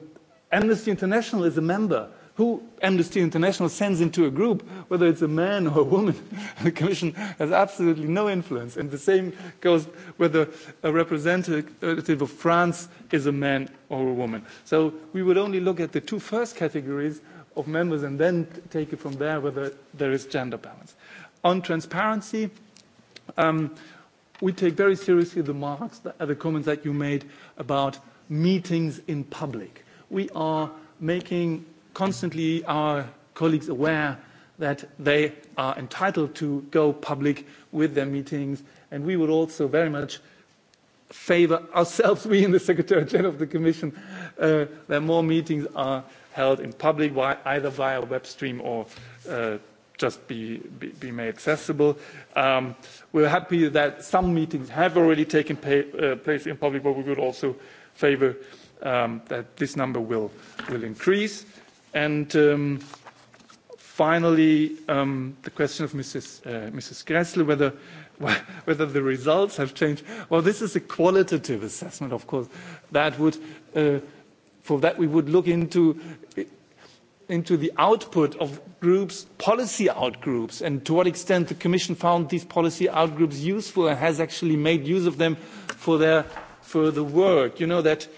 Amnesty International is a member who Amnesty International sends into a group, whether it's a man or a woman, the Commission has absolutely no influence. And the same goes whether a representative of France is a man or a woman. So we would only look at the two first categories of members and then take it from there whether there is gender balance. On transparency, um, we take very seriously the marks, the, the comments that you made about meetings in public. We are making constantly our colleagues aware that they are entitled to go public with their meetings. And we would also very much favor ourselves, we in the Secretary General of the Commission, uh, that more meetings are held in public, either via web stream or uh, just be, be, be made accessible. Um, we're happy that some meetings have already taken pay, uh, place in public, but we would also favor um, that this number will, will increase. And um, finally, um, the question of Mrs. Uh, Mrs. Gressler, whether whether the results have changed. Well, this is a qualitative assessment, of course. That would, uh, for that, we would look into into the output of groups, policy outgroups, and to what extent the Commission found these policy outgroups useful and has actually made use of them for their further work. You know that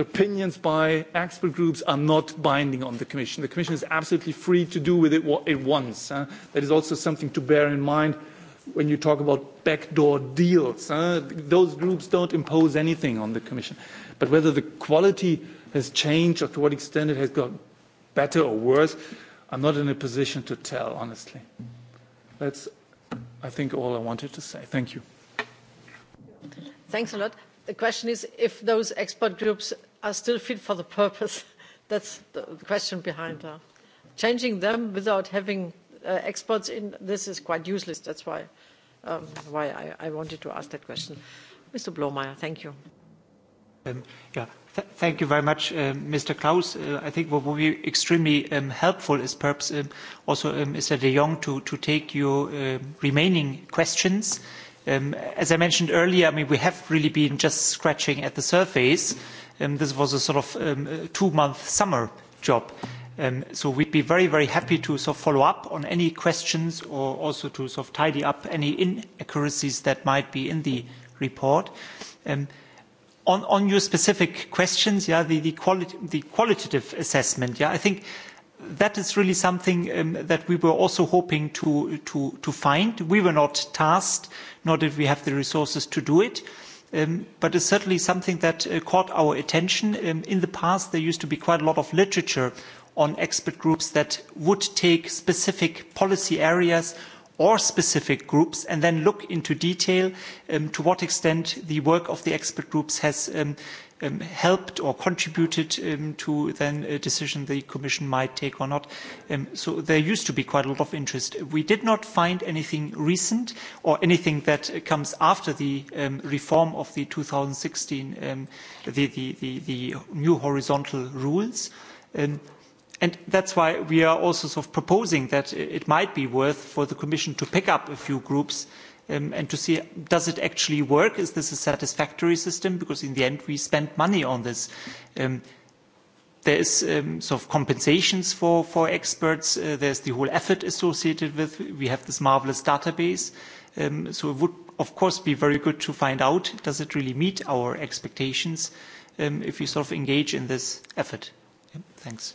opinions by expert groups are not binding on the Commission. The Commission is absolutely free to do with it what it wants. Uh, that is also something to bear in mind when you talk about backdoor deals. Uh, those groups don't impose anything on the Commission. But whether the quality has changed or to what extent it has got better or worse, I'm not in a position to tell, honestly. That's, I think, all I wanted to say. Thank you. Thanks a lot. The question is if those expert groups are still fit for the purpose. That's the question behind that. Uh, changing them without having uh, experts in this is quite useless. That's why, um, why I, I wanted to ask that question. Mr. Blomeyer, thank you. Um, yeah, th thank you very much, Mr. Um, Klaus. Uh, I think what will be extremely um, helpful is perhaps um, also Mr. Um, de Jong to, to take your uh, remaining questions. as I mentioned earlier, I mean, we have really been just scratching at the surface um, this was a sort of um, two-month summer job. Um, so we'd be very, very happy to sort of follow up on any questions or also to sort of tidy up any inaccuracies that might be in the report. Um, on, on your specific questions, yeah, the, the, quali the qualitative assessment, yeah, I think that is really something um, that we were also hoping to, to, to find. We were not tasked, nor did we have the resources to do it. Um, but it's certainly something that uh, caught our attention. Um, in the past, there used to be quite a lot of literature on expert groups that would take specific policy areas or specific groups and then look into detail um, to what extent the work of the expert groups has um, um, helped or contributed um, to then a decision the Commission might take or not. Um, so there used to be quite a lot of interest. We did not find anything recent or anything that comes after the um, reform of the 2016, um, the, the, the, the, new horizontal rules. Um, and that's why we are also sort of proposing that it might be worth for the Commission to pick up a few groups uh, um, and to see does it actually work? Is this a satisfactory system? Because in the end, we spend money on this. Um, there is um, sort of compensations for, for experts. Uh, there's the whole effort associated with. We have this marvelous database. Um, so it would, of course, be very good to find out, does it really meet our expectations um, if we sort of engage in this effort? Yep, thanks